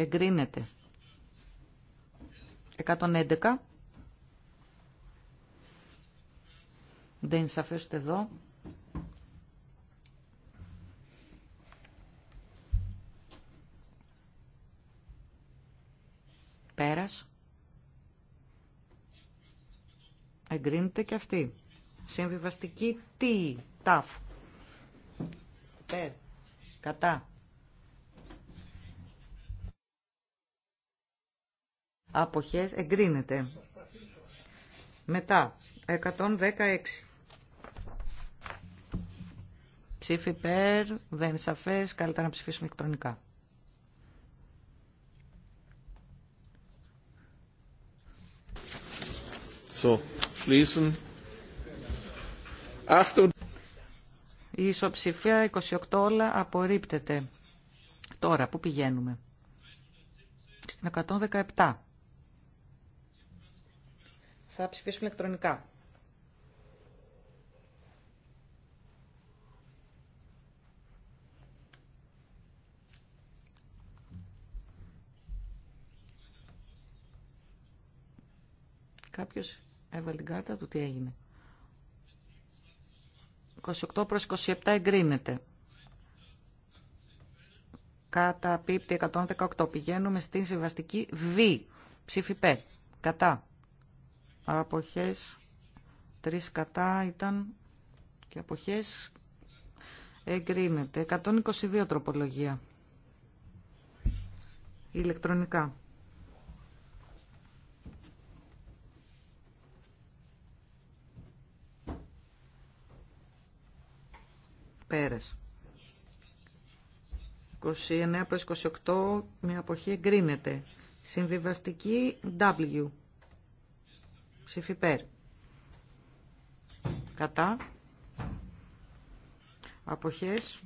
εγκρίνεται. 111. Δεν είναι σαφές ούτε εδώ. Πέρας. Εγκρίνεται και αυτή. Συμβιβαστική τι, ταφ. Πέρ. Κατά. αποχές εγκρίνεται. Μετά, 116. Ψήφι περ, δεν είναι σαφές, καλύτερα να ψηφίσουμε ηλεκτρονικά. So, schließen. Η ισοψηφία 28 όλα απορρίπτεται. Τώρα, πού πηγαίνουμε. Στην 117. Θα ψηφίσουμε ηλεκτρονικά. Κάποιος έβαλε την κάρτα του, τι έγινε. 28 προς 27 εγκρίνεται. Κατά πίπτη 118 πηγαίνουμε στην συμβαστική Β. Ψήφι Π. Κατά αποχές, 3 κατά ήταν και αποχές εγκρίνεται. 122 τροπολογία. Ηλεκτρονικά. Πέρες. 29 προς 28 μια αποχή εγκρίνεται. Συμβιβαστική W. Ψήφι υπέρ. Κατά. Αποχές.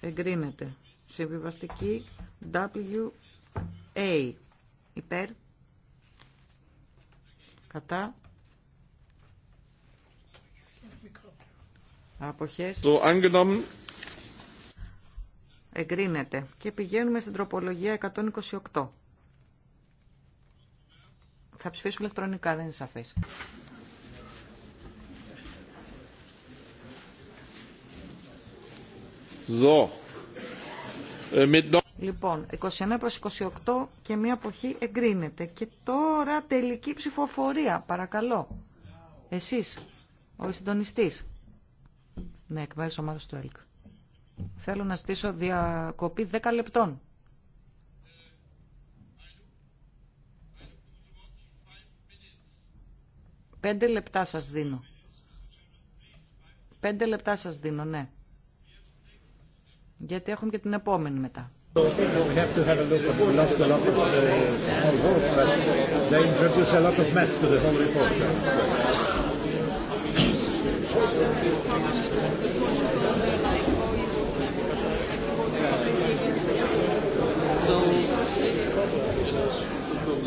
Εγκρίνεται. Συμβιβαστική WA. Υπέρ. Κατά. Αποχές. Το Εγκρίνεται. Και πηγαίνουμε στην τροπολογία 128. Θα ψηφίσουμε ηλεκτρονικά, δεν είναι σαφές. Ε, λοιπόν, 21 προς 28 και μία αποχή εγκρίνεται. Και τώρα τελική ψηφοφορία, παρακαλώ. Εσείς, ο συντονιστής. Ναι, εκ μέρους ομάδας του ΕΛΚ. Θέλω να στήσω διακοπή 10 λεπτών. Πέντε λεπτά σας δίνω. Πέντε λεπτά σας δίνω, ναι. Γιατί έχουμε και την επόμενη μετά.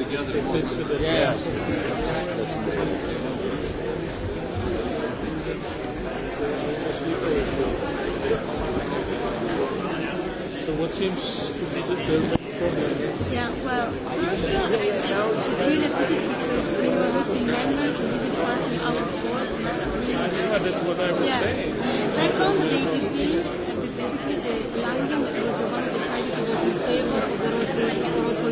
the So what seems to be the problem? Yeah, well, all, I think really we were missing members that's what I was saying. the basically the language.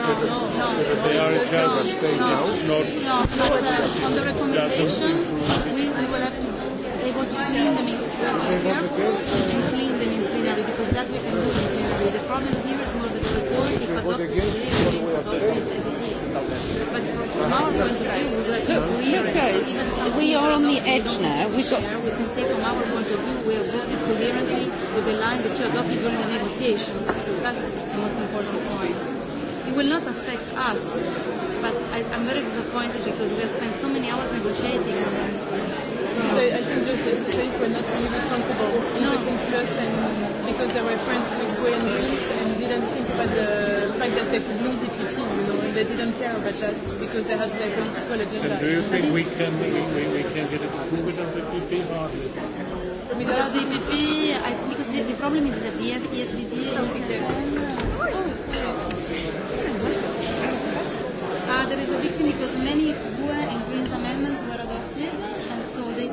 They are in charge of Spain now. No, no. on the recommendation, we will have to able to clean them in and clean them in plenary because that we can do in plenary. The problem here is more the report if adopted today, But from our point of view, we are guys, we are on the edge now. We've got. We can say from our point of view, we have voted coherently with the line that you adopted during the negotiations. That's the most important point it will not affect us, but I, I'm very disappointed because we have spent so many hours negotiating. And um so I think just the states were not really responsible in it's plus and because they were friends with Gwen and Reef and didn't think about the fact that they could lose EPP, you know, and they didn't care about that because they had their political agenda. And do you think we can, we, we can get it through without EPP? Hardly. Without EPP, I, because the, the problem is that the, the, is because many Blue and Green amendments were adopted and so they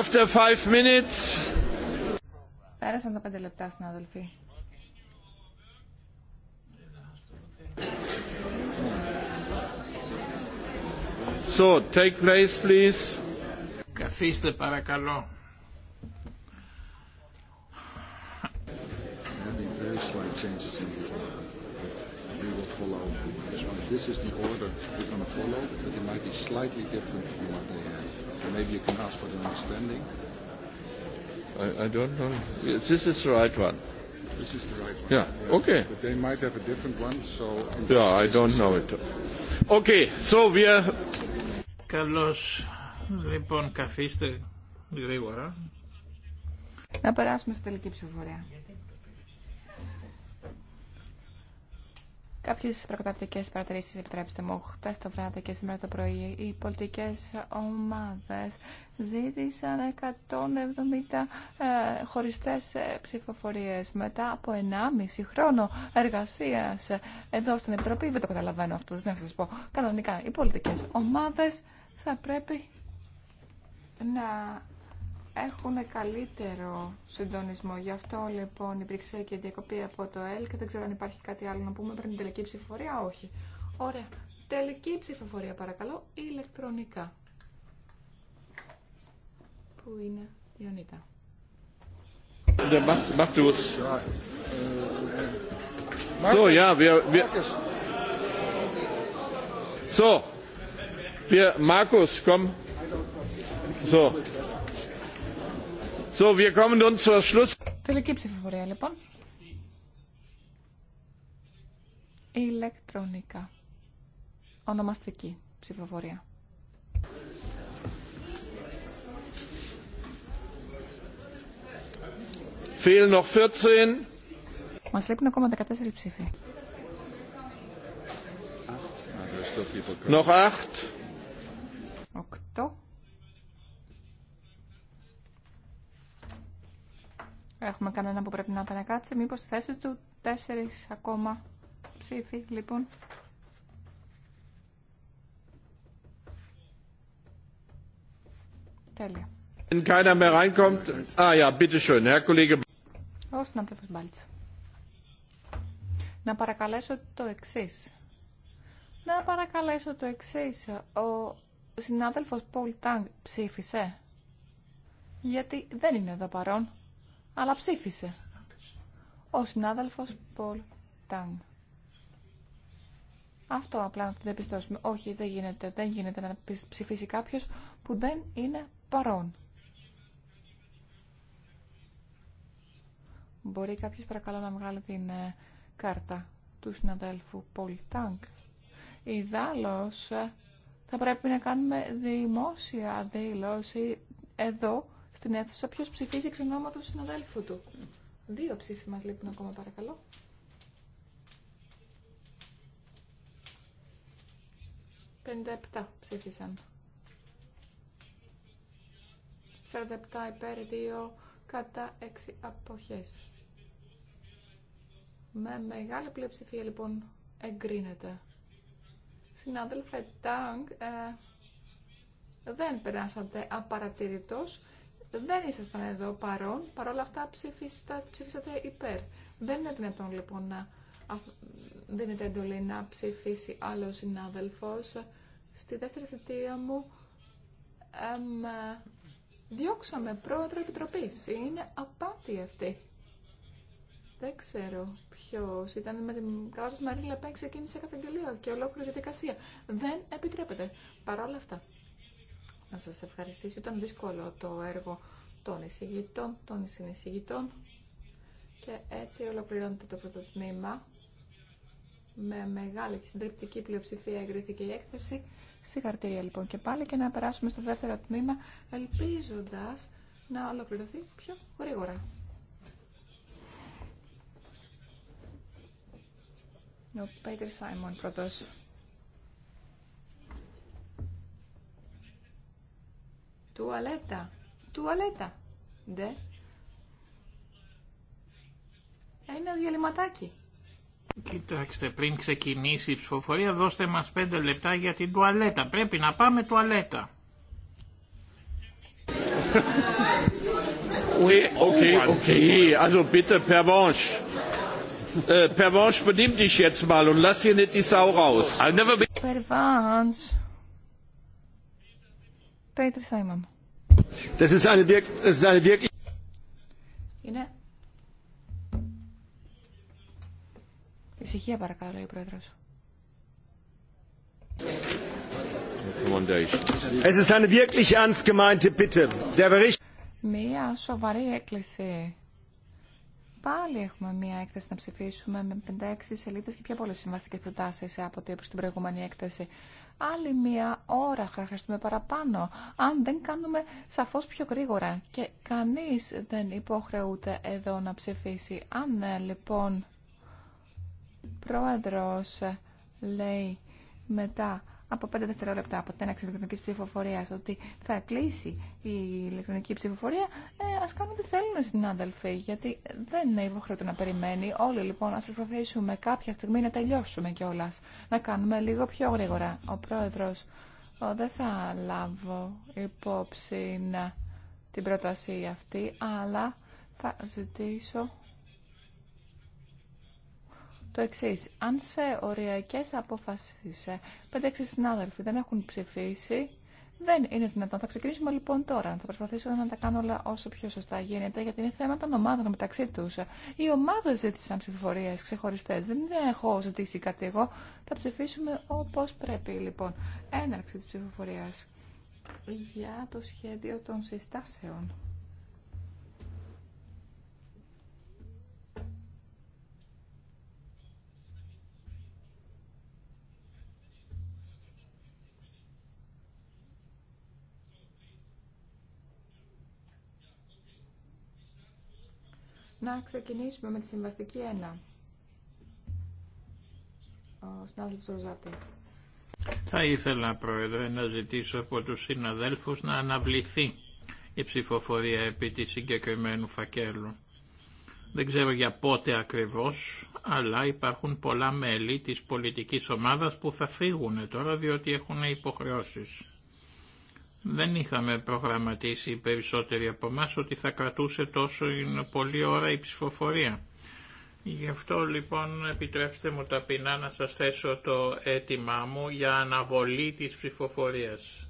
After five minutes... Πέρασαν τα πέντε λεπτά, συνάδελφοι. So, take place, please. Καθίστε παρακαλώ. This is the order we're going to follow, but it might be slightly different from what they Maybe you can ask for an understanding. I, I don't know. This is the right one. This is the right one. Yeah. Okay. But they might have a different one, so. Yeah, I don't know it. Okay. So we are. Καλώς. Λοιπόν, καθίστε γρήγορα. Να περάσουμε στη τελική ψηφοφορία. Κάποιε προκαταρτικέ παρατηρήσει, επιτρέψτε μου. Χτε το βράδυ και σήμερα το πρωί, οι πολιτικέ ομάδε ζήτησαν 170 ε, χωριστέ ε, ψηφοφορίε μετά από 1,5 χρόνο εργασία ε, εδώ στην Επιτροπή. Δεν το καταλαβαίνω αυτό, δεν θα σα πω. Κανονικά, οι πολιτικέ ομάδε θα πρέπει να έχουν καλύτερο συντονισμό. Γι' αυτό λοιπόν υπήρξε και διακοπή από το ΕΛ και δεν ξέρω αν υπάρχει κάτι άλλο να πούμε πριν την τελική ψηφοφορία. Όχι. Ωραία. Τελική ψηφοφορία παρακαλώ ηλεκτρονικά. Πού είναι η Ιωνίτα. So, so, wir, Markus, komm. So. So, wir kommen nun zur Schluss. Τελική ψηφοφορία λοιπόν. Ηλεκτρονικά. Ονομαστική ψηφοφορία. Fehlen noch 14. Μας λείπουν ακόμα 14 ψήφοι. Noch 8. 8. Έχουμε κανένα που πρέπει να παρακάτσει. Μήπως στη θέση του τέσσερις ακόμα ψήφοι, λοιπόν. Τέλεια. Μπάλτς. Να παρακαλέσω το εξής. Να παρακαλέσω το εξής. Ο συνάδελφος Πολ Τάγκ ψήφισε. Γιατί δεν είναι εδώ παρόν αλλά ψήφισε. Ο συνάδελφο Πολ Τάγκ. Αυτό απλά να το Όχι, δεν γίνεται, δεν γίνεται να ψηφίσει κάποιος που δεν είναι παρόν. Μπορεί κάποιο παρακαλώ να βγάλει την ε, κάρτα του συναδέλφου Πολ Τάγκ. Ιδάλλως ε, θα πρέπει να κάνουμε δημόσια δήλωση εδώ στην αίθουσα ποιο ψηφίζει εξ ονόματο του συναδέλφου του. Δύο ψήφοι μα λείπουν ακόμα παρακαλώ. 57 ψήφισαν. 47 υπέρ 2 κατά 6 αποχές. Με μεγάλη πλειοψηφία λοιπόν εγκρίνεται. Συνάδελφε Τάγκ, ε, δεν περάσατε απαρατηρητός δεν ήσασταν εδώ παρόν, παρόλα αυτά ψήφιστα ψηφίσατε υπέρ. Δεν είναι δυνατόν λοιπόν να δίνετε εντολή να ψηφίσει άλλο συνάδελφο. Στη δεύτερη θητεία μου εμ, διώξαμε πρόεδρο επιτροπή. Είναι απάτη αυτή. Δεν ξέρω ποιο ήταν με την καλά τη Μαρίλα Πέν ξεκίνησε καταγγελία και ολόκληρη διαδικασία. Δεν επιτρέπεται. Παρ' όλα αυτά να σας ευχαριστήσω. Ήταν δύσκολο το έργο των εισηγητών, των συνεισηγητών και έτσι ολοκληρώνεται το πρώτο τμήμα. Με μεγάλη και συντριπτική πλειοψηφία εγκρίθηκε η έκθεση. Συγχαρητήρια λοιπόν και πάλι και να περάσουμε στο δεύτερο τμήμα ελπίζοντας να ολοκληρωθεί πιο γρήγορα. Ο Σάιμον πρώτος. Τουαλέτα. Τουαλέτα. Ντε. Ένα διαλυματάκι. Κοιτάξτε, πριν ξεκινήσει η ψηφοφορία, δώστε μας πέντε λεπτά για την τουαλέτα. Πρέπει να πάμε τουαλέτα. Oui, ok, ok. Also bitte, Pervenche. Äh, Pervenche, benimm dich jetzt mal und lass hier nicht die Sau raus. I've never been... Pervenche. Πέτρη Σάιμον. Είναι... Ησυχία παρακαλώ, ο Πρόεδρος. Es ist eine wirklich ernst gemeinte Bitte. Der Bericht. Μία σοβαρή έκκληση. Πάλι έχουμε μία έκθεση να ψηφίσουμε με 56 σελίδε και πιο πολλέ συμβαστικέ προτάσει από ό,τι στην προηγούμενη έκθεση άλλη μία ώρα θα χρειαστούμε παραπάνω αν δεν κάνουμε σαφώς πιο γρήγορα και κανείς δεν υποχρεούται εδώ να ψηφίσει. Αν ε, λοιπόν πρόεδρος ε, λέει μετά από 5 δευτερόλεπτα από την έξι ηλεκτρονική ψηφοφορία ότι θα κλείσει η ηλεκτρονική ψηφοφορία, ε, α κάνουν τι θέλουν οι συνάδελφοι, γιατί δεν είναι υποχρεωτικό να περιμένει. Όλοι λοιπόν α προσπαθήσουμε κάποια στιγμή να τελειώσουμε κιόλα. Να κάνουμε λίγο πιο γρήγορα. Ο πρόεδρο, δεν θα λάβω υπόψη ε, την πρόταση αυτή, αλλά θα ζητήσω το εξή. Αν σε οριακέ αποφάσει 5-6 ε, συνάδελφοι δεν έχουν ψηφίσει, δεν είναι δυνατόν. Θα ξεκινήσουμε λοιπόν τώρα. Θα προσπαθήσω να τα κάνω όλα όσο πιο σωστά γίνεται, γιατί είναι θέμα των ομάδων μεταξύ του. Οι ομάδε ζήτησαν ψηφοφορίε ξεχωριστέ. Δεν έχω ζητήσει κάτι εγώ. Θα ψηφίσουμε όπω πρέπει λοιπόν. Έναρξη τη ψηφοφορία για το σχέδιο των συστάσεων. Να ξεκινήσουμε με τη συμβαστική 1. Ο συνάδελφος Θα ήθελα, Πρόεδρε, να ζητήσω από τους συναδέλφους να αναβληθεί η ψηφοφορία επί της συγκεκριμένου φακέλου. Δεν ξέρω για πότε ακριβώς, αλλά υπάρχουν πολλά μέλη της πολιτικής ομάδας που θα φύγουν τώρα διότι έχουν υποχρεώσεις. Δεν είχαμε προγραμματίσει οι περισσότεροι από εμά ότι θα κρατούσε τόσο πολλή ώρα η ψηφοφορία. Γι' αυτό λοιπόν επιτρέψτε μου ταπεινά να σας θέσω το αίτημά μου για αναβολή της ψηφοφορίας.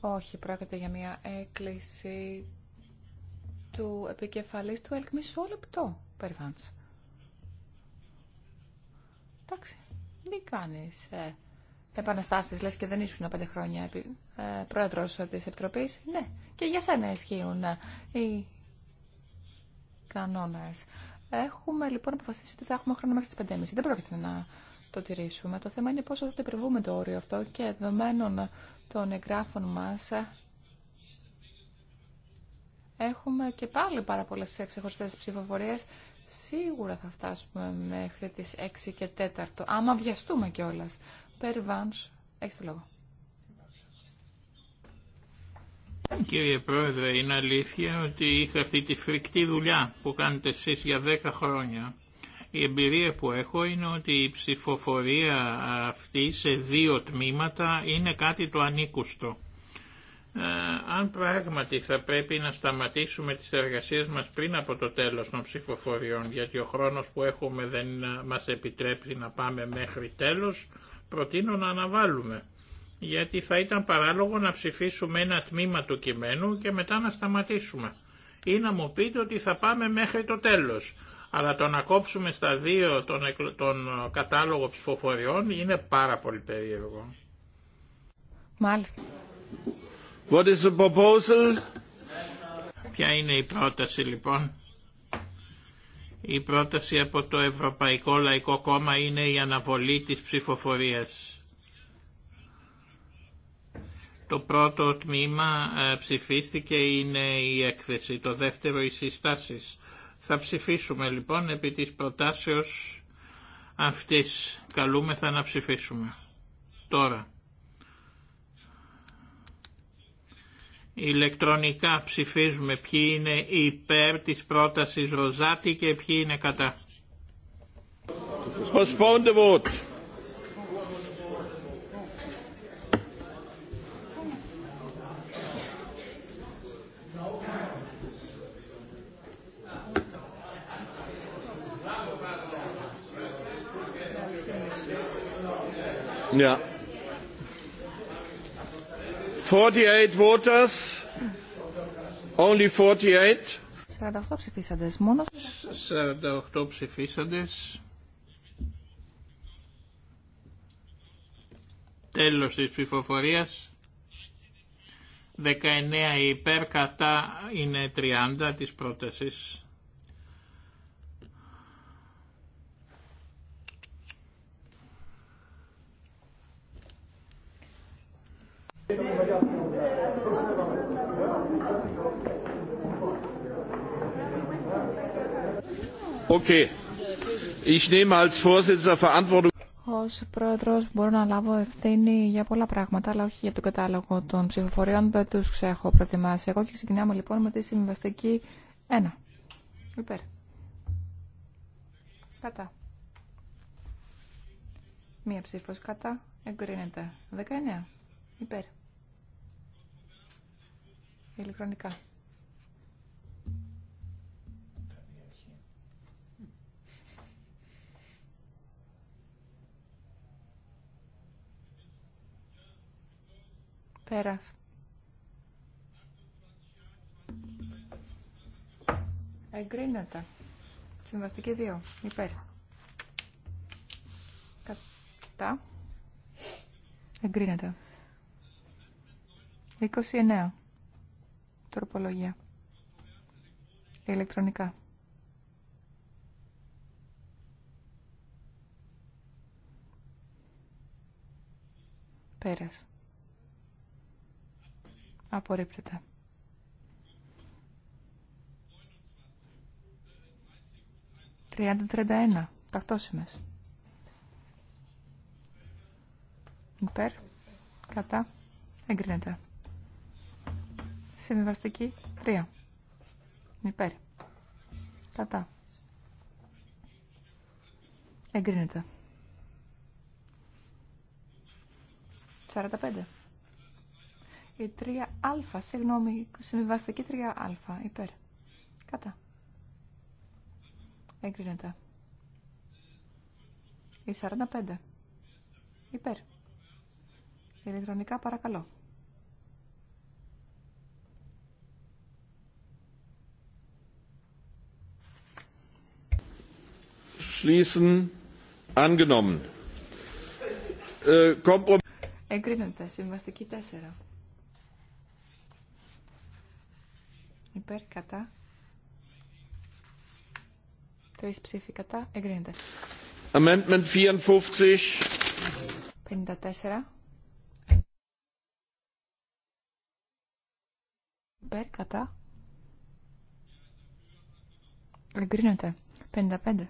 Όχι, πρόκειται για μια έκκληση του επικεφαλής του ΕΛΚ. Μισό λεπτό, Περβάντς. Εντάξει, μην κάνεις ε? επαναστάσει, λε και δεν ήσουν πέντε χρόνια ε, πρόεδρος της Επιτροπής. Ναι, και για σένα ισχύουν ε, οι κανόνε. Έχουμε λοιπόν αποφασίσει ότι θα έχουμε χρόνο μέχρι τι 5.30. Δεν πρόκειται να το τηρήσουμε. Το θέμα είναι πόσο θα το υπερβούμε το όριο αυτό και δεδομένων των εγγράφων μα. Ε, έχουμε και πάλι πάρα πολλέ ξεχωριστέ ψηφοφορίε. Σίγουρα θα φτάσουμε μέχρι τι 6 και 4, άμα βιαστούμε κιόλας έχεις το λόγο. Κύριε Πρόεδρε, είναι αλήθεια ότι είχα αυτή τη φρικτή δουλειά που κάνετε εσείς για 10 χρόνια. Η εμπειρία που έχω είναι ότι η ψηφοφορία αυτή σε δύο τμήματα είναι κάτι το ανήκουστο. Ε, αν πράγματι θα πρέπει να σταματήσουμε τις εργασίες μας πριν από το τέλος των ψηφοφοριών, γιατί ο χρόνος που έχουμε δεν μας επιτρέπει να πάμε μέχρι τέλος, προτείνω να αναβάλουμε, γιατί θα ήταν παράλογο να ψηφίσουμε ένα τμήμα του κειμένου και μετά να σταματήσουμε. Ή να μου πείτε ότι θα πάμε μέχρι το τέλος. Αλλά το να κόψουμε στα δύο τον, τον κατάλογο ψηφοφοριών είναι πάρα πολύ περίεργο. Μάλιστα. What is the proposal? Ποια είναι η πρόταση λοιπόν. Η πρόταση από το Ευρωπαϊκό Λαϊκό Κόμμα είναι η αναβολή της ψηφοφορίας. Το πρώτο τμήμα ε, ψηφίστηκε είναι η έκθεση, το δεύτερο οι συστάσεις. Θα ψηφίσουμε λοιπόν επί της προτάσεως αυτής. Καλούμεθα να ψηφίσουμε. Τώρα. Ηλεκτρονικά ψηφίζουμε ποιοι είναι υπέρ της πρότασης Ροζάτη και ποιοι είναι κατά. Postpone the Yeah. Forty voters. Only 48. 48 ψηφίσαντες 48 ψηφίσαντες. Τέλος της ψηφοφορίας. 19 υπέρ κατά είναι 30 τη πρόταση. Okay. πρόεδρο μπορώ να λάβω ευθύνη για πολλά πράγματα, αλλά όχι για τον κατάλογο των ψηφοφοριών δεν του έχω προετοιμάσει. Εγώ και ξεκινάμε λοιπόν με τη συμβαστική 1. Υπέρ. Κατά. Μία ψήφο κατά. Εγκρίνεται. 19. Υπέρ ειλικρονικά. Πέρας. Εγκρίνεται. Συμβαστική 2. Υπέρ. Κατά. Εγκρίνεται. 29 τροπολογία. Ηλεκτρονικά. Πέρας. Τριάντα ενα, Ταυτόσημες. Υπέρ. Κατά. Εγκρίνεται. Συμβιβαστική 3. Υπέρ. Κατά. Εγκρίνεται. 45. Η 3α, συγγνώμη, συμβιβαστική 3α, υπέρ. Κατά. Εγκρίνεται. Η 45. Υπέρ. Ηλεκτρονικά παρακαλώ. Schließen. Angenommen. Äh, Εγκρίνεται. Συμβαστική 4. Υπέρ, κατά. Τρεις ψήφοι κατά. Εγκρίνεται. Amendment 54. 54. Υπέρ, κατά. Εγκρίνεται. 55.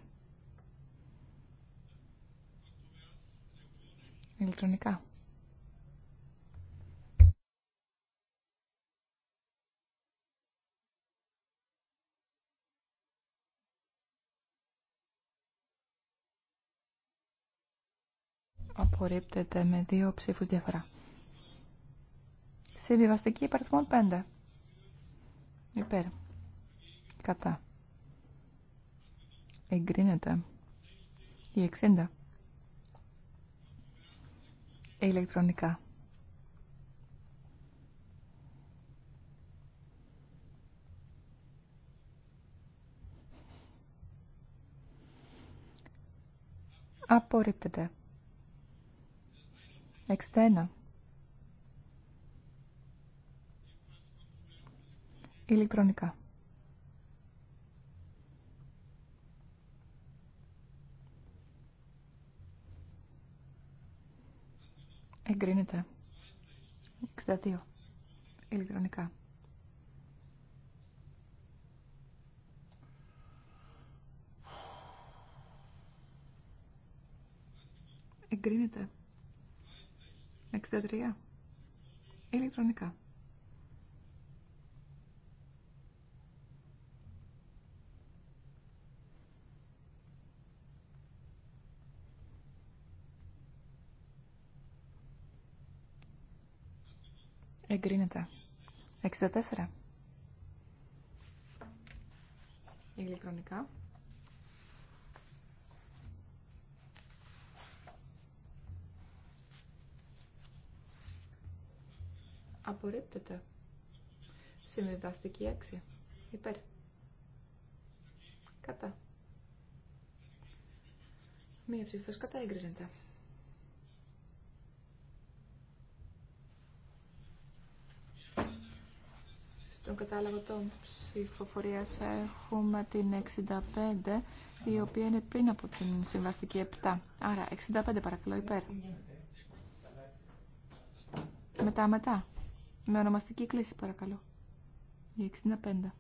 ηλεκτρονικά. Απορρίπτεται με δύο ψήφους διαφορά. Συμβιβαστική υπαριθμών 5. Υπέρ. Κατά. Εγκρίνεται. Η 60 ηλεκτρονικά. Απορρίπτεται. Εξτένα. Ηλεκτρονικά. Εγκρίνεται. 62. Ηλεκτρονικά. Εγκρίνεται. 63. Ηλεκτρονικά. Εγκρίνεται. 64. Ηλεκτρονικά. Απορρίπτεται. Συνδεδαστική έξι. Υπέρ. Κατά. Μία ψήφος κατά εγκρίνεται. Στον κατάλογο των ψηφοφορία έχουμε την 65, η οποία είναι πριν από την συμβαστική 7. Άρα 65 παρακαλώ υπέρ. Μετά, μετά. Με ονομαστική κλίση παρακαλώ. Η 65.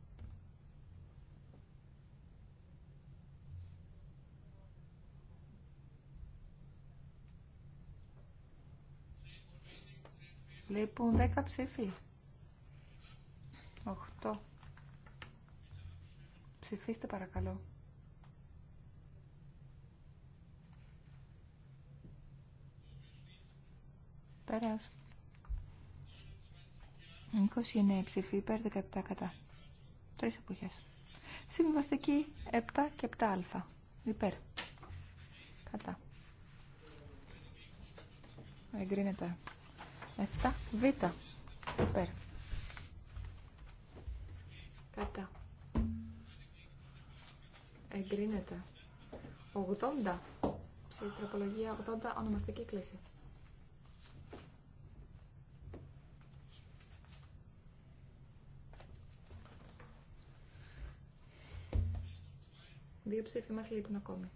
Λοιπόν, 10 ψήφοι. 8. Ψηφίστε παρακαλώ. Πέρας. 29 ψηφί υπέρ 17 κατά. Τρεις εποχές. Σύμβαστική 7 και 7α. Υπέρ. Κατά. Εγκρίνεται. 7β. Υπέρ. Κατά. Εγκρίνεται. 80. Ψηφιτροπολογία 80. Ονομαστική κλίση. Δύο ψήφοι μας λείπουν ακόμη.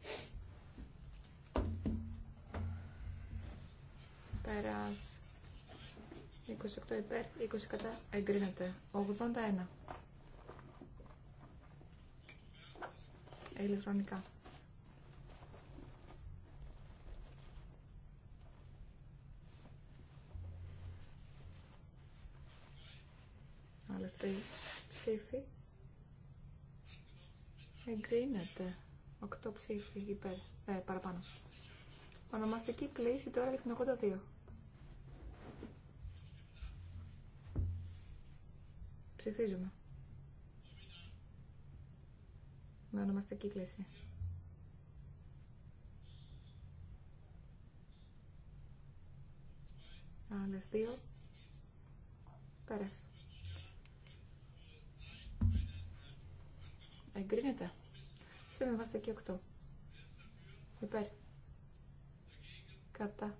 Πέρας. 28 υπέρ, 20 κατά, εγκρίνεται. 81. ηλεκτρονικά. Άλλες ψήφι. Εγκρίνεται. Οκτώ ψήφη υπέρ. Ε, παραπάνω. Ονομαστική κλίση τώρα για την 82. Ψηφίζουμε. με ονομαστική κλίση. Άλλε δύο. Πέρασε. Εγκρίνεται. και οκτώ. Υπέρ. Κατά.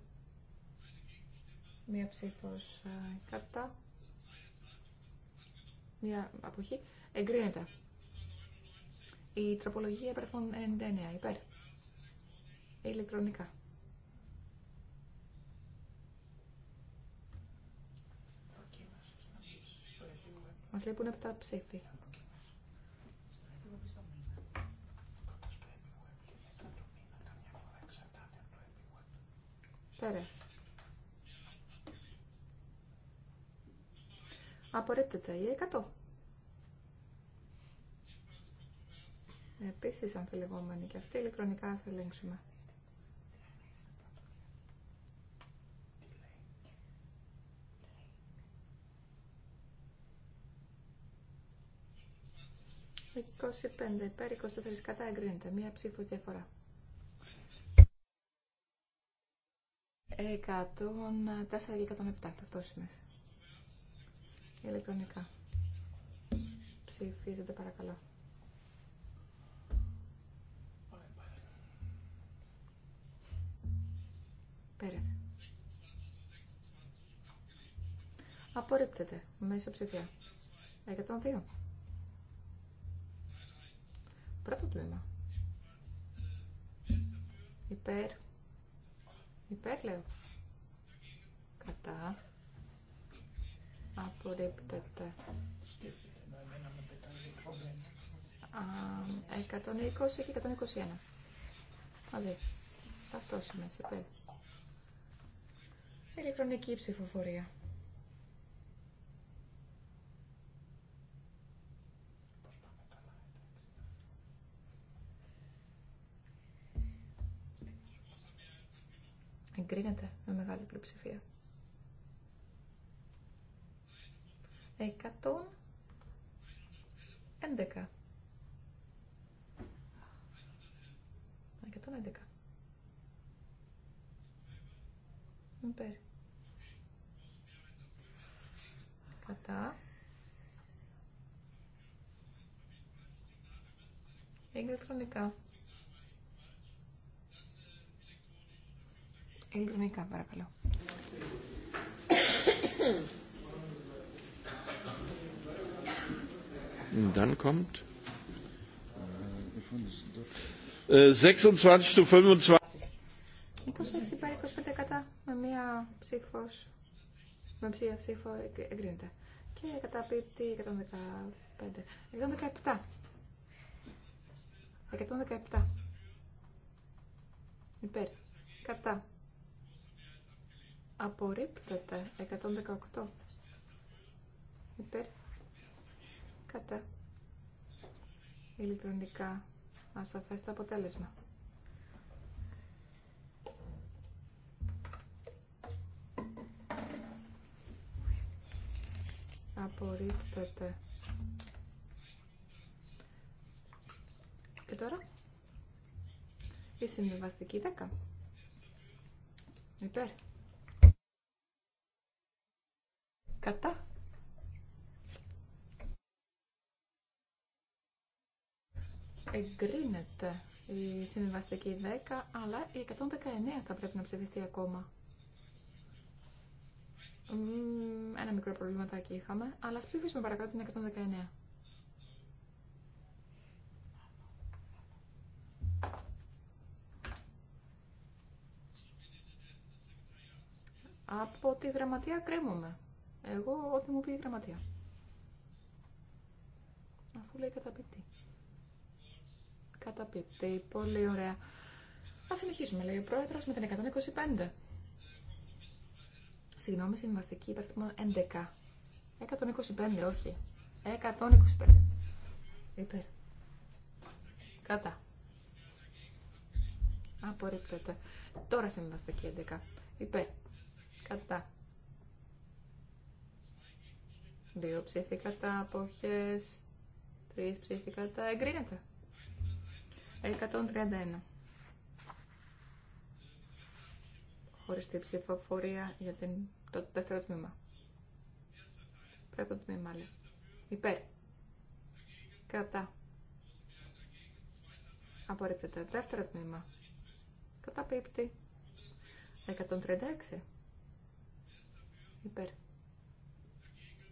Μία ψήφος ε, κατά. Μία αποχή. Εγκρίνεται. Η τροπολογία υπερφών 99 υπέρ. Ηλεκτρονικά. Μας λείπουν 7 ψήφοι. Πέρασε. Απορρίπτεται η 100. Επίσης αμφιλεγόμενη και αυτή ηλεκτρονικά θα ελέγξουμε. Με 25 υπέρ 24 κατά εγκρίνεται. Μία ψήφος διαφορά. 104 και 107 ταυτόσιμες. Ηλεκτρονικά. Ψηφίζετε παρακαλώ. Πέρα. Απορρίπτεται. Με ισοψηφία. 102. Πρώτο τμήμα. Υπέρ. Υπέρ λέω. Κατά. Απορρίπτεται. 120 και 121. Μαζί. Ταυτόσιμες υπέρ ηλεκτρονική ψηφοφορία. Εγκρίνεται με μεγάλη πλειοψηφία. 111. 111. Υπέρ. κατά ηλεκτρονικά ηλεκτρονικά παρακαλώ Und dann kommt 26 äh, zu 25. 26 υπέρ 25 με μία ψήφος με ψήφια ψήφο εγκρίνεται. Και καταπίπτει 115. 117. 117. Υπέρ. Κατά. Απορρίπτεται. 118. Υπέρ. Κατά. Ηλεκτρονικά. Ασαφές το αποτέλεσμα. απορρίπτεται. Και τώρα η συμβιβαστική 10. Υπέρ. Κατά. Εγκρίνεται η συμβιβαστική 10, αλλά η 119 θα πρέπει να ψηφιστεί ακόμα ένα μικρό προβληματάκι είχαμε, αλλά ας ψηφίσουμε παρακάτω την 119. Από τη γραμματεία κρέμομαι. Εγώ ό,τι μου πει η γραμματεία. Αφού λέει καταπίπτει. Καταπίπτει. Πολύ ωραία. Ας συνεχίσουμε, λέει ο πρόεδρος, με την 125. Συγγνώμη, συμβαστική υπαριθμών 11. 125, όχι. 125. Υπέρ. Κατά. Απορρίπτεται. Τώρα συμβαστική 11. Υπέρ. Κατά. Δύο ψήφοι κατά αποχές. Τρεις ψήφοι κατά. Εγκρίνεται. 131. Χωριστή ψηφοφορία για την το δεύτερο τμήμα. Πρώτο τμήμα, λέει. Υπέρ. Κατά. Απορρίπτεται. Δεύτερο τμήμα. Κατά πίπτη. 136. Υπέρ.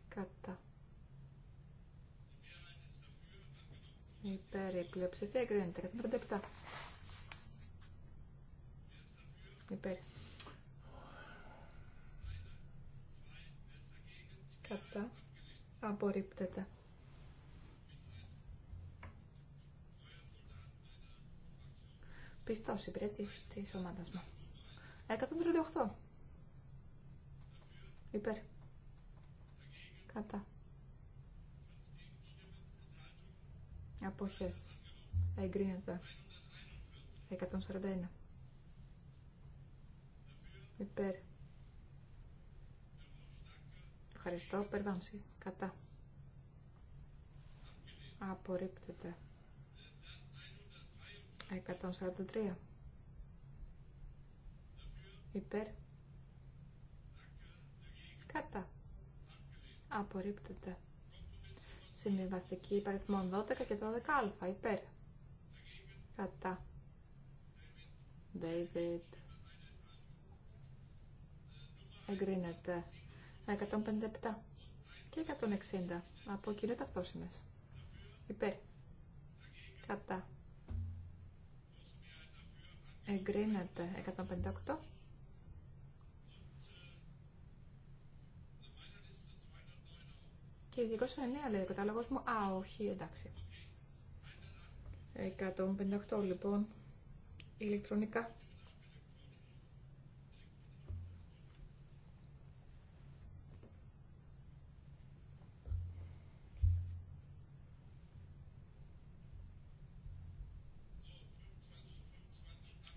Κατά. Υπέρ. Η πλειοψηφία εγκρίνεται. 137. Υπέρ. κατά απορρίπτεται. Πιστός υπηρέτης της ομάδας μου. 138. Υπέρ. Κατά. Αποχές. Εγκρίνεται. 141. Υπέρ. Ευχαριστώ. Περβάνση. Κατά. Απορρίπτεται. 143. Υπέρ. Κατά. Απορρίπτεται. Συμβιβαστική υπαριθμών 12 και 12α. Υπέρ. Κατά. David. Εγκρίνεται. 157 και 160 από κοινό ταυτόσημες. Υπέρ. Κατά. Εγκρίνεται 158. Και 209 λέει ο κατάλογος μου. Α, όχι, εντάξει. 158 λοιπόν ηλεκτρονικά.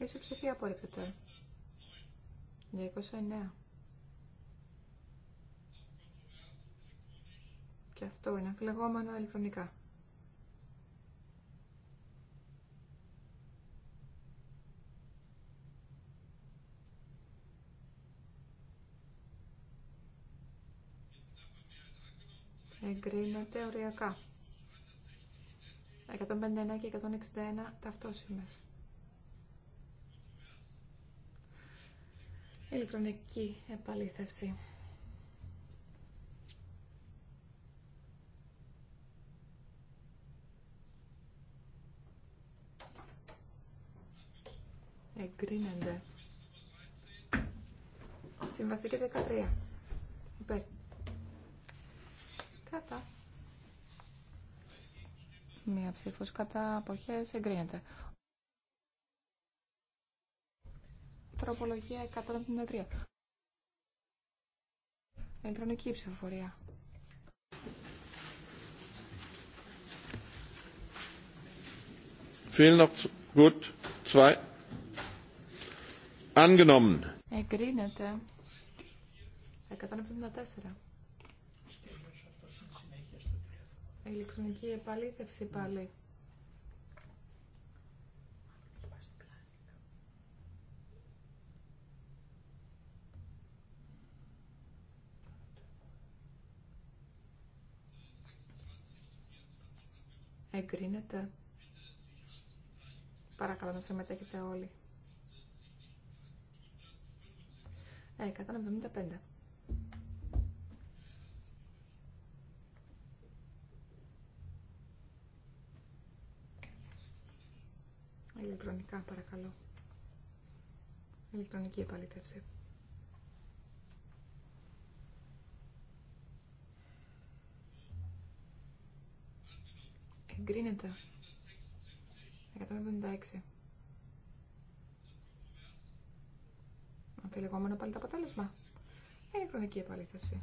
Ισοψηφία απορρίπτεται. 29. Και αυτό είναι αμφιλεγόμενο ηλεκτρονικά. Εγκρίνεται οριακά. 151 και 161 ταυτόσημες. ηλεκτρονική επαλήθευση. Εγκρίνεται. Συμβαστική 13. Υπέρ. Κατά. Μία ψήφος κατά αποχές εγκρίνεται. Τροπολογία 153. Ελεκτρονική ψηφοφορία. Εγκρίνεται. 174. Ηλεκτρονική επαλήθευση πάλι. Εγκρίνεται. Παρακαλώ να συμμετέχετε όλοι. 175. Ε, Ηλεκτρονικά παρακαλώ. Ηλεκτρονική επαλήθευση. εγκρίνεται. 176. μόνο πάλι το αποτέλεσμα. χρονική η χρονικη επαλήθευση.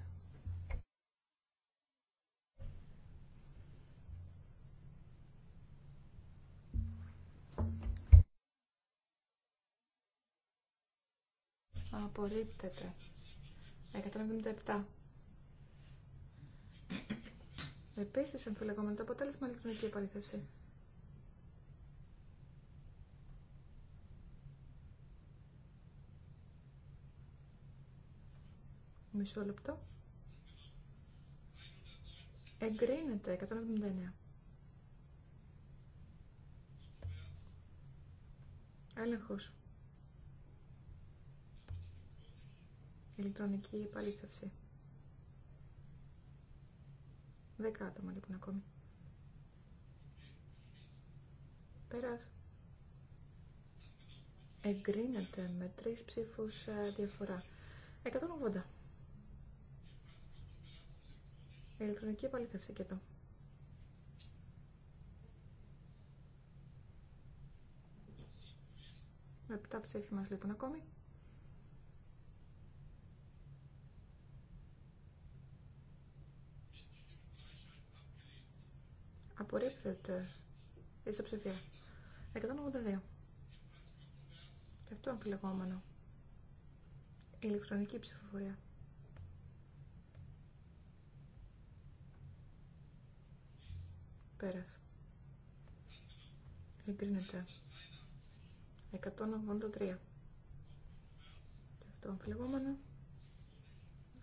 Απορρίπτεται. 177. Επίση αμφιλεγόμενο το αποτέλεσμα ηλεκτρονική επαλήθευση. Μισό λεπτό. Εγκρίνεται 179. Έλεγχος. Ηλεκτρονική επαλήθευση. Δέκα άτομα λοιπόν ακόμη. Πέρας. Εγκρίνεται με τρεις ψήφους ε, διαφορά. 180. Ηλεκτρονική επαλήθευση και εδώ. Επτά ψήφι μας λοιπόν ακόμη. Απορρίπτεται. Ισοψηφία. 182. Και αυτό αμφιλεγόμενο. Ηλεκτρονική ψηφοφορία. Πέρας. Εγκρίνεται. 183. Και αυτό αμφιλεγόμενο.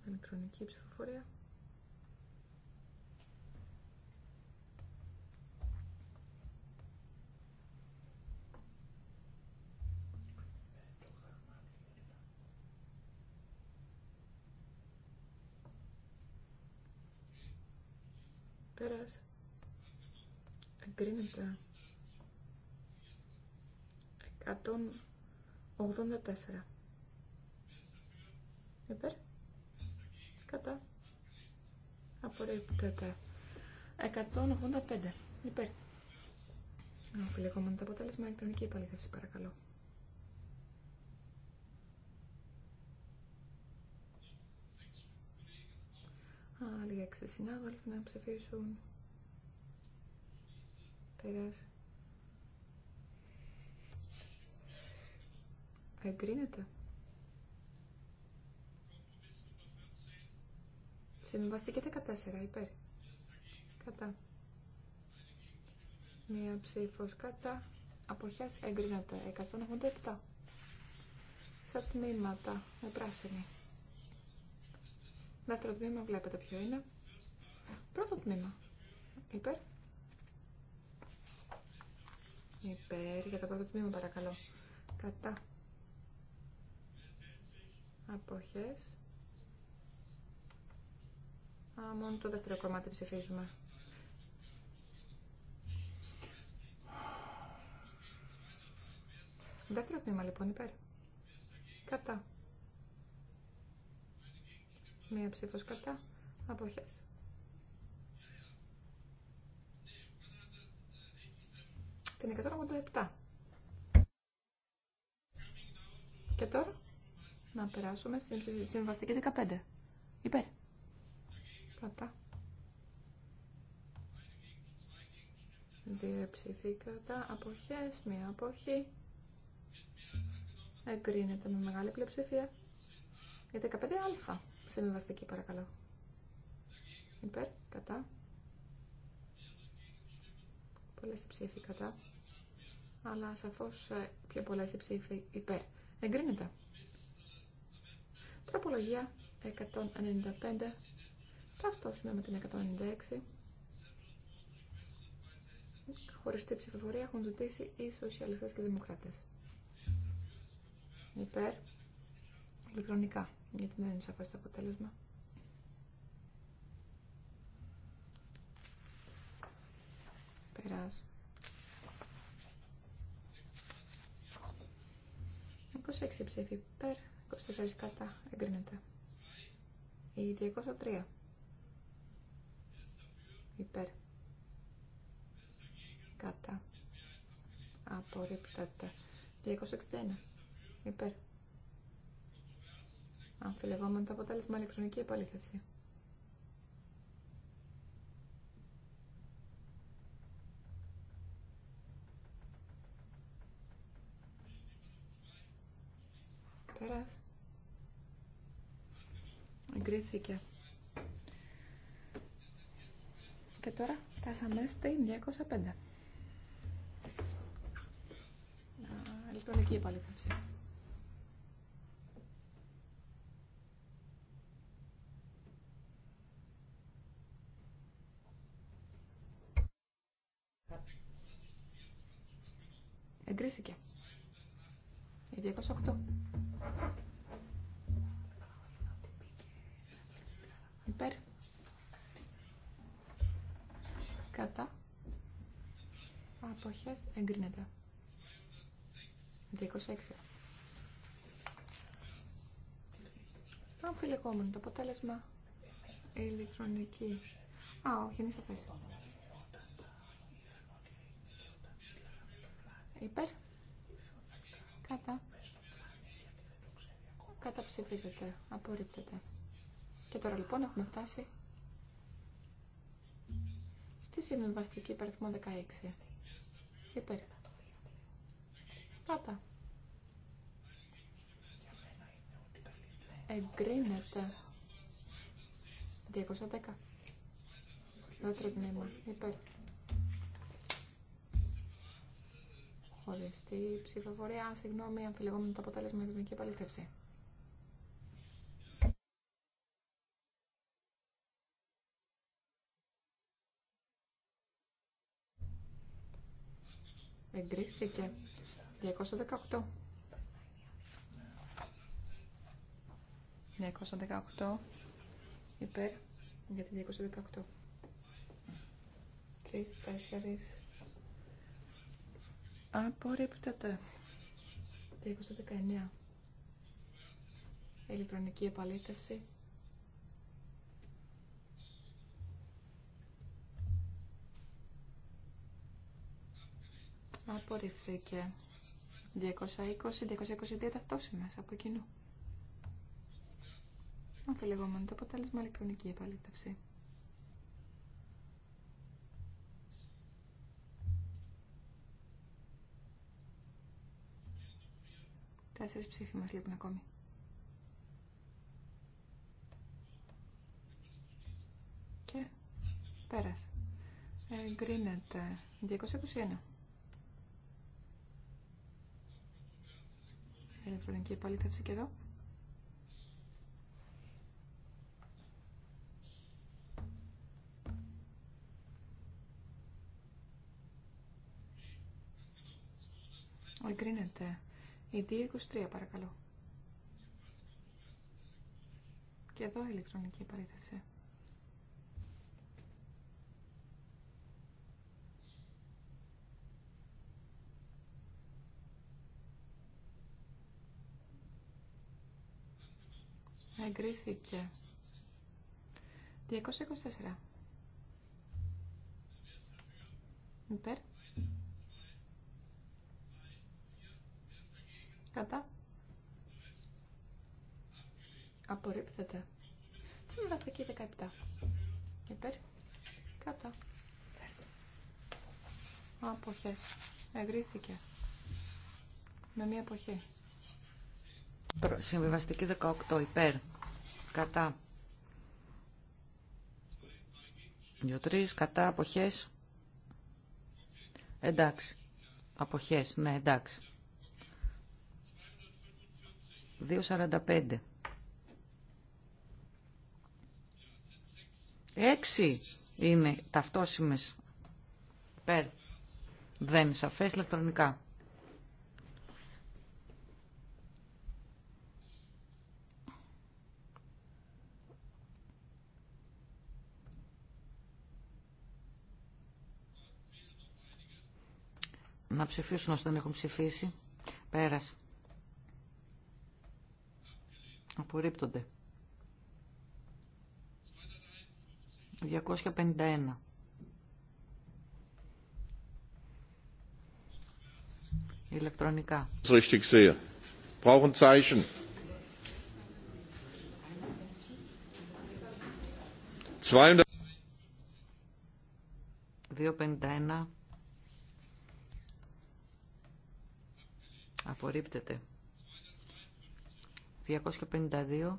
Ηλεκτρονική ψηφοφορία. εγκρίνεται 184 υπέρ κατά απορρίπτεται 185 υπέρ αφιλεγόμενο το αποτέλεσμα ηλεκτρονική επαλήθευση παρακαλώ Άλλοι έξι συνάδελφοι να ψηφίσουν Εγκρίνεται. Συμβαστική 14, υπέρ. Κατά. Μία ψηφο. κατά. Αποχές εγκρίνεται. 187. Σε τμήματα, με πράσινη. Δεύτερο τμήμα βλέπετε ποιο είναι. Πρώτο τμήμα. Υπέρ. Υπέρ για το πρώτο τμήμα παρακαλώ. Κατά. Αποχές. Α, μόνο το δεύτερο κομμάτι ψηφίζουμε. Δεύτερο τμήμα λοιπόν υπέρ. Κατά. Μία ψήφος κατά. Αποχές. στην 187. Και τώρα να περάσουμε στην συμβαστική 15. Υπέρ. Κατά. Δύο αποχές, μία αποχή. Εγκρίνεται με μεγάλη πλειοψηφία. Για 15α συμβαστική παρακαλώ. Υπέρ, κατά. Πολλές ψήφοι κατά αλλά σαφώς ε, πιο πολλές οι ψήφοι υπέρ. Εγκρίνεται. Τροπολογία 195, ταυτόσημα με την 196. Χωριστή ψηφοφορία έχουν ζητήσει οι σοσιαλιστές και δημοκράτες. Υπέρ, ηλεκτρονικά, γιατί δεν είναι σαφές το αποτέλεσμα. Περάζω. 26 ψήφοι υπέρ, 24 κατά, εγκρίνεται. Η 203 υπέρ, κατά, απορρίπτεται. 261 υπέρ. Αμφιλεγόμενο το αποτέλεσμα ηλεκτρονική επαλήθευση. εγκρίθηκε. Και τώρα φτάσαμε στην 205. Ελεκτρονική επαλήθευση. Εγκρίθηκε. Η 208. Υπέρ. Κατά. Αποχές εγκρίνεται. 206. Αμφιλεγόμενο το αποτέλεσμα. Ηλεκτρονική. Α, όχι, είναι σαφές. Υπέρ. Κατά. Καταψηφίζεται. Απορρίπτεται. Και τώρα λοιπόν έχουμε φτάσει στη συμβιβαστική υπεριθμό 16. Υπέρ. Πάτα. Εγκρίνεται. 210. Δεύτερο τμήμα. Υπέρ. Χωριστή ψηφοφορία. Συγγνώμη, αμφιλεγόμενο το αποτέλεσμα για την επαλήθευση. Εγκρίθηκε. 218. 218 υπέρ για τη 218. Τρεις, τέσσερις. Απορρίπτεται. 219. Ηλεκτρονική επαλήθευση. Απορριφθήκε. 220-222 ταυτόσημες από κοινού. Αμφιλεγόμενο το αποτέλεσμα ηλεκτρονική επαλήθευση. Τέσσερις ψήφοι μα λείπουν ακόμη. Και πέρασε. Εγκρίνεται. 221. ηλεκτρονική επαλήθευση και εδώ. Εγκρίνεται. Η 23 παρακαλώ. Και εδώ ηλεκτρονική επαλήθευση. Εγκρίθηκε. 224. Υπέρ. Κατά. Απορρίπτεται. Συμβαστική 17. Υπέρ. Κατά. Αποχές. Εγκρίθηκε. Με μία εποχή. Συμβιβαστική 18. Υπέρ κατα δυο 2-3 κατά αποχές. Εντάξει. Αποχές, ναι, εντάξει. 2.45. Έξι είναι ταυτόσιμες. Περ. Δεν σαφές ηλεκτρονικά. να ψηφίσουν όσοι δεν έχουν ψηφίσει. Πέρας. Απορρίπτονται. 251. Ηλεκτρονικά. Richtig sehe. Brauchen Zeichen. Απορρίπτεται. 252.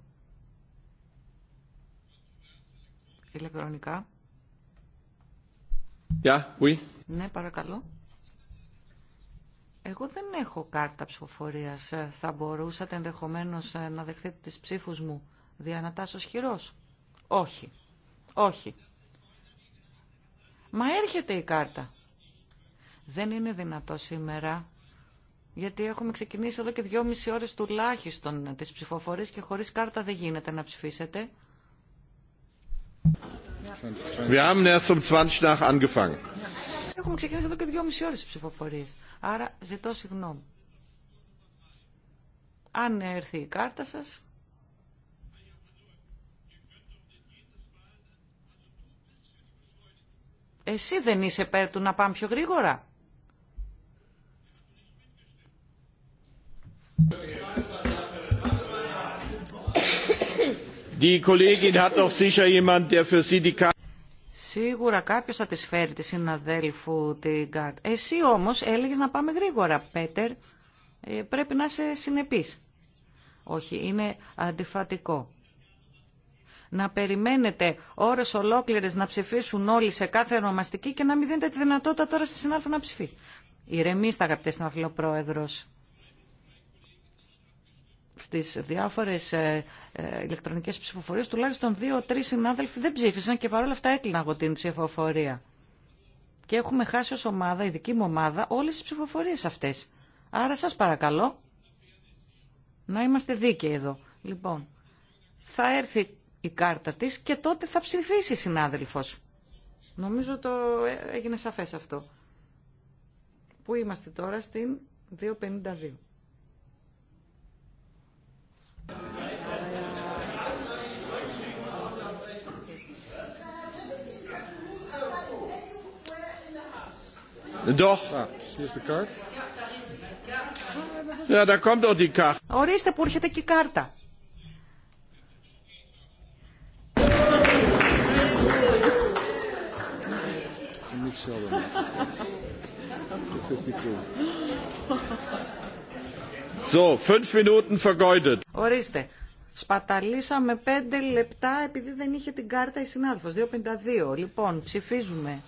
Ηλεκτρονικά. Yeah, oui. Ναι, παρακαλώ. Εγώ δεν έχω κάρτα ψηφοφορίας. Θα μπορούσατε ενδεχομένως ε, να δεχτείτε τις ψήφους μου. τάσω χειρός. Όχι. Όχι. Μα έρχεται η κάρτα. Δεν είναι δυνατό σήμερα γιατί έχουμε ξεκινήσει εδώ και δυόμιση ώρες τουλάχιστον τις ψηφοφορίες και χωρίς κάρτα δεν γίνεται να ψηφίσετε. Um έχουμε ξεκινήσει εδώ και δυόμιση ώρες τις ψηφοφορίες. Άρα ζητώ συγγνώμη. Αν έρθει η κάρτα σας... Εσύ δεν είσαι πέρα του να πάμε πιο γρήγορα. Σίγουρα κάποιος θα της φέρει τη συναδέλφου την κάρτα. Εσύ όμως έλεγες να πάμε γρήγορα, Πέτερ. Ε, πρέπει να είσαι συνεπής. Όχι, είναι αντιφατικό. Να περιμένετε ώρες ολόκληρες να ψηφίσουν όλοι σε κάθε ονομαστική και να μην δίνετε τη δυνατότητα τώρα στη συνάδελφο να ψηφεί. Ηρεμήστε αγαπητέ συναδελφό πρόεδρος στις διάφορες ε, ε, ηλεκτρονικές ψηφοφορίες τουλάχιστον δύο-τρεις συνάδελφοι δεν ψήφισαν και παρόλα αυτά έκλεινα εγώ την ψηφοφορία. Και έχουμε χάσει ως ομάδα, η δική μου ομάδα, όλες τις ψηφοφορίες αυτές. Άρα σας παρακαλώ να είμαστε δίκαιοι εδώ. Λοιπόν, θα έρθει η κάρτα της και τότε θα ψηφίσει συνάδελφος. Νομίζω το ε, έγινε σαφές αυτό. Πού είμαστε τώρα στην 252. Ορίστε που έρχεται και η κάρτα. Ορίστε. Σπαταλήσαμε πέντε λεπτά επειδή δεν είχε την κάρτα η συνάδελφος. 2.52. Λοιπόν, ψηφίζουμε.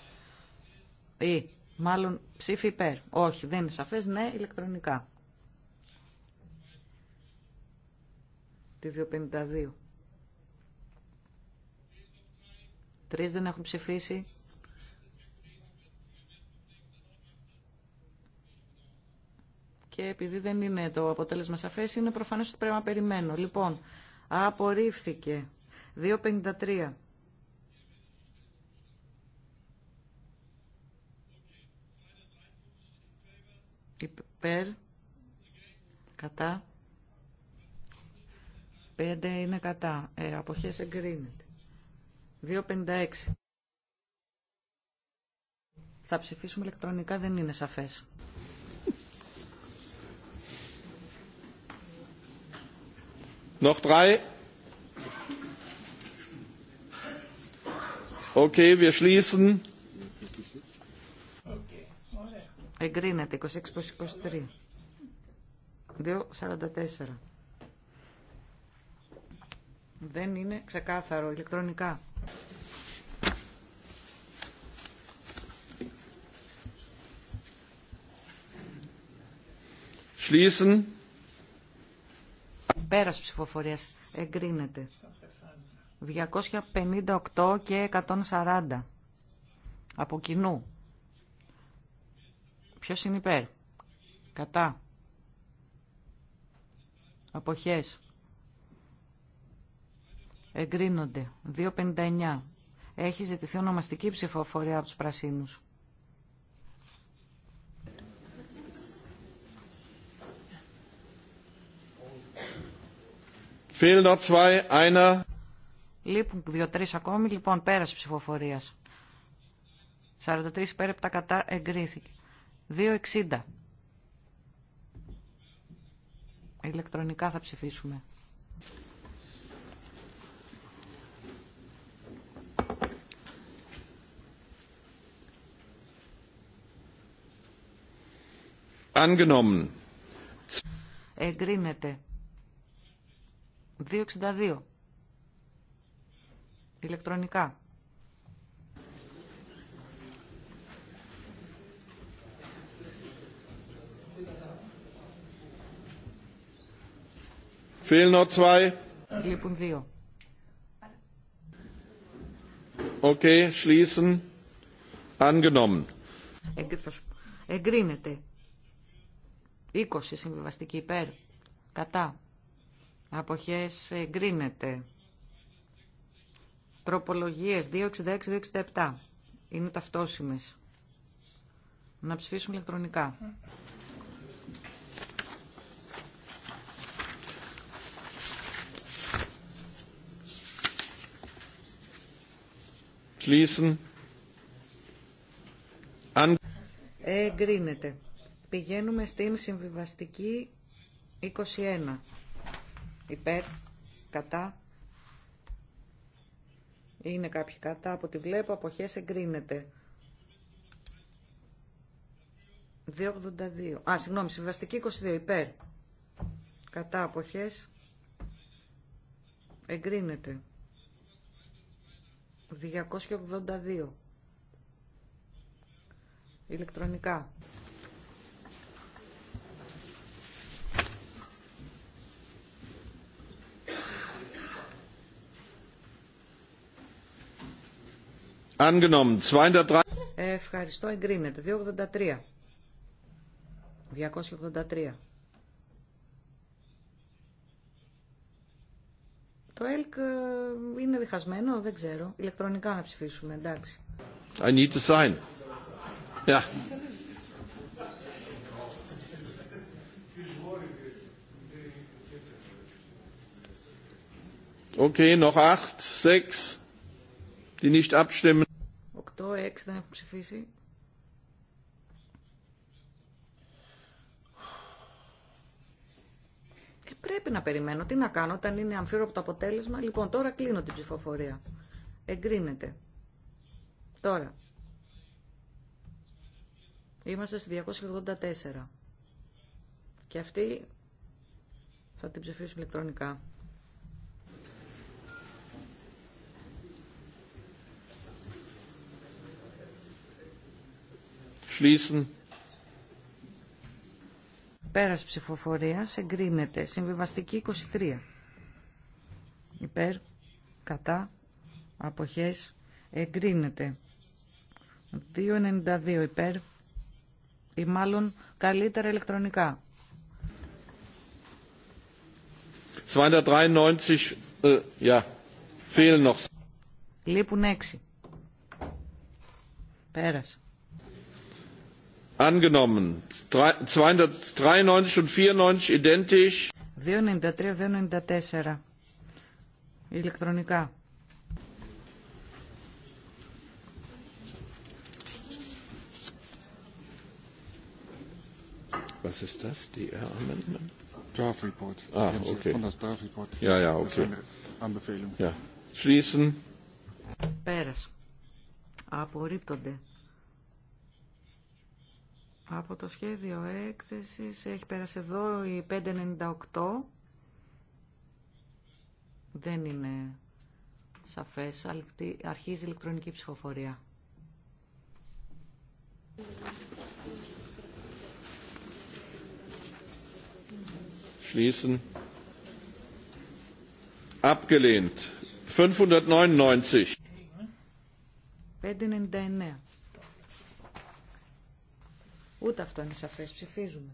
Ή, μάλλον ψήφι υπέρ. Όχι, δεν είναι σαφές. Ναι, ηλεκτρονικά. Τη 2.52. Τρεις δεν έχουν ψηφίσει. και επειδή δεν είναι το αποτέλεσμα σαφές, είναι προφανές ότι πρέπει να περιμένω. Λοιπόν, απορρίφθηκε. 2.53. Υπέρ, κατά, 5 είναι κατά, ε, αποχές εγκρίνεται. 2.56. Θα ψηφίσουμε ηλεκτρονικά, δεν είναι σαφές. Noch drei? Okay, wir schließen. Εγκρίνεται 26 προς 23. 2.44. Δεν είναι ξεκάθαρο ηλεκτρονικά. Schließen. Πέρας ψηφοφορίας εγκρίνεται. 258 και 140 από κοινού. Ποιος είναι υπέρ. Κατά. Αποχές. Εγκρίνονται. 259. Έχει ζητηθεί ονομαστική ψηφοφορία από τους πρασίνους. Λείπουν δύο-τρει ακόμη. Λοιπόν, πέρασε ψηφοφορία. 43 υπέρ τα κατά εγκρίθηκε. 2,60. Ηλεκτρονικά θα ψηφίσουμε. Angenommen. Εγκρίνεται. 262. Ηλεκτρονικά. Λείπουν δύο. Okay, schließen. Angenommen. Εγκρίνεται. 20 συμβιβαστική υπέρ. Κατά. Αποχές εγκρίνεται. Τροπολογίες 266-267. Είναι ταυτόσιμες. Να ψηφίσουμε ηλεκτρονικά. Schließen. Εγκρίνεται. Πηγαίνουμε στην συμβιβαστική 21 υπέρ, κατά. Είναι κάποιοι κατά, από ό,τι βλέπω, αποχές εγκρίνεται. 2,82. Α, συγγνώμη, συμβαστική 22, υπέρ. Κατά, αποχές εγκρίνεται. 282. Ηλεκτρονικά. Ευχαριστώ, εγκρίνεται. 283. 283. Το ΕΛΚ ε, είναι διχασμένο, δεν ξέρω. Ηλεκτρονικά να ψηφίσουμε, εντάξει. I need to sign. Yeah. Okay, noch acht, sechs, die nicht abstimmen. 6 δεν έχουν ψηφίσει. Και ε, πρέπει να περιμένω. Τι να κάνω όταν είναι αμφίρο από το αποτέλεσμα. Λοιπόν, τώρα κλείνω την ψηφοφορία. Εγκρίνεται. Τώρα. Είμαστε στη 284. Και αυτή θα την ψηφίσουμε ηλεκτρονικά. Schließen. Πέρας ψηφοφορίας εγκρίνεται. Συμβιβαστική 23. Υπέρ, κατά, αποχές, εγκρίνεται. 2,92 υπέρ ή μάλλον καλύτερα ηλεκτρονικά. 293, äh, ja, Λείπουν 6. Πέρασε. Angenommen. 293 und 94 identisch. 293-294. Elektronika. Was ist das? Die Amendment? Draft Report. Ah, okay. Von das Draft Report. Ja, ja, okay. Anbefehlung. Ja. Schließen. Πέρας. Απορρίπτονται. Από το σχέδιο έκθεσης έχει πέρασει εδώ η 598. Δεν είναι σαφές. Αρχίζει η ηλεκτρονική ψηφοφορία. Schließen. Abgelehnt. 599. 599. Ούτε αυτό είναι σαφές. Ψηφίζουμε.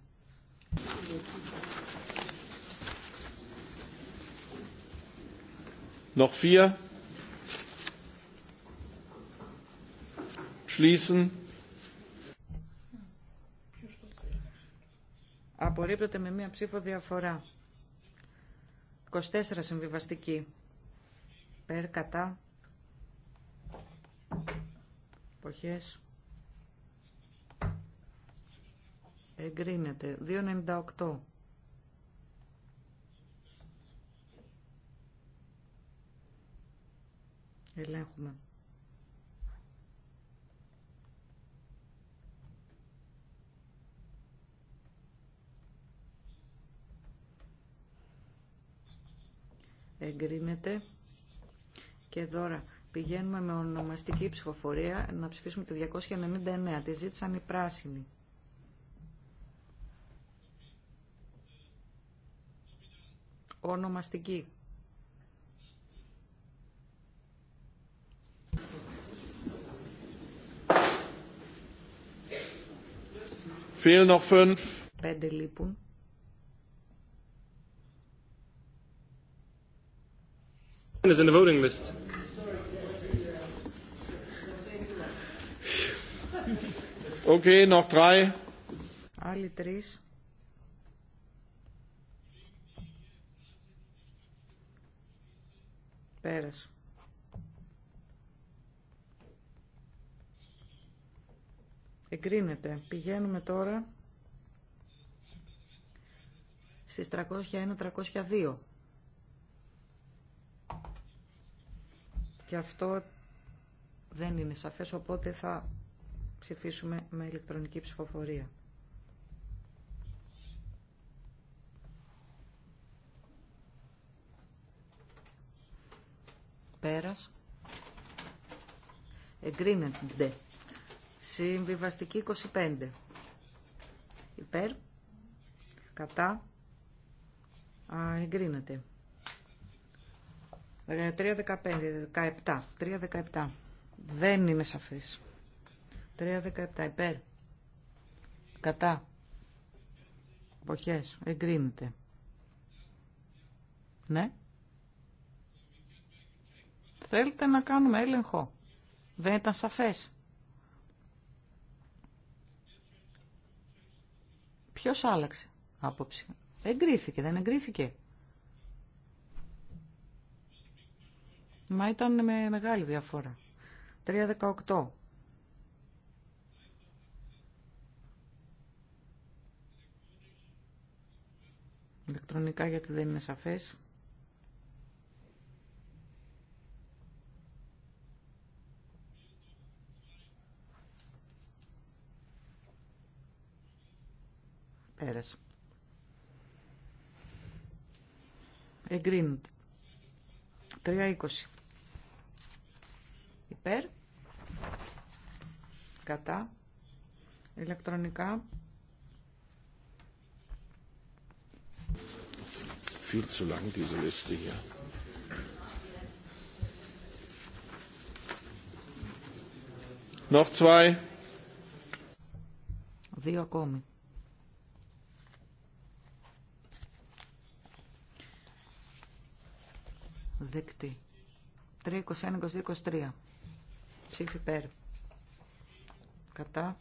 Noch vier. Schließen. Απορρίπτεται με μία ψήφο διαφορά. 24 συμβιβαστική. Περ, κατά. Εποχές. Εγκρίνεται. 2.98. Ελέγχουμε. Εγκρίνεται. Και τώρα πηγαίνουμε με ονομαστική ψηφοφορία να ψηφίσουμε το 299. Τη ζήτησαν οι πράσινοι. ονομαστική. Πέντε λείπουν. Is in the voting list. Okay, noch drei. Άλλοι τρεις. Πέρας. Εγκρίνεται. Πηγαίνουμε τώρα στις 301-302. Και αυτό δεν είναι σαφές, οπότε θα ψηφίσουμε με ηλεκτρονική ψηφοφορία. πέρας. Εγκρίνεται. Συμβιβαστική 25. Υπέρ. Κατά. Α, εγκρίνεται. 3.15, 17, 3.17. Δεν είναι σαφής. 3.17, υπέρ. Κατά. Εποχές, εγκρίνεται. Ναι. Θέλετε να κάνουμε έλεγχο. Δεν ήταν σαφές. Ποιος άλλαξε άποψη. Εγκρίθηκε, δεν εγκρίθηκε. Μα ήταν με μεγάλη διαφορά. 3.18. Ηλεκτρονικά γιατί δεν είναι σαφές. Πέρασε. Εγκρίνονται. 3.20. Υπέρ. Κατά. Ηλεκτρονικά. Viel zu lang diese Liste hier. Noch zwei. Δύο ακόμη. Δεκτή. Ψήφι υπέρ. κατα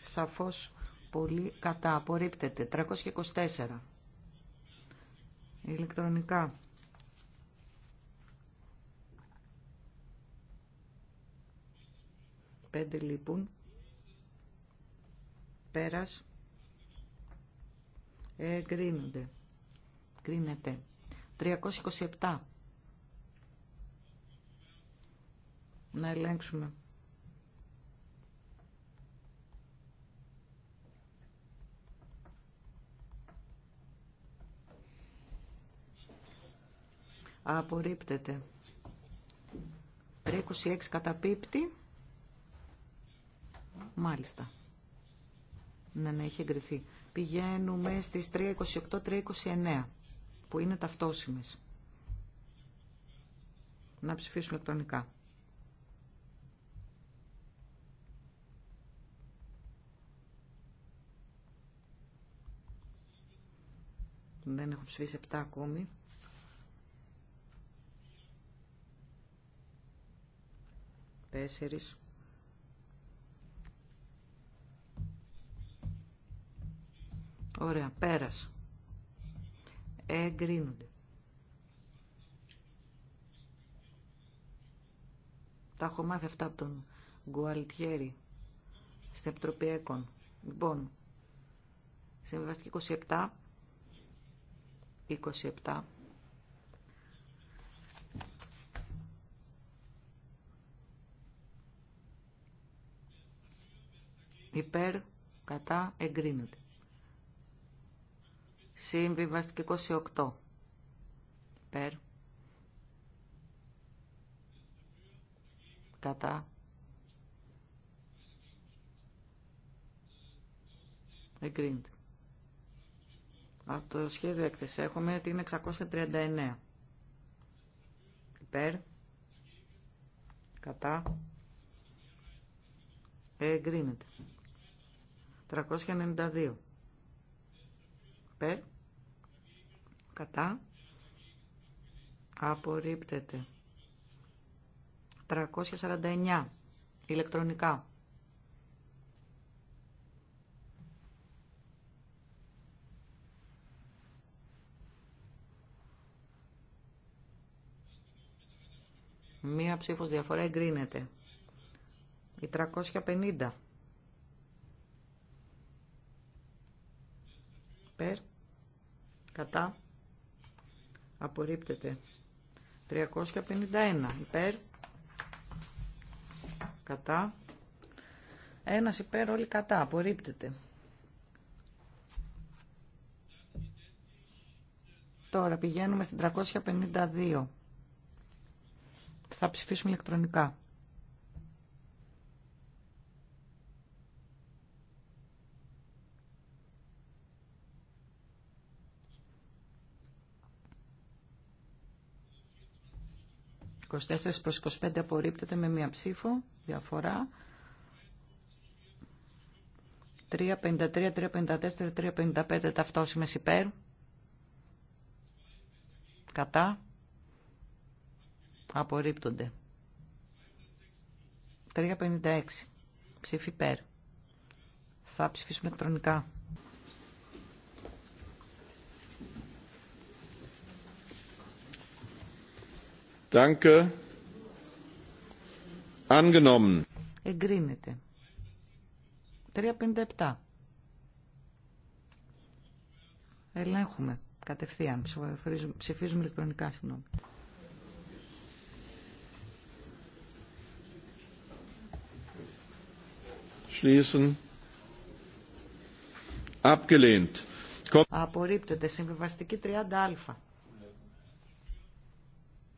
Σαφώς πολύ κατά. Απορρίπτεται. 324. Ηλεκτρονικά. Πέντε λείπουν. Πέρας. Εγκρίνονται. Κρίνεται. 327. να ελέγξουμε. Απορρίπτεται. 326 καταπίπτει. Μάλιστα. Ναι, ναι, έχει εγκριθεί. Πηγαίνουμε στις 328-329, που είναι ταυτόσιμες. Να ψηφίσουμε ηλεκτρονικά. Δεν έχω ψηφίσει 7 ακόμη. Τέσσερις. Ωραία, πέρασε. Εγκρίνονται. Τα έχω μάθει αυτά από τον Γκουαλτιέρη στην Επιτροπή Έκων. Λοιπόν, συμβιβαστική 27 27. Υπέρ, κατά, εγκρίνεται. Συμβιβαστική 28. Υπέρ. Κατά. Εγκρίνεται. Από το σχέδιο έκθεση έχουμε είναι 639. Υπέρ. Κατά. Εγκρίνεται. 392. Υπέρ. Κατά. Απορρίπτεται. 349. Ηλεκτρονικά. Μία ψήφος διαφορά εγκρίνεται. Η 350. Περ. Κατά. Απορρίπτεται. 351. Υπέρ. Κατά. Ένας υπέρ, όλοι κατά. Απορρίπτεται. Τώρα πηγαίνουμε στην 352. Θα ψηφίσουμε ηλεκτρονικά. «24 προς 25 απορρίπτεται με μία ψήφο, διαφορά. 353, 354, 355 ταυτόσημες υπέρ. Κατά απορρίπτονται. 356. Ψήφι υπέρ. Θα ψηφίσουμε ηλεκτρονικά. Danke. Angenommen. Εγκρίνεται. 357. Ελέγχουμε κατευθείαν. Ψηφίζουμε ηλεκτρονικά, συγγνώμη. Schließen. Abgelehnt. Απορρίπτεται. Συμβιβαστική 30α.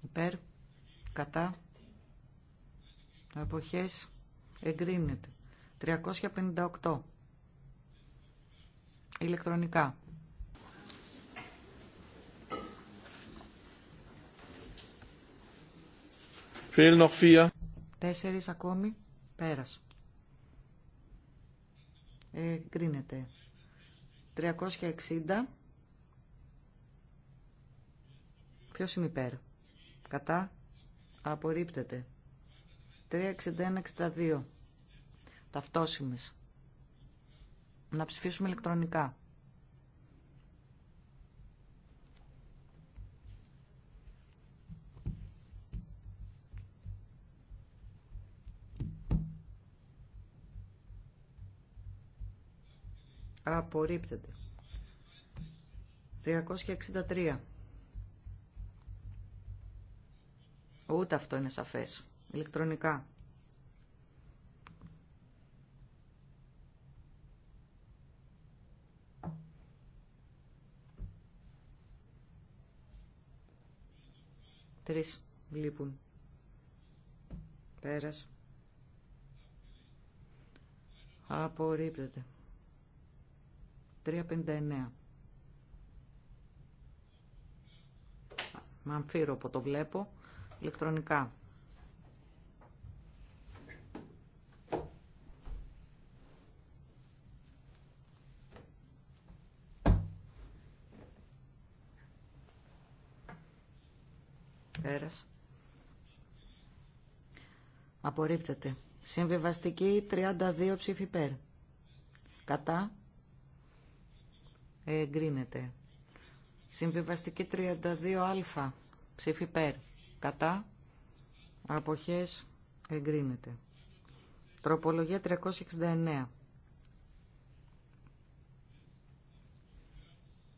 Υπέρ. Κατά. εποχές Εγκρίνεται. 358. Ηλεκτρονικά. Fehlen noch 4. Τέσσερις ακόμη. Πέρασε εγκρίνεται. 360. Ποιος είναι υπέρ. Κατά. Απορρίπτεται. 361-62. Ταυτόσημες. Να ψηφίσουμε ηλεκτρονικά. Απορρίπτεται. 363. Ούτε αυτό είναι σαφές. Ηλεκτρονικά. Τρεις λείπουν. Πέρας. Απορρίπτεται. 359. Μαμφύρο από το βλέπω. Ηλεκτρονικά. Πέρασε. Απορρίπτεται. Συμβιβαστική 32 ψήφι υπέρ. Κατά εγκρίνεται. Συμβιβαστική 32α, ψήφι περ. κατά, αποχές, εγκρίνεται. Τροπολογία 369.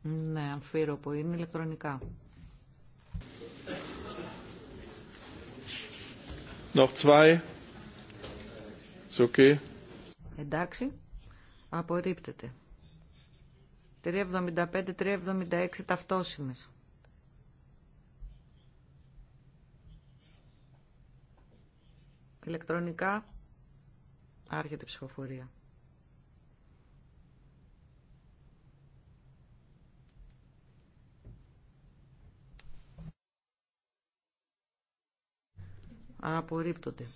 Ναι, αμφίρο που είναι ηλεκτρονικά. Noch zwei. okay. Εντάξει, απορρίπτεται. 375-376 ταυτόσημες. Ηλεκτρονικά άρχεται η ψηφοφορία. Απορρίπτονται.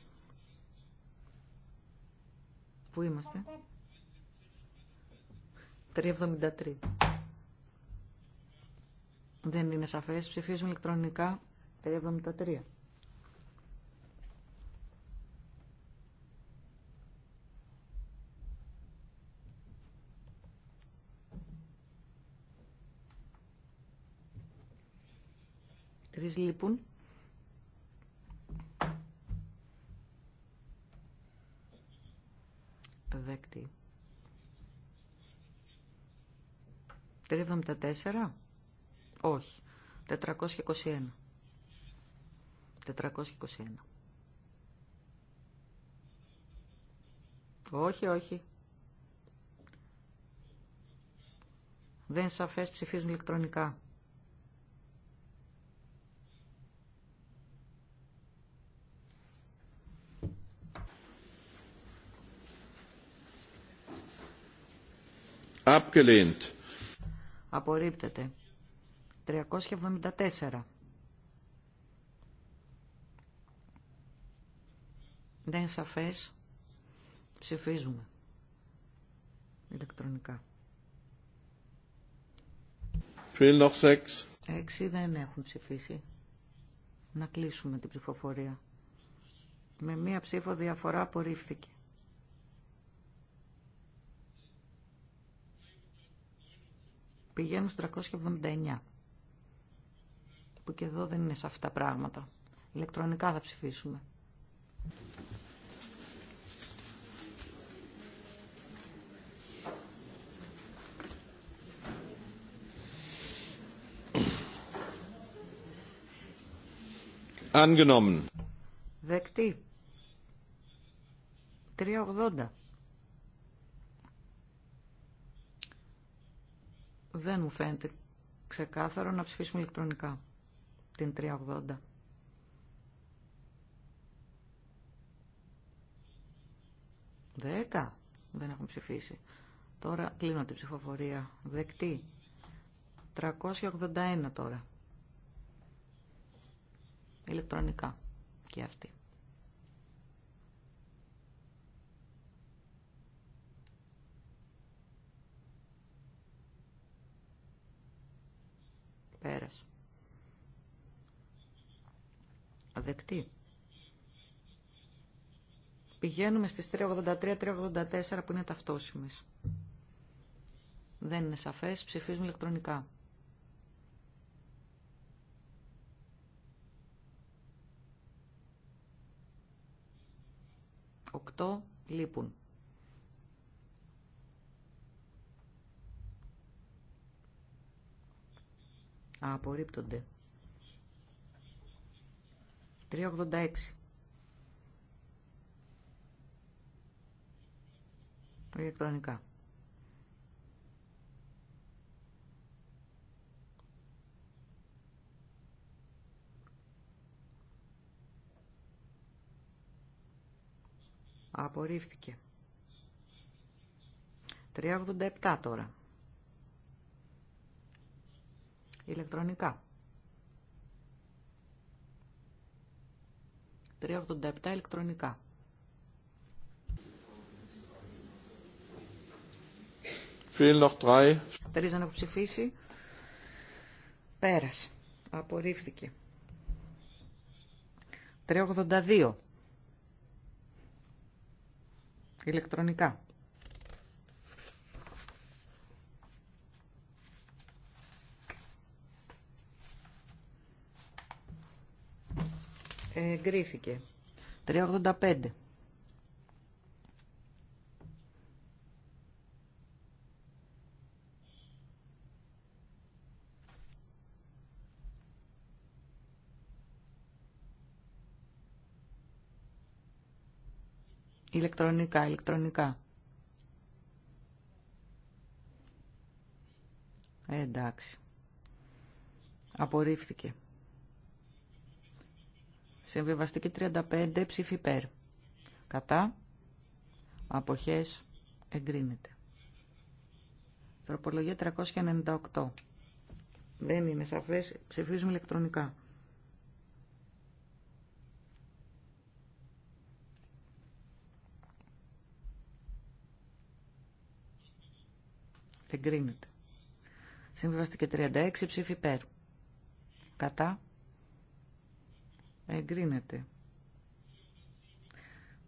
Πού είμαστε? 373. Δεν είναι σαφές. Ψηφίζουμε ηλεκτρονικά 373. Τρεις λείπουν. Δέκτη. 374. Όχι. 421. 421. Όχι, όχι. Δεν είναι σαφές ψηφίζουν ηλεκτρονικά. Abgelehnt. Απορρίπτεται. 374. Δεν σαφές. Ψηφίζουμε. Ηλεκτρονικά. Έξι Έξι δεν έχουν ψηφίσει. Να κλείσουμε την ψηφοφορία. Με μία ψήφο διαφορά απορρίφθηκε. πηγαίνουν στο 379 που και εδώ δεν είναι σε αυτά τα πράγματα. Ηλεκτρονικά θα ψηφίσουμε. Angenommen. Δεκτή. 380. δεν μου φαίνεται ξεκάθαρο να ψηφίσουμε ηλεκτρονικά την 380. Δέκα δεν έχουν ψηφίσει. Τώρα κλείνω την ψηφοφορία. Δεκτή. 381 τώρα. Ηλεκτρονικά και αυτή. Πέρας. Αδεκτή. Πηγαίνουμε στις 383-384 που είναι ταυτόσιμες. Δεν είναι σαφές, ψηφίζουμε ηλεκτρονικά. Οκτώ λείπουν. Απορρίπτονται. 386. Ηλεκτρονικά. Απορρίφθηκε. 387 τώρα ηλεκτρονικά. 387 ηλεκτρονικά. Τρεις να ψηφίσει. Πέρασε. Απορρίφθηκε. 382. Ηλεκτρονικά. εγκρίθηκε. 385. Ηλεκτρονικά, ηλεκτρονικά. Ε, εντάξει. Απορρίφθηκε. Συμβιβαστική 35 ψήφι υπέρ. Κατά. Αποχές εγκρίνεται. Τροπολογία 398. Δεν είναι σαφές. Ψηφίζουμε ηλεκτρονικά. Εγκρίνεται. Συμβιβαστική 36 ψήφι υπέρ. Κατά. Εγκρίνεται.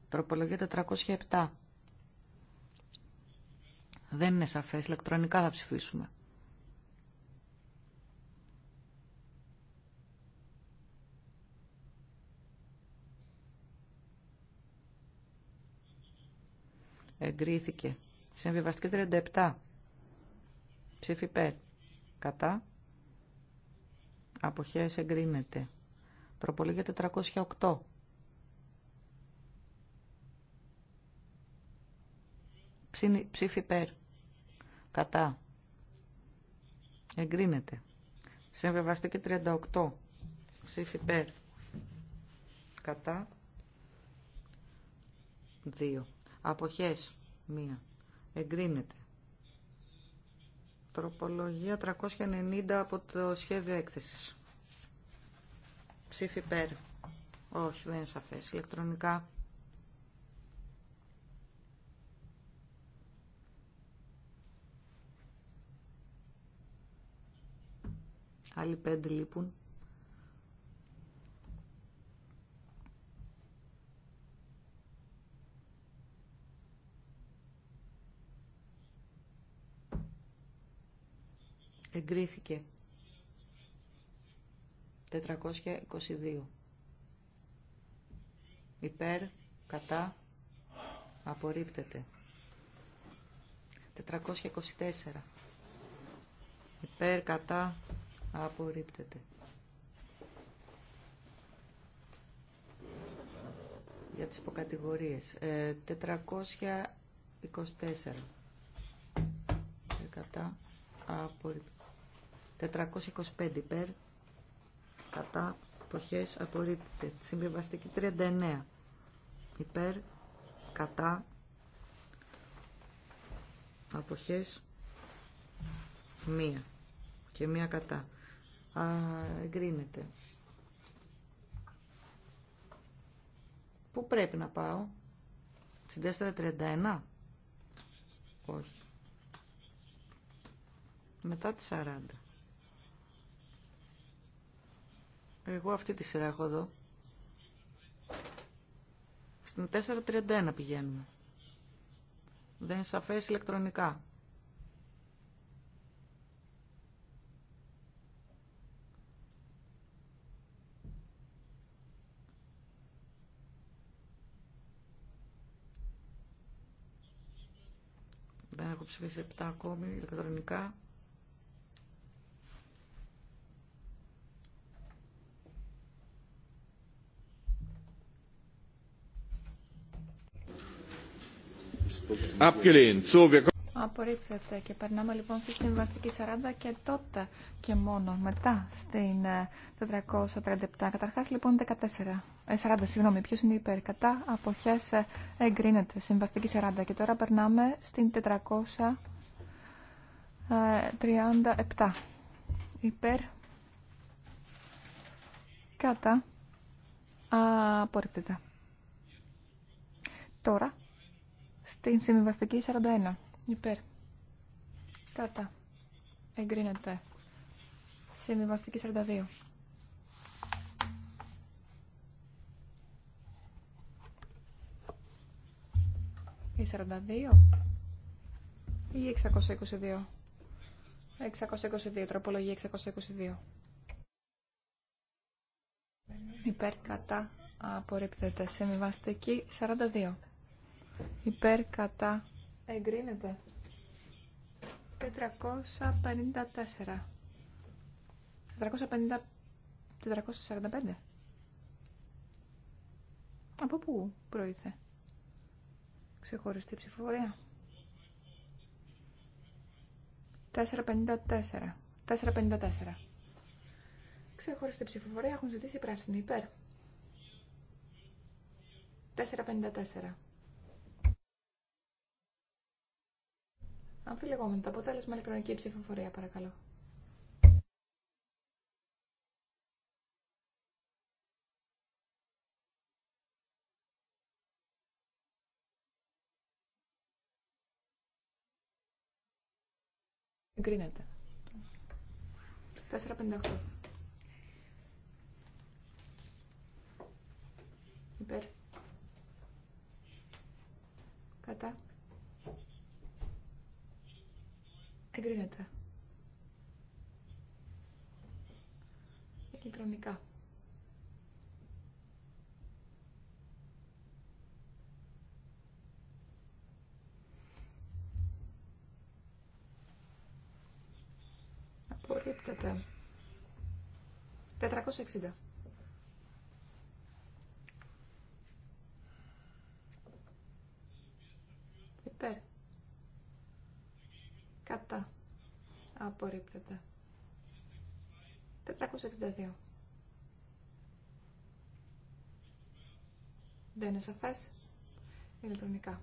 Τροπολογία 407. Δεν είναι σαφές. Ηλεκτρονικά θα ψηφίσουμε. Εγκρίθηκε. Συμβιβαστική 37. Ψήφι Κατά. Αποχές εγκρίνεται. Τροπολογία 408. Ψήφι υπέρ. Κατά. Εγκρίνεται. Συμβεβαστική 38. Ψήφι υπέρ. Κατά. 2. Αποχές. 1. Εγκρίνεται. Τροπολογία 390 από το σχέδιο έκθεσης. Ψήφι υπέρ. Όχι, δεν είναι σαφές. Ηλεκτρονικά. Άλλοι πέντε λείπουν. Εγκρίθηκε. 422. Υπέρ, κατά, απορρίπτεται. 424. Υπέρ, κατά, απορρίπτεται. Για τις υποκατηγορίες. 424. Ε, υπέρ, ε, κατά, απορρίπτεται. 425 υπέρ, κατά αποχές απορρίπτεται. Συμβιβαστική 39 υπέρ κατά αποχές μία και μία κατά. Α, εγκρίνεται. Πού πρέπει να πάω, στην 4.31, όχι. Μετά τη 40. Εγώ αυτή τη σειρά έχω εδώ. Στην 4.31 πηγαίνουμε. Δεν είναι σαφές ηλεκτρονικά. Δεν έχω ψηφίσει 7 ακόμη ηλεκτρονικά. Απορρίπτεται και περνάμε λοιπόν στη συμβαστική 40 και τότε και μόνο μετά στην 437. Ε, Καταρχάς λοιπόν 14. 40, ε, συγγνώμη, ποιος είναι υπέρ, κατά, αποχές, ε, εγκρίνεται, συμβαστική 40. Και τώρα περνάμε στην 437. Υπέρ, κατά, απορρίπτεται. Τώρα στην συμβιβαστική 41. Υπέρ. Κατά. Εγκρίνεται. Συμβιβαστική 42. Ή 42 ή 622. 622, τροπολογία 622. Υπέρ κατά απορρίπτεται. Συμβιβαστική 42 υπέρ κατά εγκρίνεται 454 445 από πού προήθε ξεχωριστή ψηφοφορία 454 454 Ξεχωριστή ψηφοφορία έχουν ζητήσει πράσινη υπέρ. 454. Αμφιλεγόμενο το αποτέλεσμα ηλεκτρονική ψηφοφορία, παρακαλώ. Εγκρίνεται. 458. Υπέρ. Κατά. Εγκρίνεται. Ηλεκτρονικά. Απορρίπτεται. 460. Κατά. Απορρίπτεται. 462. Δεν είναι σαφές. Ηλεκτρονικά.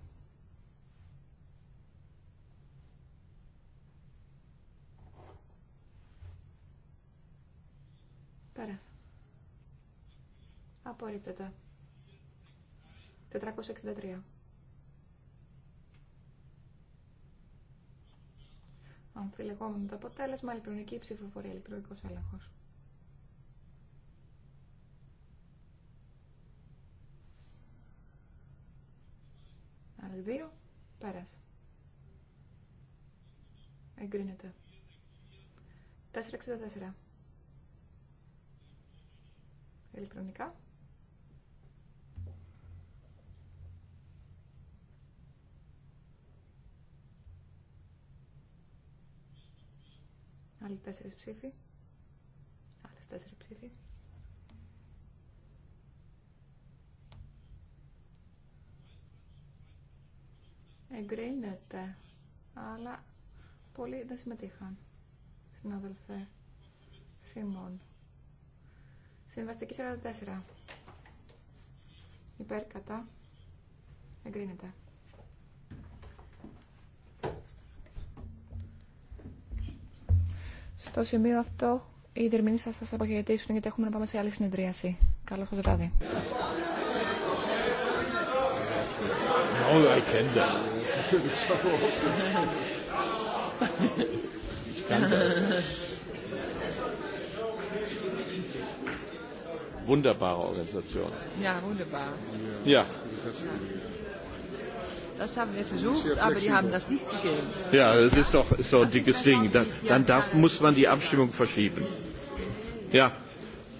Πέρασε. Απορρίπτεται. 463. Αμφιλεγόμενο το αποτέλεσμα, ηλεκτρονική ψηφοφορία, ηλεκτρονικός έλεγχος. Άλλοι δύο, πέρασε. Εγκρίνεται. 464. Ηλεκτρονικά. Άλλοι τέσσερι ψήφοι. Άλλε τέσσερι ψήφοι. Εγκρίνεται, αλλά πολλοί δεν συμμετείχαν. Συναδελφέ Σίμων. Συμβαστική 44. Υπέρ κατά. Εγκρίνεται. Στο σημείο αυτό, οι διερμηνείς θα σας αποχαιρετήσουν γιατί έχουμε να πάμε σε άλλη συνεδρίαση. Καλό σας βράδυ. Wunderbare Organisation. Ja, wunderbar. Ja. Das haben wir versucht, aber die haben das nicht gegeben. Ja, das ist doch so ein dickes Ding. Dann, dann darf, muss man die Abstimmung verschieben. Ja.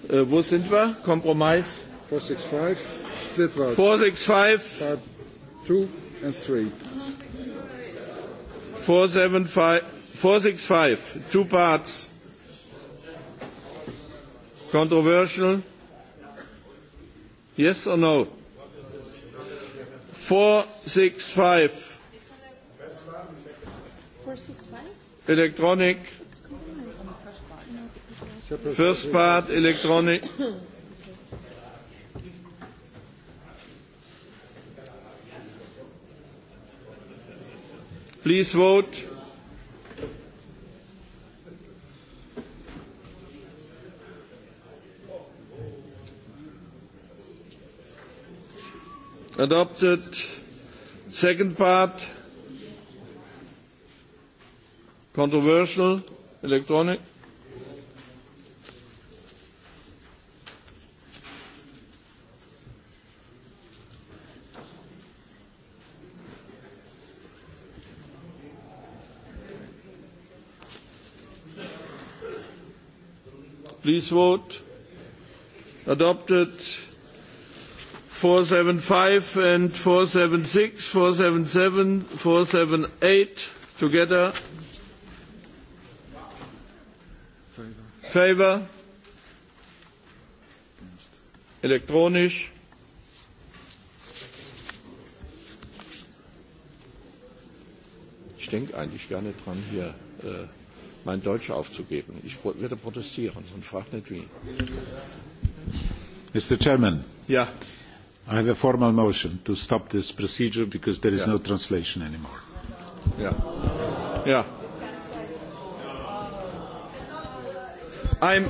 Äh, wo sind wir? Kompromiss? 465. 465. and 3. 475. 465. Two parts. Controversial? Yes or no? 465. Electronic. First part, electronic. Please vote. adopted second part controversial electronic please vote adopted 475 and 476, 477, 478 together. Favor? Elektronisch. Ich denke eigentlich gerne dran, hier mein Deutsch aufzugeben. Ich werde protestieren und frage nicht wie. Mr. Chairman. Ja. I have a formal motion to stop this procedure because there is no translation anymore. Yeah. Yeah. I'm,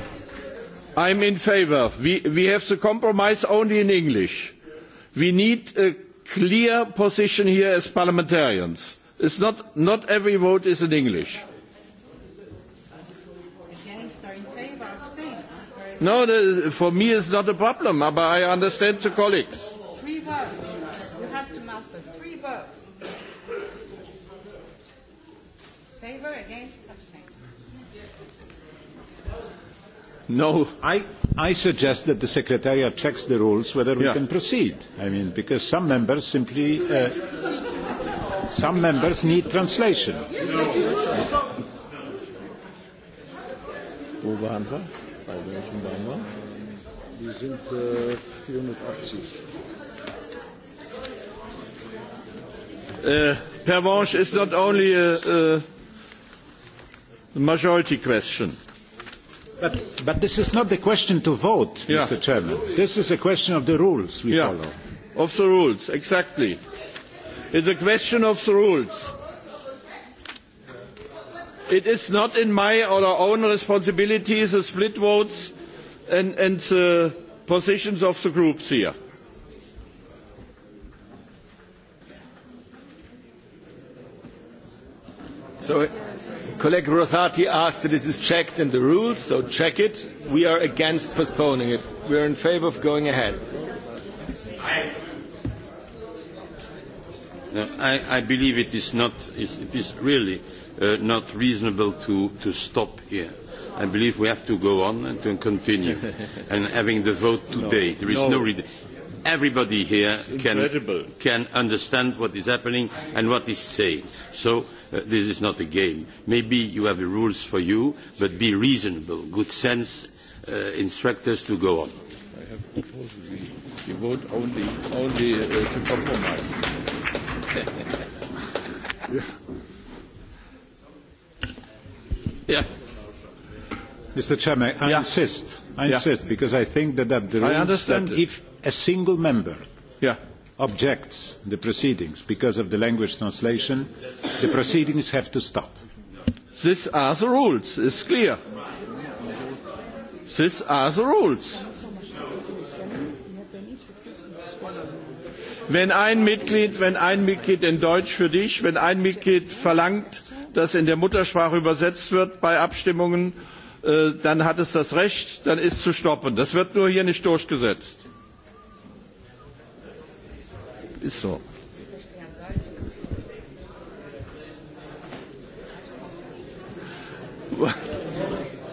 I'm in favor. We, we have to compromise only in English. We need a clear position here as parliamentarians. It's not, not every vote is in English. No, for me it's not a problem, but I understand the colleagues. Three votes. You have to master three votes. Favor, against, No. I, I suggest that the Secretariat checks the rules whether we can proceed. I mean, because some members simply, some members need translation. Bei welchen waren wir? Die sind äh, 480. Uh, Pervenche is not only a, a majority question. But, but this is not the question to vote, yeah. Mr. Chairman. This is a question of the rules we yeah. follow. Of the rules, exactly. It's a question of the rules It is not in my or our own responsibility the split votes and the positions of the groups here. So, colleague Rosati asked that this is checked in the rules, so check it. We are against postponing it. We are in favour of going ahead. I believe it is not. It is really not reasonable to stop here. I believe we have to go on and to continue. And having the vote today, there is no reason. Everybody here can understand what is happening and what is saying. So this is not a game. Maybe you have the rules for you, but be reasonable. Good sense instruct us to go on. I have proposed vote only compromise. Mr. Chairman, I insist. I insist because I think that the rules that if a single member objects the proceedings because of the language translation, the proceedings have to stop. These are the rules. It's clear. These are the rules. Wenn ein Mitglied, wenn ein Mitglied in Deutsch für dich, wenn ein Mitglied verlangt, das in der Muttersprache übersetzt wird bei Abstimmungen, dann hat es das Recht, dann ist zu stoppen. Das wird nur hier nicht durchgesetzt. Ist so.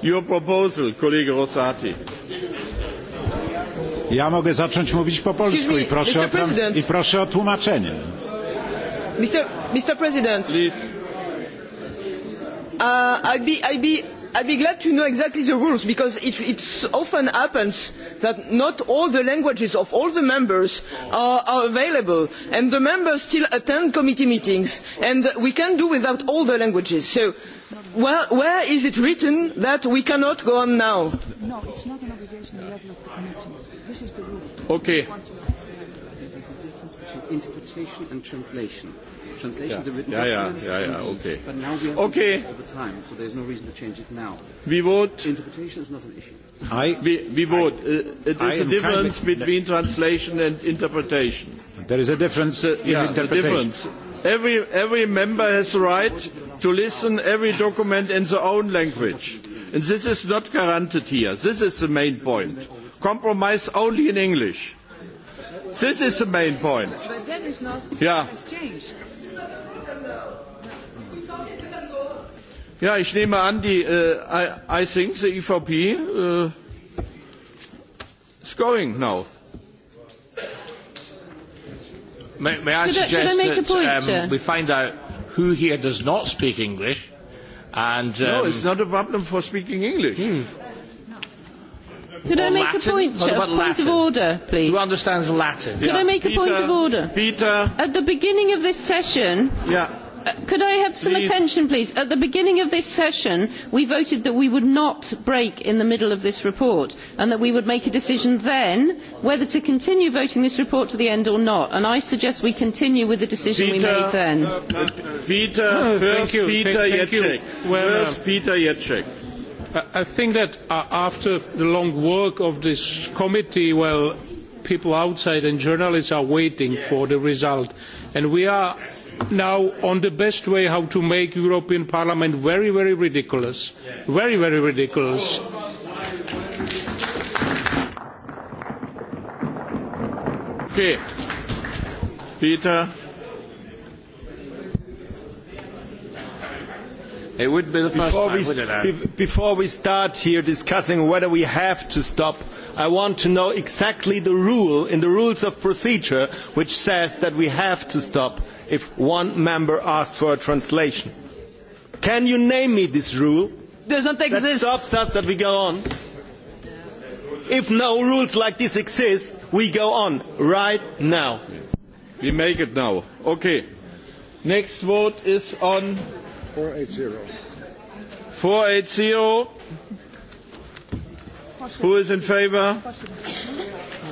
Your proposal, Kollege Rosati. Ja mogę zacząć mówić po polsku i proszę o tłumaczenie. Mr. President. I'd be, I'd be, I'd be glad to know exactly the rules because it, often happens that not all the languages of all the members are, available and the members still attend committee meetings and we can do without all the languages. So where, is it written that we cannot go on now? No, it's not an obligation level of the committee. This is the rule. Okay. difference between interpretation and translation translation, the written documents. Yeah, yeah, yeah, okay. But now we have okay. all the time, so is no reason to change it now. We vote. Interpretation is not an issue. I, we, we vote. Uh, it is a difference between translation and interpretation. There is a difference in yeah, interpretation. Difference. Every, every member has the right to listen every document in their own language. And this is not guaranteed here. This is the main point. Compromise only in English. This is the main point. But is not yeah. Ja, ich nehme an, die I think the EVP is going now. May I suggest that we find out who here does not speak English and No, it's not a problem for speaking English. Could I make a point of order, please? Who understands Latin? Could I make a point of order? Peter. At the beginning of this session. Yeah Could I have some attention, please? At the beginning of this session, we voted that we would not break in the middle of this report and that we would make a decision then whether to continue voting this report to the end or not. And I suggest we continue with the decision we made then. Peter, first Peter Jacek. Peter I think that after the long work of this committee, well, people outside and journalists are waiting for the result, and we are now on the best way how to make European Parliament very, very ridiculous. Very, very ridiculous. Okay. Peter. It would be the first before we start here discussing whether we have to stop, I want to know exactly the rule in the rules of procedure which says that we have to stop if one member asked for a translation. Can you name me this rule? Doesn't exist. That stops that we go on. If no rules like this exist, we go on right now. We make it now. Okay. Next vote is on 480. 480. Who is in favor?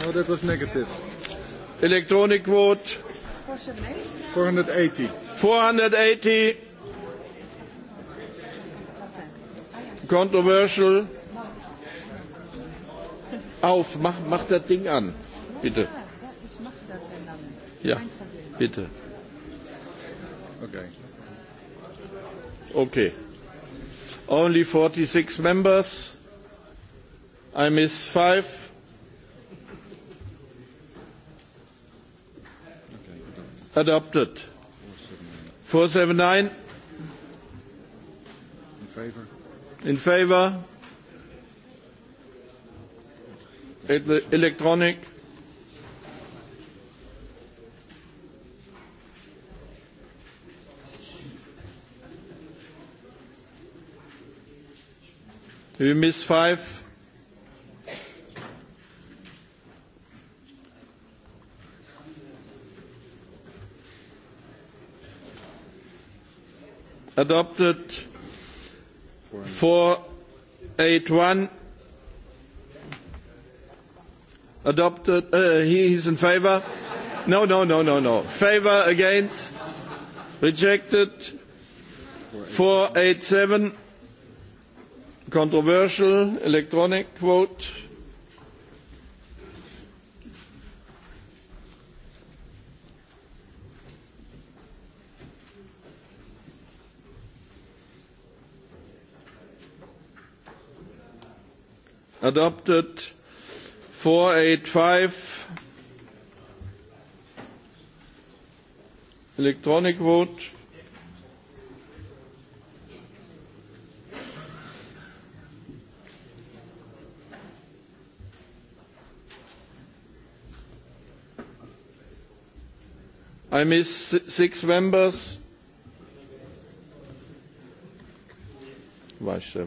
No, that was negative. Electronic vote. 480. 480. Controversial. Auf, mach, mach das Ding an. Bitte. Ja, bitte. Okay. Okay. Only 46 members. I miss five. adopted. 479 in favor. In favor. Electronic. We miss five. adopted 481 adopted he is in favor no no no no no favor against rejected 487 controversial electronic vote adopted 485 electronic vote I miss six members. Vice Chair,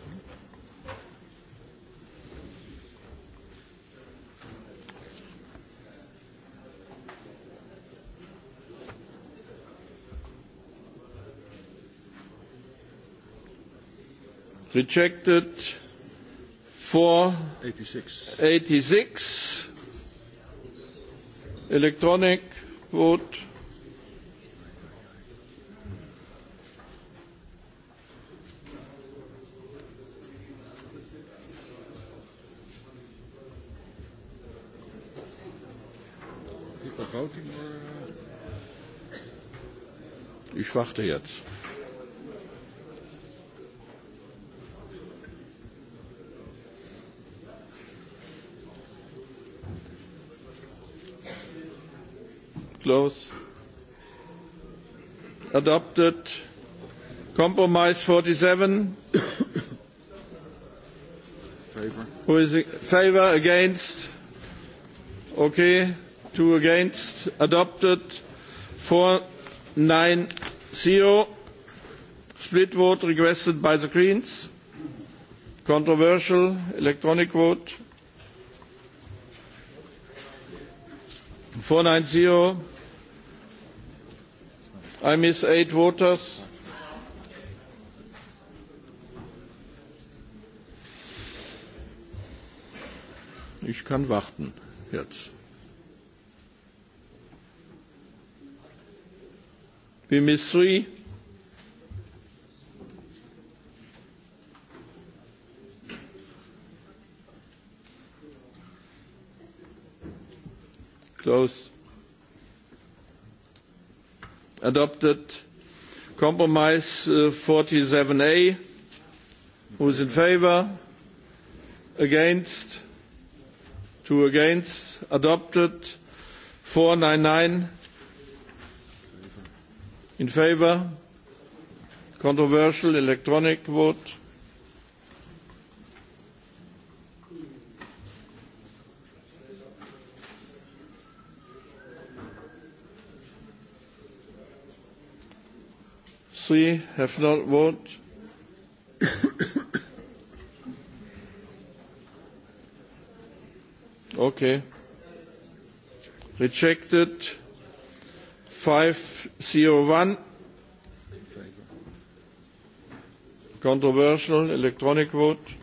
rejected 86. electronic vote Ich warte jetzt. Close. Adopted. Compromise 47. Who is in favor? Against? Okay. Two against. Adopted. nine 490. Split vote requested by the Greens. Controversial. Electronic vote. 490. I miss eight voters. Ich kann warten jetzt. We miss three. Close adopted. Compromise 47A. Who is in favour? Against? Two against. Adopted. 499. In favour? Controversial electronic vote. three have not voted. Okay. Rejected. one. Controversial electronic vote.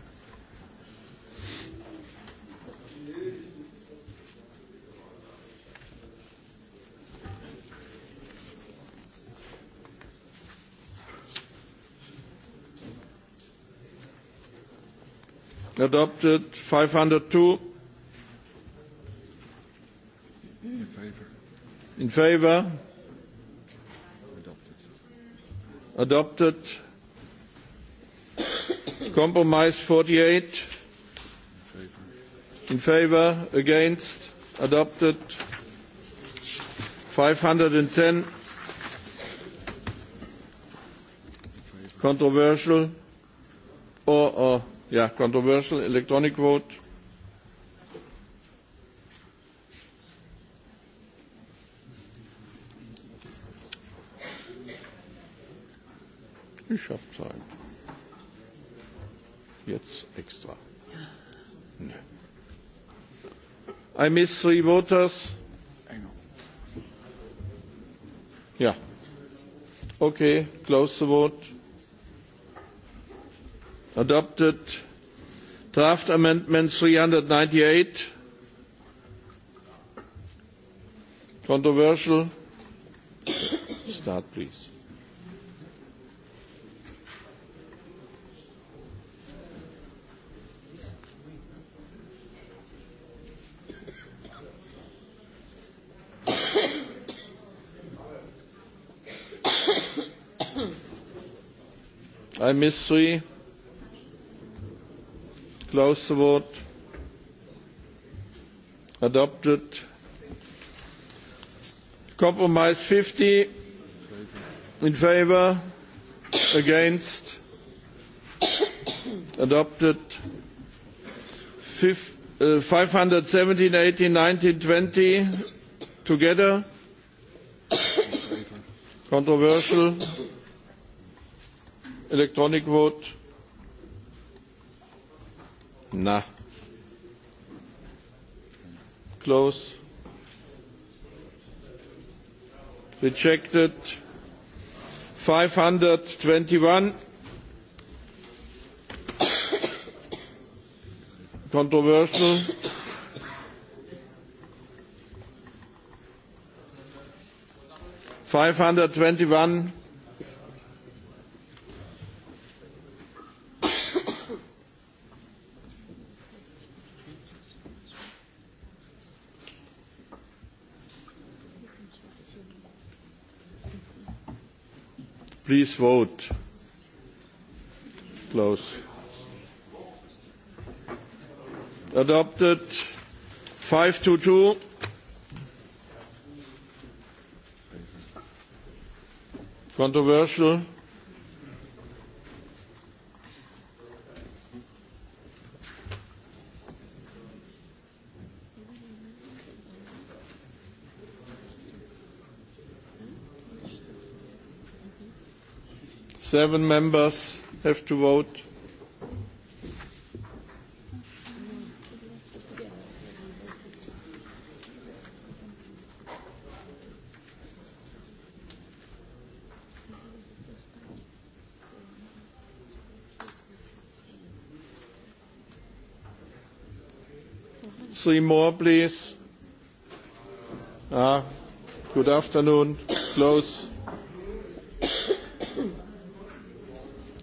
adopted 502 in favor adopted compromise 48 in favor against adopted 510 controversial or Yeah, controversial electronic vote. Ich habe Zeit. Jetzt extra. Nee. I miss three voters. Yeah. Okay, close the vote adopted. Draft amendment 398 controversial. Start, please. I miss three. Close the vote. Adopted. Compromise 50. In favor. Against. Adopted. 517, 18, 19, 20 together. Controversial. Electronic vote. Να. Close. Rejected. 521. Controversial. Five hundred twenty one Please vote. Close. Adopted. 5 to 2. Controversial. Seven members have to vote. Three more, please. Ah, Good afternoon. Close.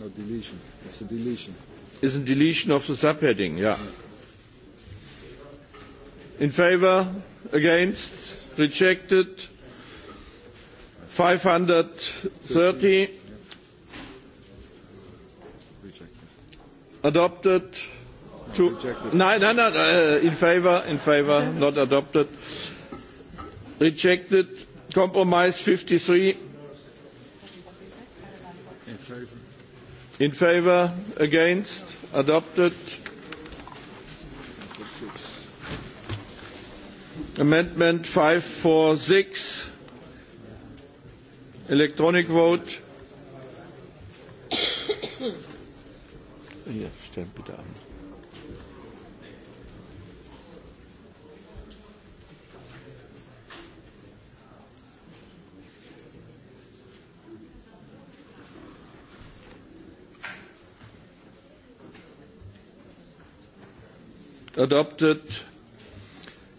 No deletion. It's a deletion. It's a deletion of the subheading, yeah. In favor? Against? Rejected? 530? Adopted? No, no, no. In favor? In favor? Not adopted. Rejected? Compromise 53? In favor in favor against adopted amendment 546 electronic vote adopted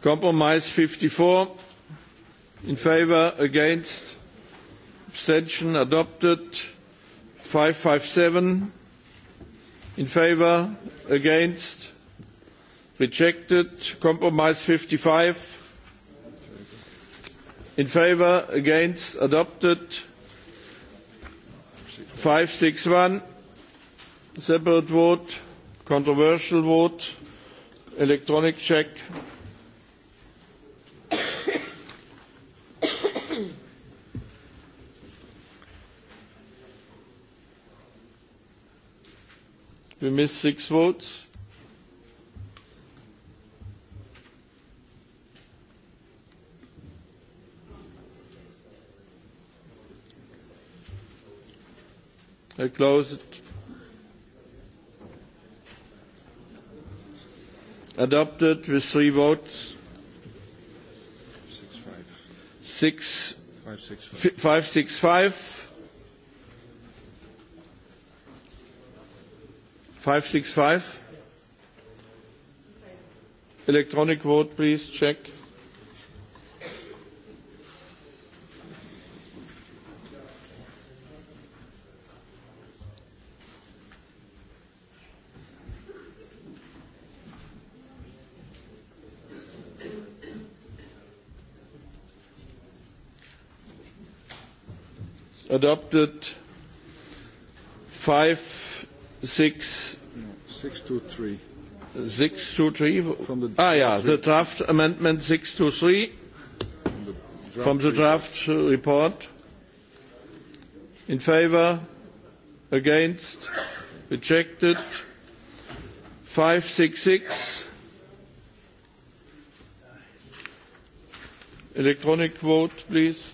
compromise 54 in favour against abstention adopted 557 in favour against rejected compromise 55 in favour against adopted 561 separate vote controversial vote electronic check we missed six votes i close adopted with three votes. Six, five, six, five. Five, six, five. Electronic vote, please. Check. adopted. Five, six, Ah, the draft amendment six three from the draft report. In favour, against, rejected. Five, six. Electronic vote, please.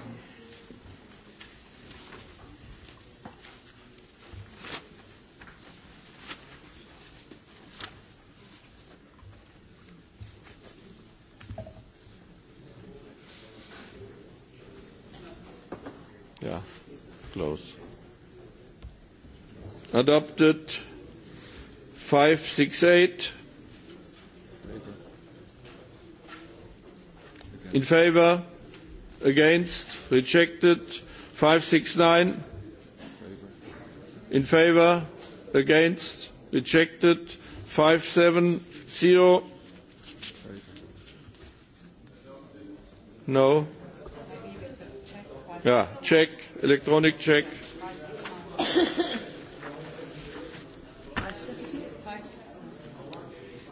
adopted 568 in favor against rejected 569 in favor against rejected 570 no yeah check electronic check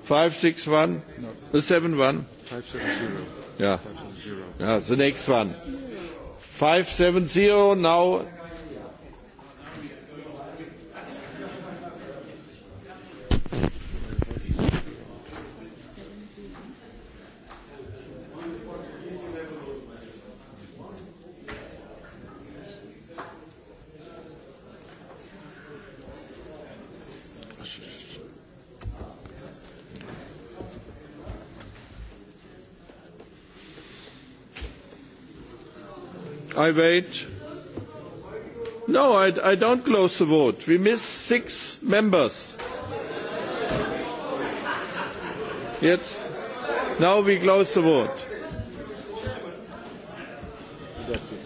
561? The 71? 570. Yeah. Yeah, the next one. 570, now No, I don't close the vote. We miss six members. Now we close the vote.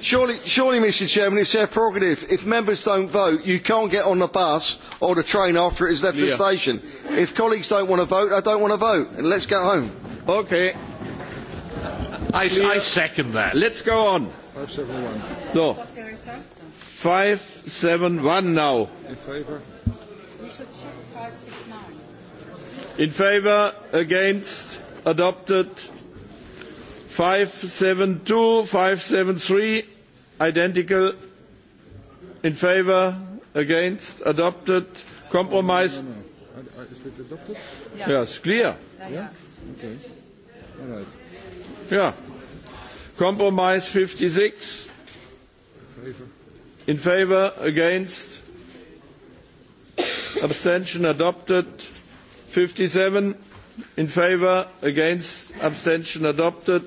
Surely, Mr Chairman, it's their prerogative. If members don't vote, you can't get on the bus or the train after it has left the station. If colleagues don't want to vote, I don't want to vote, and let's go home. Okay. I second that. Let's go on. So, 571 now. In favor? We should check 569. In favor, against, adopted. 572, 573, identical. In favor, against, adopted. Compromise. Is it adopted? Yes, clear. Yeah. Okay. All Yeah. Compromise 56. In favour, against, abstention adopted. 57. In favour, against, abstention adopted.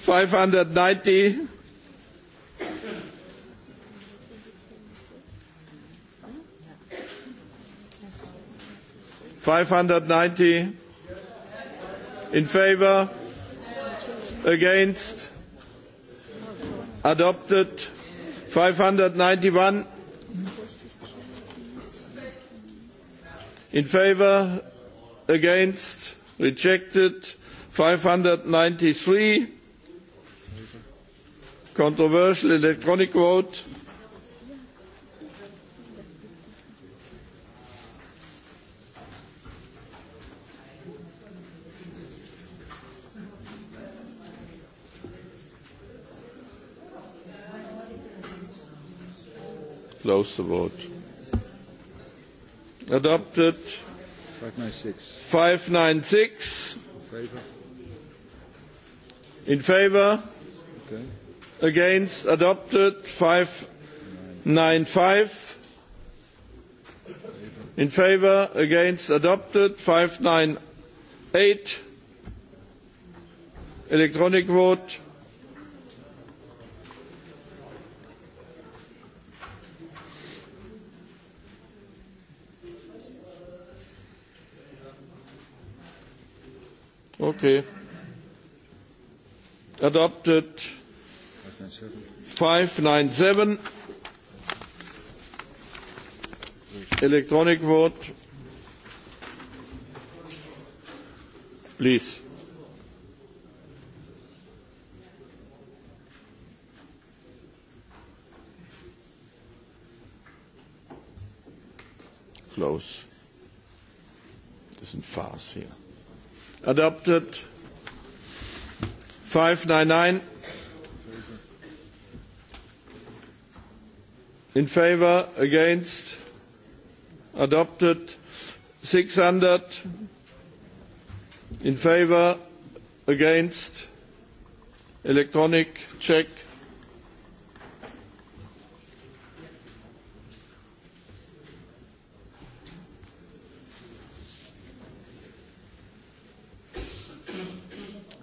590. Five hundred ninety in favour against adopted 591 in favor against rejected 593 controversial electronic vote close the vote. Adopted. 596. In favor? Against? Adopted. 595. In favor? Against? Adopted. 598. Electronic vote. Okay. Adopted. 597. Electronic vote. Please. Close. Das ist ein here. hier adopted 599 in favor against adopted 600 in favor against electronic check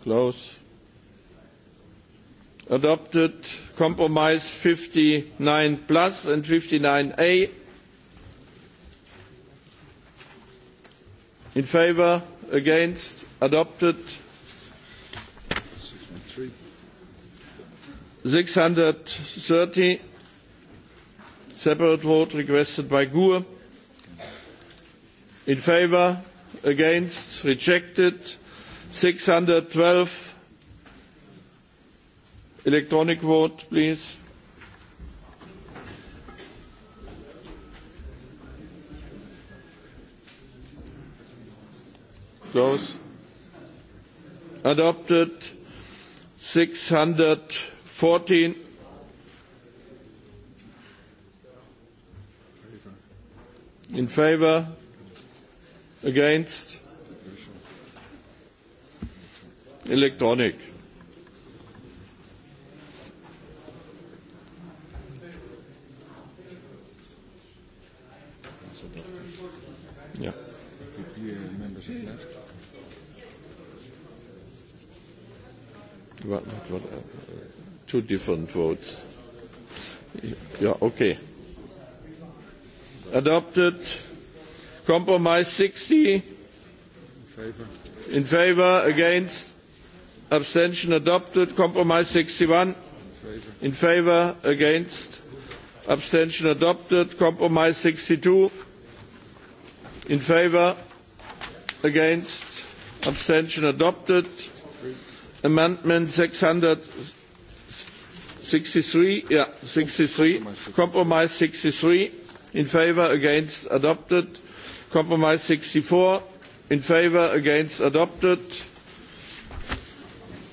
Close. Adopted. Compromise 59 plus and 59a. In favour? Against? Adopted. 630. Separate vote requested by GUE. In favour? Against? Rejected. 612 electronic vote please close adopted 614 in favor against Electronic. two different votes. Yeah, okay. Adopted. Compromise 60. In favor. In favor. Against abstention adopted compromise 61 in favor against abstention adopted compromise 62 in favor against abstention adopted amendment 663 yeah 63 compromise 63 in favor against adopted compromise 64 in favor against adopted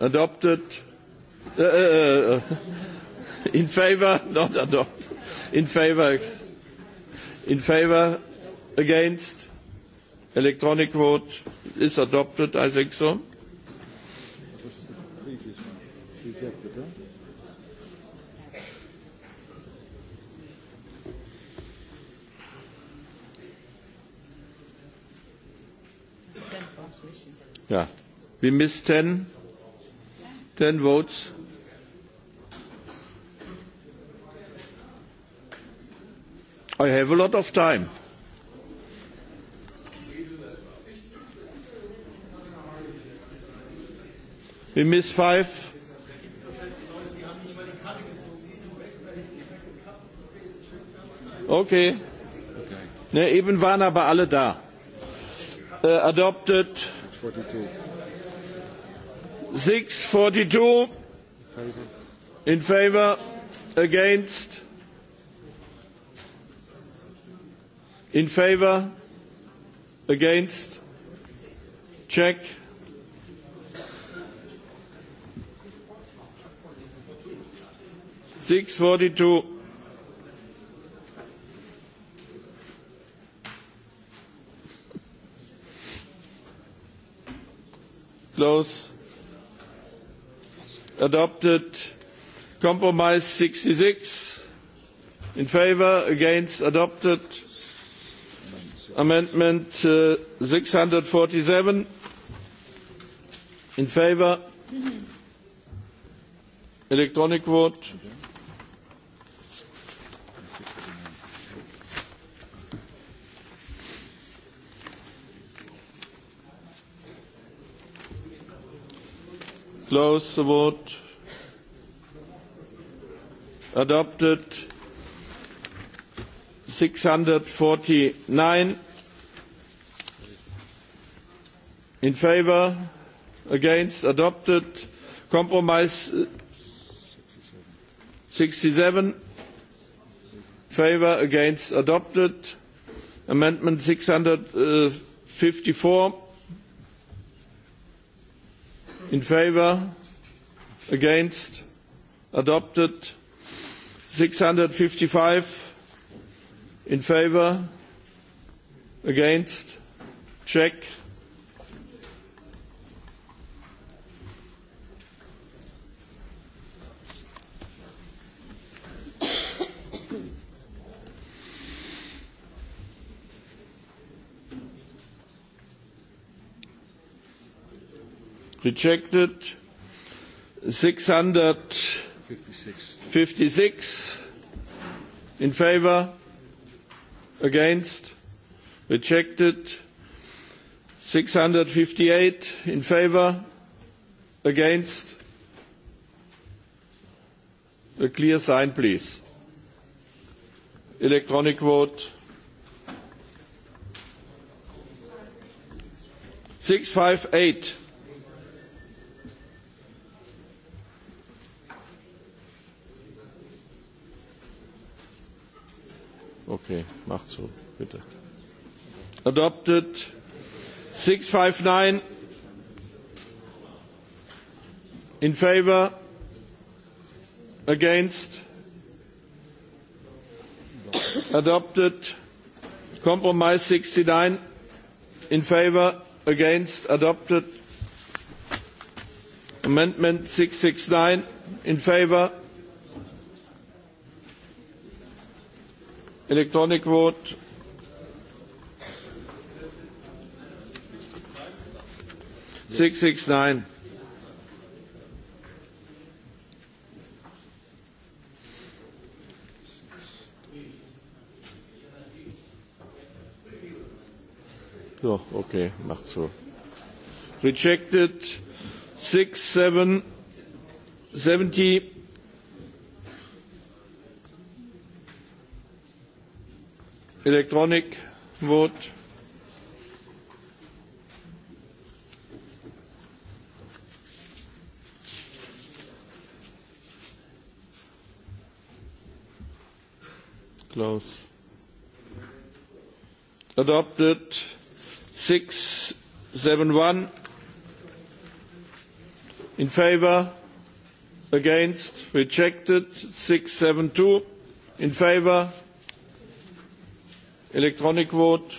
adopted in favor not adopted in favor in favor against electronic vote is adopted i think so yeah we missed 10 Ten votes. I have a lot of time. We miss five. Okay. Ne, eben waren aber alle da. Adopted. 42. 642 in favor against in favor against check 6.42, close adopted compromise 66 in favor against adopted amendment 647 in favor electronic vote Close the vote. Adopted. 649 in favor, against, adopted. Compromise 67 favor, against, adopted. Amendment 654 in favour, against adopted 655 in favour, against check rejected 656 in favor against rejected 658 in favor against a clear sign please electronic vote 658 Okay, macht so, bitte. Adopted. 659. In favor? Against? Adopted. Compromise 69. In favor? Against? Adopted. Amendment 669. In favor? Electronic vote. Six six nine. So, okay, macht so. Rejected. Six seven seventy. Electronic vote. Close. Adopted. Six, seven, one. In favour. Against. Rejected. Six, seven, two. In favour Electronic vote.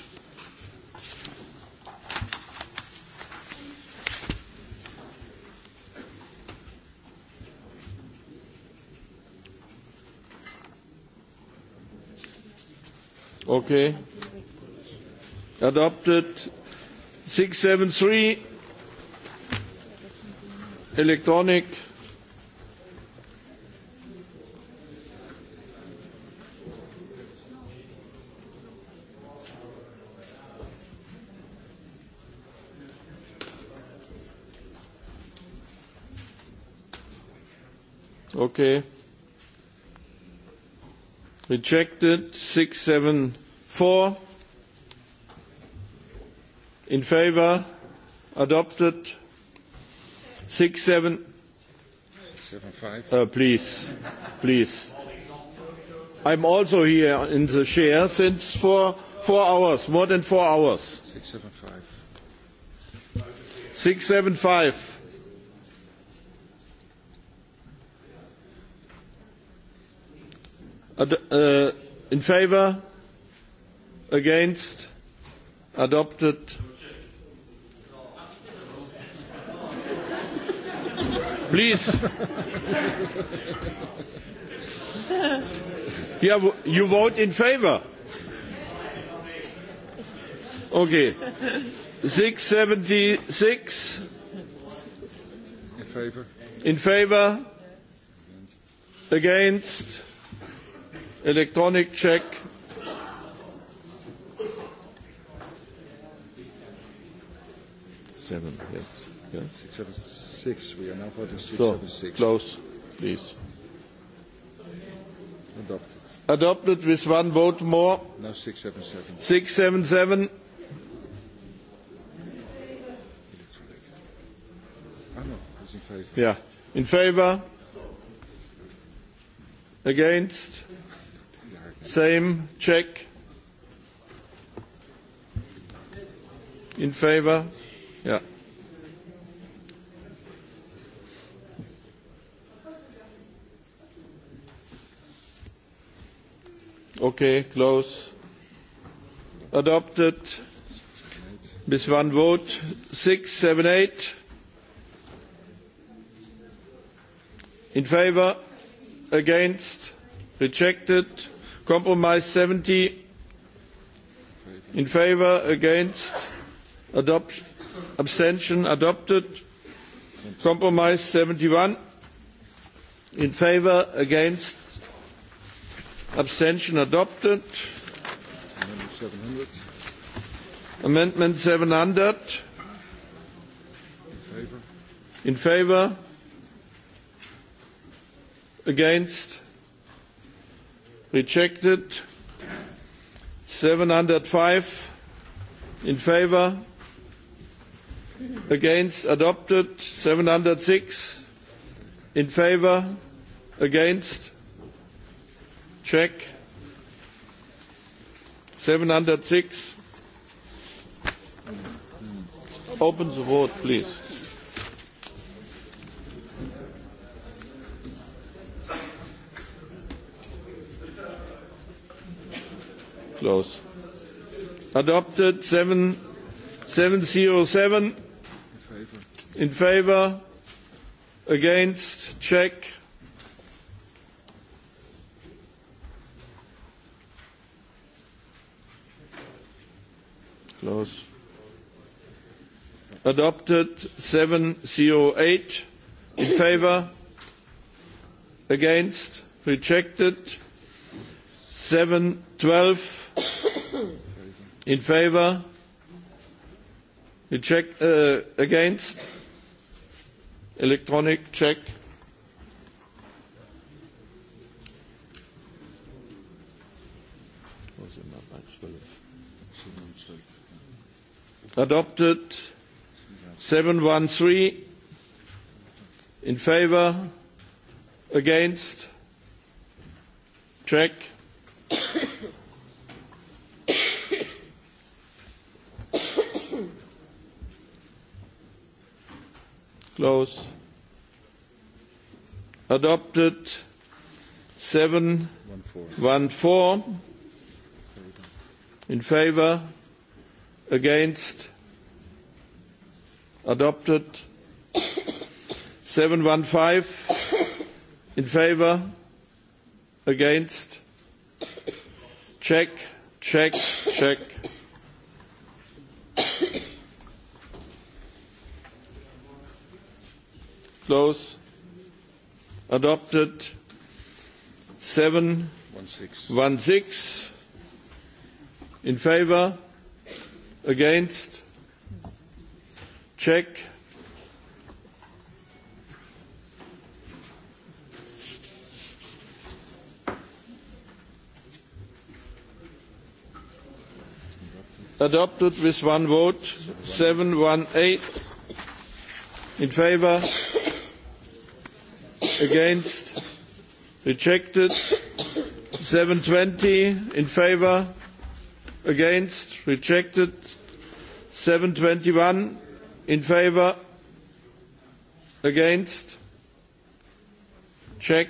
Okay. Adopted. 673. Electronic. Okay. Rejected. 674. In favor. Adopted. 675. Please. Please. I'm also here in the chair since for four hours, more than four hours. 675. 675. in favor against adopted please yeah you vote in favor okay 676 in favor in favor against electronic check six we are now voting six seven six close please adopted adopted with one vote more now six seven seven six seven yeah in favor against Same. Check. In favor? Yeah. Okay. Close. Adopted. This one vote? Six, seven, eight. In favor? Against? Rejected? Compromise 70 in favor, against, abstention adopted. Compromise 71 in favor, against, abstention adopted. Amendment 700 in favor, against, rejected 705 in favor against adopted 706 in favor against check 706 open the vote please Close. Adopted. seven seven zero seven. In favor. Against. Check. Close. Adopted. Seven zero eight. In favor. Against. Rejected. Seven twelve in favor check against electronic check adopted 713 in favour, against check Close. Adopted. 714. In favor. Against. Adopted. 715. In favor. Against. Check. Check. Check. close. Adopted. six. in favor, against, check. Adopted with one vote. 718 in favor against rejected 720 in favor against rejected 721 in favor against check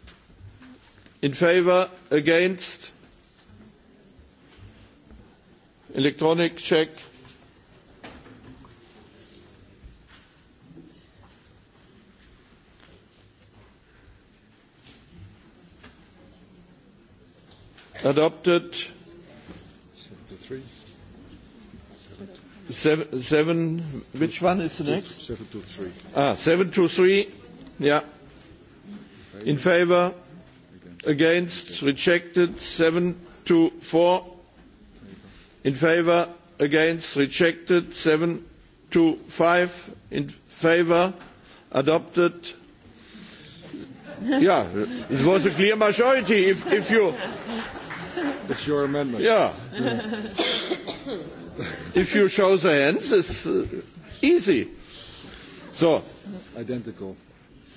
in favor against electronic check adopted 7 which one is the next 723 ah 723 yeah in favor against rejected 7 to 4 in favor against rejected 7 to 5 in favor adopted yeah it was a clear majority if if you it's your amendment yeah if you show the hands it's easy so identical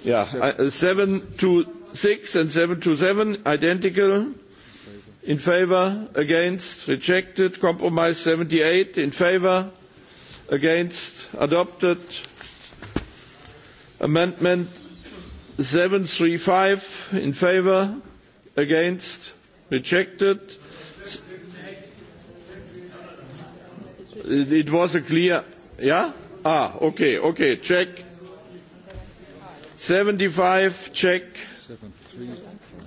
yeah 7 to Six and seven seven identical in favour against rejected compromise 78 in favour against adopted amendment 735 in favour against rejected it was a clear yeah ah okay okay check 75 check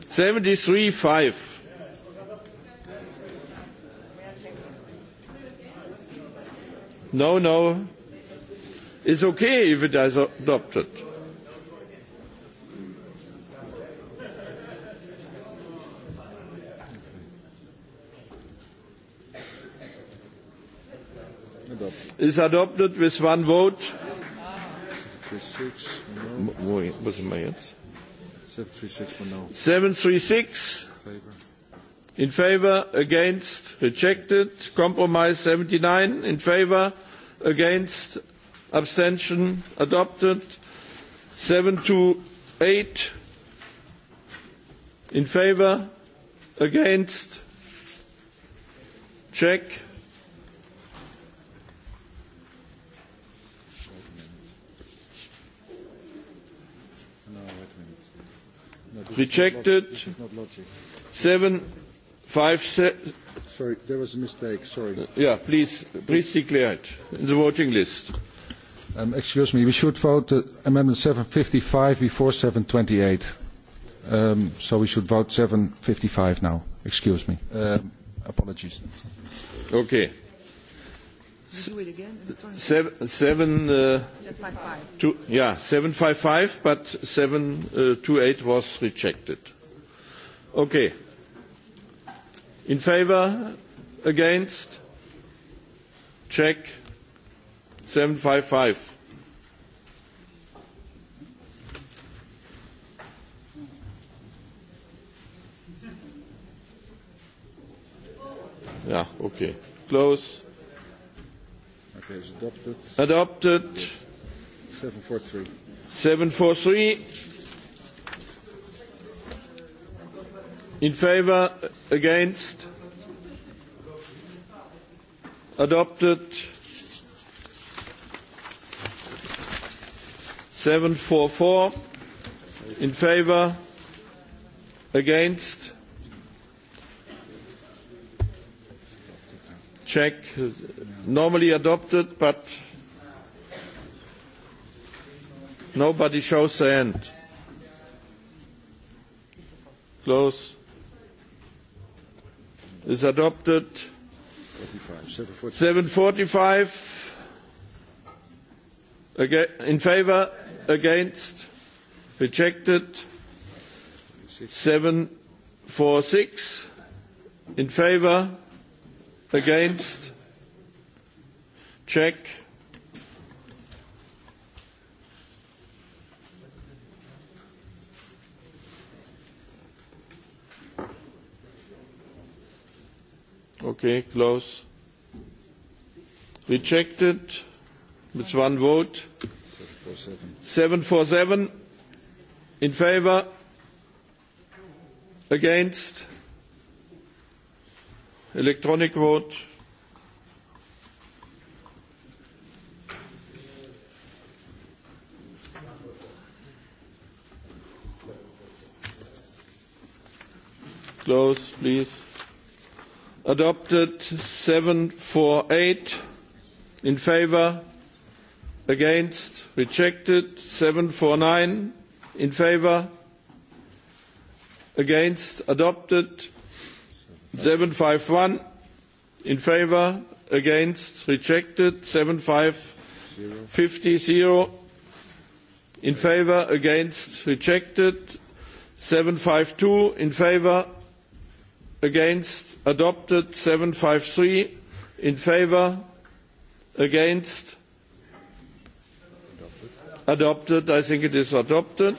735. No, no. It's okay if it is adopted. Is adopted with one vote. Wo, was ist jetzt? 736 in favor against rejected compromise 79 in favor against abstention adopted 728 in favor against check Rejected. Seven, Sorry, there was a mistake. Sorry. Yeah, please, please declare it. in the voting list. Excuse me. We should vote amendment 755 before 728. So we should vote 755 now. Excuse me. Apologies. Okay. Seven, it again. Seven, seven, two, 755, but 728 was rejected. Okay. In favor? Against? Check. 755. Yeah, okay. Close adopted. Adopted. 743. 743. In favor, against, adopted. 744. In favor, against, check normally adopted but nobody shows the end close is adopted 745 in favor against rejected 746 in favor Against? Check. Okay, close. Rejected. With one vote. 747. In favor? Against? Electronic vote. Close, please. Adopted. 748 in favor. Against. Rejected. 749 in favor. Against. Adopted. 751 in favor, against, rejected. 7550 in favor, against, rejected. 752 in favor, against, adopted. 753 in favor, against, adopted. I think it is adopted.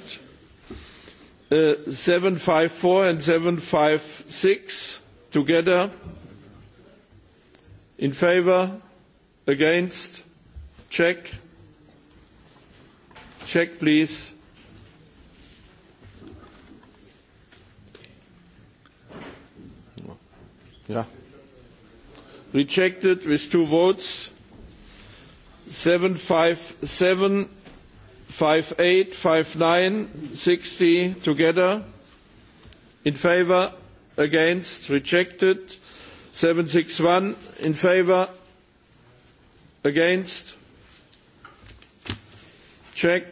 754 and 756 together in favor against check check please yeah rejected with two votes 757 58 59 60 together in favor against rejected 761 in favor against check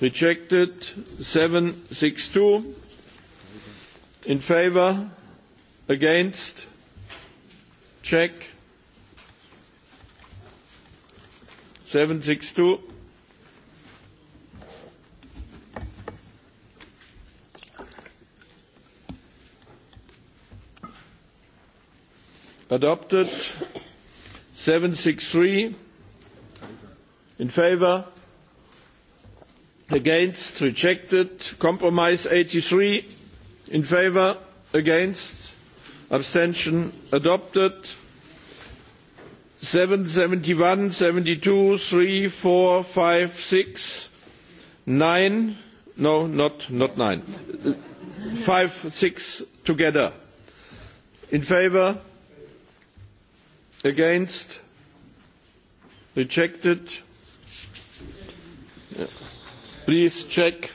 rejected 762 in favor Against? Check. 762. Adopted. 763. In favor? Against? Rejected. Compromise 83. In favor? Against? abstention adopted 771 72 3 4 5 6 9 no not not 9 5 6 together in favor against rejected please check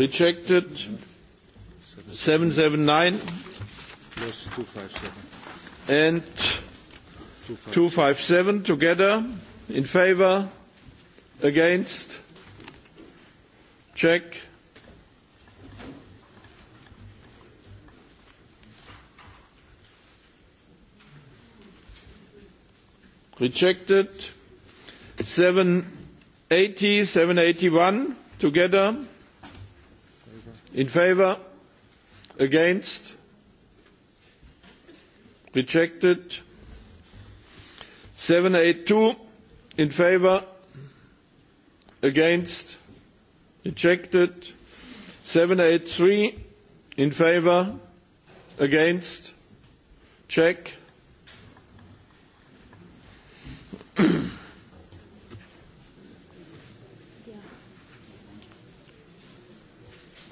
Rejected. 779 and 257 together. In favor? Against? Check. Rejected. 780, 781 together in favor against rejected 782 in favor against rejected 783 in favor against check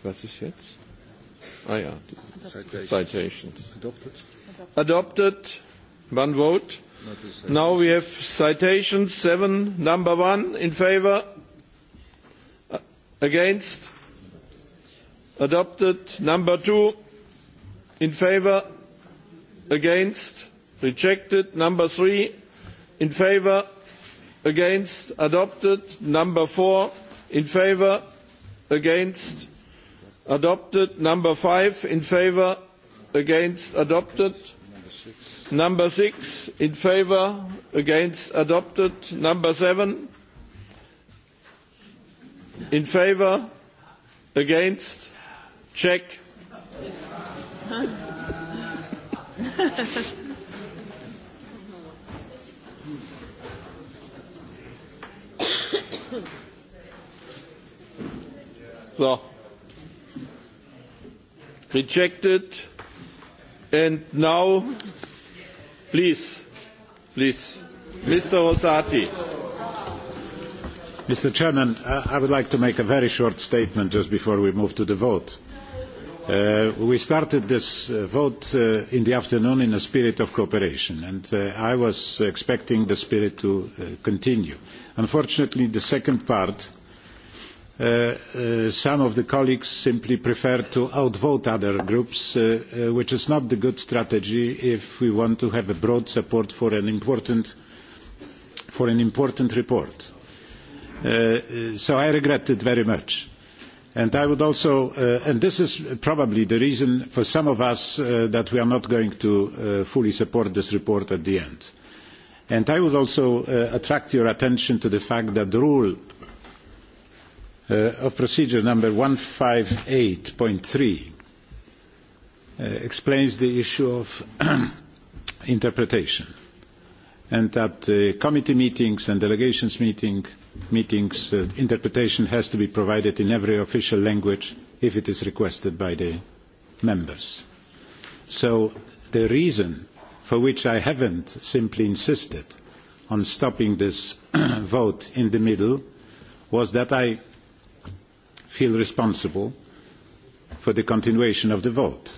Was ist jetzt? Ah ja, citations. Adopted. Adopted. One vote. Now we have citations. Seven. Number one in favor. Against. Adopted. Number two in favor. Against. Rejected. Number three in favor. Against. Adopted. Number four in favor. Against adopted number five in favour against adopted number six in favour against adopted number seven in favour against check so rejected and now please please mr rosati mr chairman i would like to make a very short statement just before we move to the vote we started this vote in the afternoon in a spirit of cooperation and i was expecting the spirit to continue unfortunately the second part some of the colleagues simply prefer to outvote other groups, which is not the good strategy if we want to have a broad support for an important report. So I regret it very much. And I would also, and this is probably the reason for some of us that we are not going to fully support this report at the end. And I would also attract your attention to the fact that the rule of procedure number 158.3 explains the issue of interpretation and at committee meetings and delegations meetings interpretation has to be provided in every official language if it is requested by the members. So the reason for which I haven't simply insisted on stopping this vote in the middle was that I feel responsible for the continuation of the vote.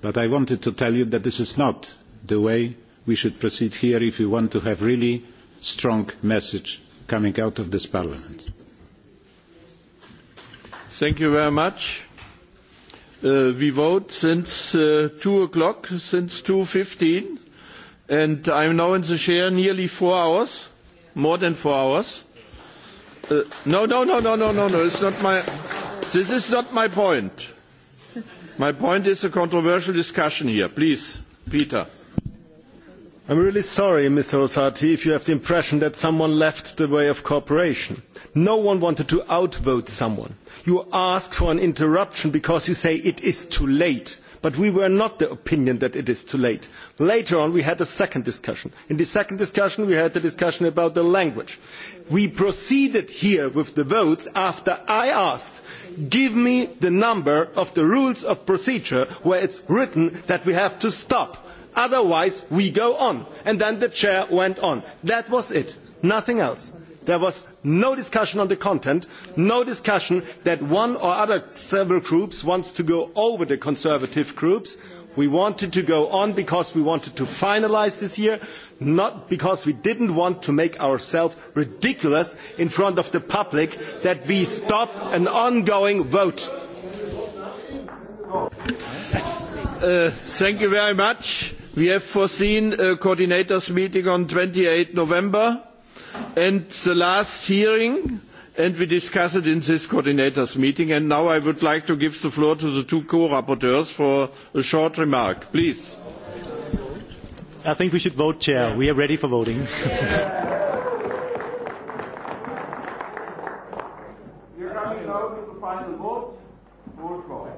But I wanted to tell you that this is not the way we should proceed here if we want to have really strong message coming out of this Parliament. Thank you very much. We vote since 2 o'clock, since 2.15, and I'm now in the chair nearly four hours, more than four hours No, no, no, no, no, no, no. It's not my. This is not my point. My point is a controversial discussion here. Please, Peter. I'm really sorry, Mr. Rosati, if you have the impression that someone left the way of cooperation. No one wanted to outvote someone. You asked for an interruption because you say it is too late but we were not the opinion that it is too late. later on we had a second discussion. in the second discussion we had the discussion about the language. we proceeded here with the votes after i asked give me the number of the rules of procedure where it is written that we have to stop otherwise we go on' and then the chair went on. that was it nothing else. There was no discussion on the content, no discussion that one or other several groups wants to go over the conservative groups. We wanted to go on because we wanted to finalise this year, not because we didn't want to make ourselves ridiculous in front of the public that we stop an ongoing vote. Thank you very much. We have foreseen a coordinators' meeting on twenty 28 November and the last hearing and we discussed it in this coordinators meeting and now i would like to give the floor to the two co-rapporteurs for a short remark please i think we should vote chair we are ready for voting are coming to the final vote.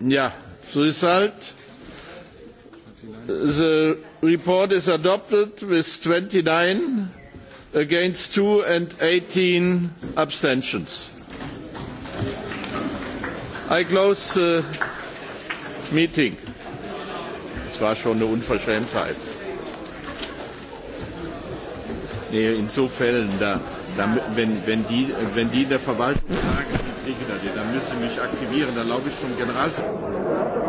Ja, so ist halt. The report is adopted with 29 against 2 and 18 abstentions. I close the meeting. Das war schon eine Unverschämtheit. Nee, in so Fällen, da, da, wenn, wenn, die, wenn die der Verwaltung sagen, sie kriegen das, dann müssen sie mich aktivieren, dann laufe ich zum Generalsekretär.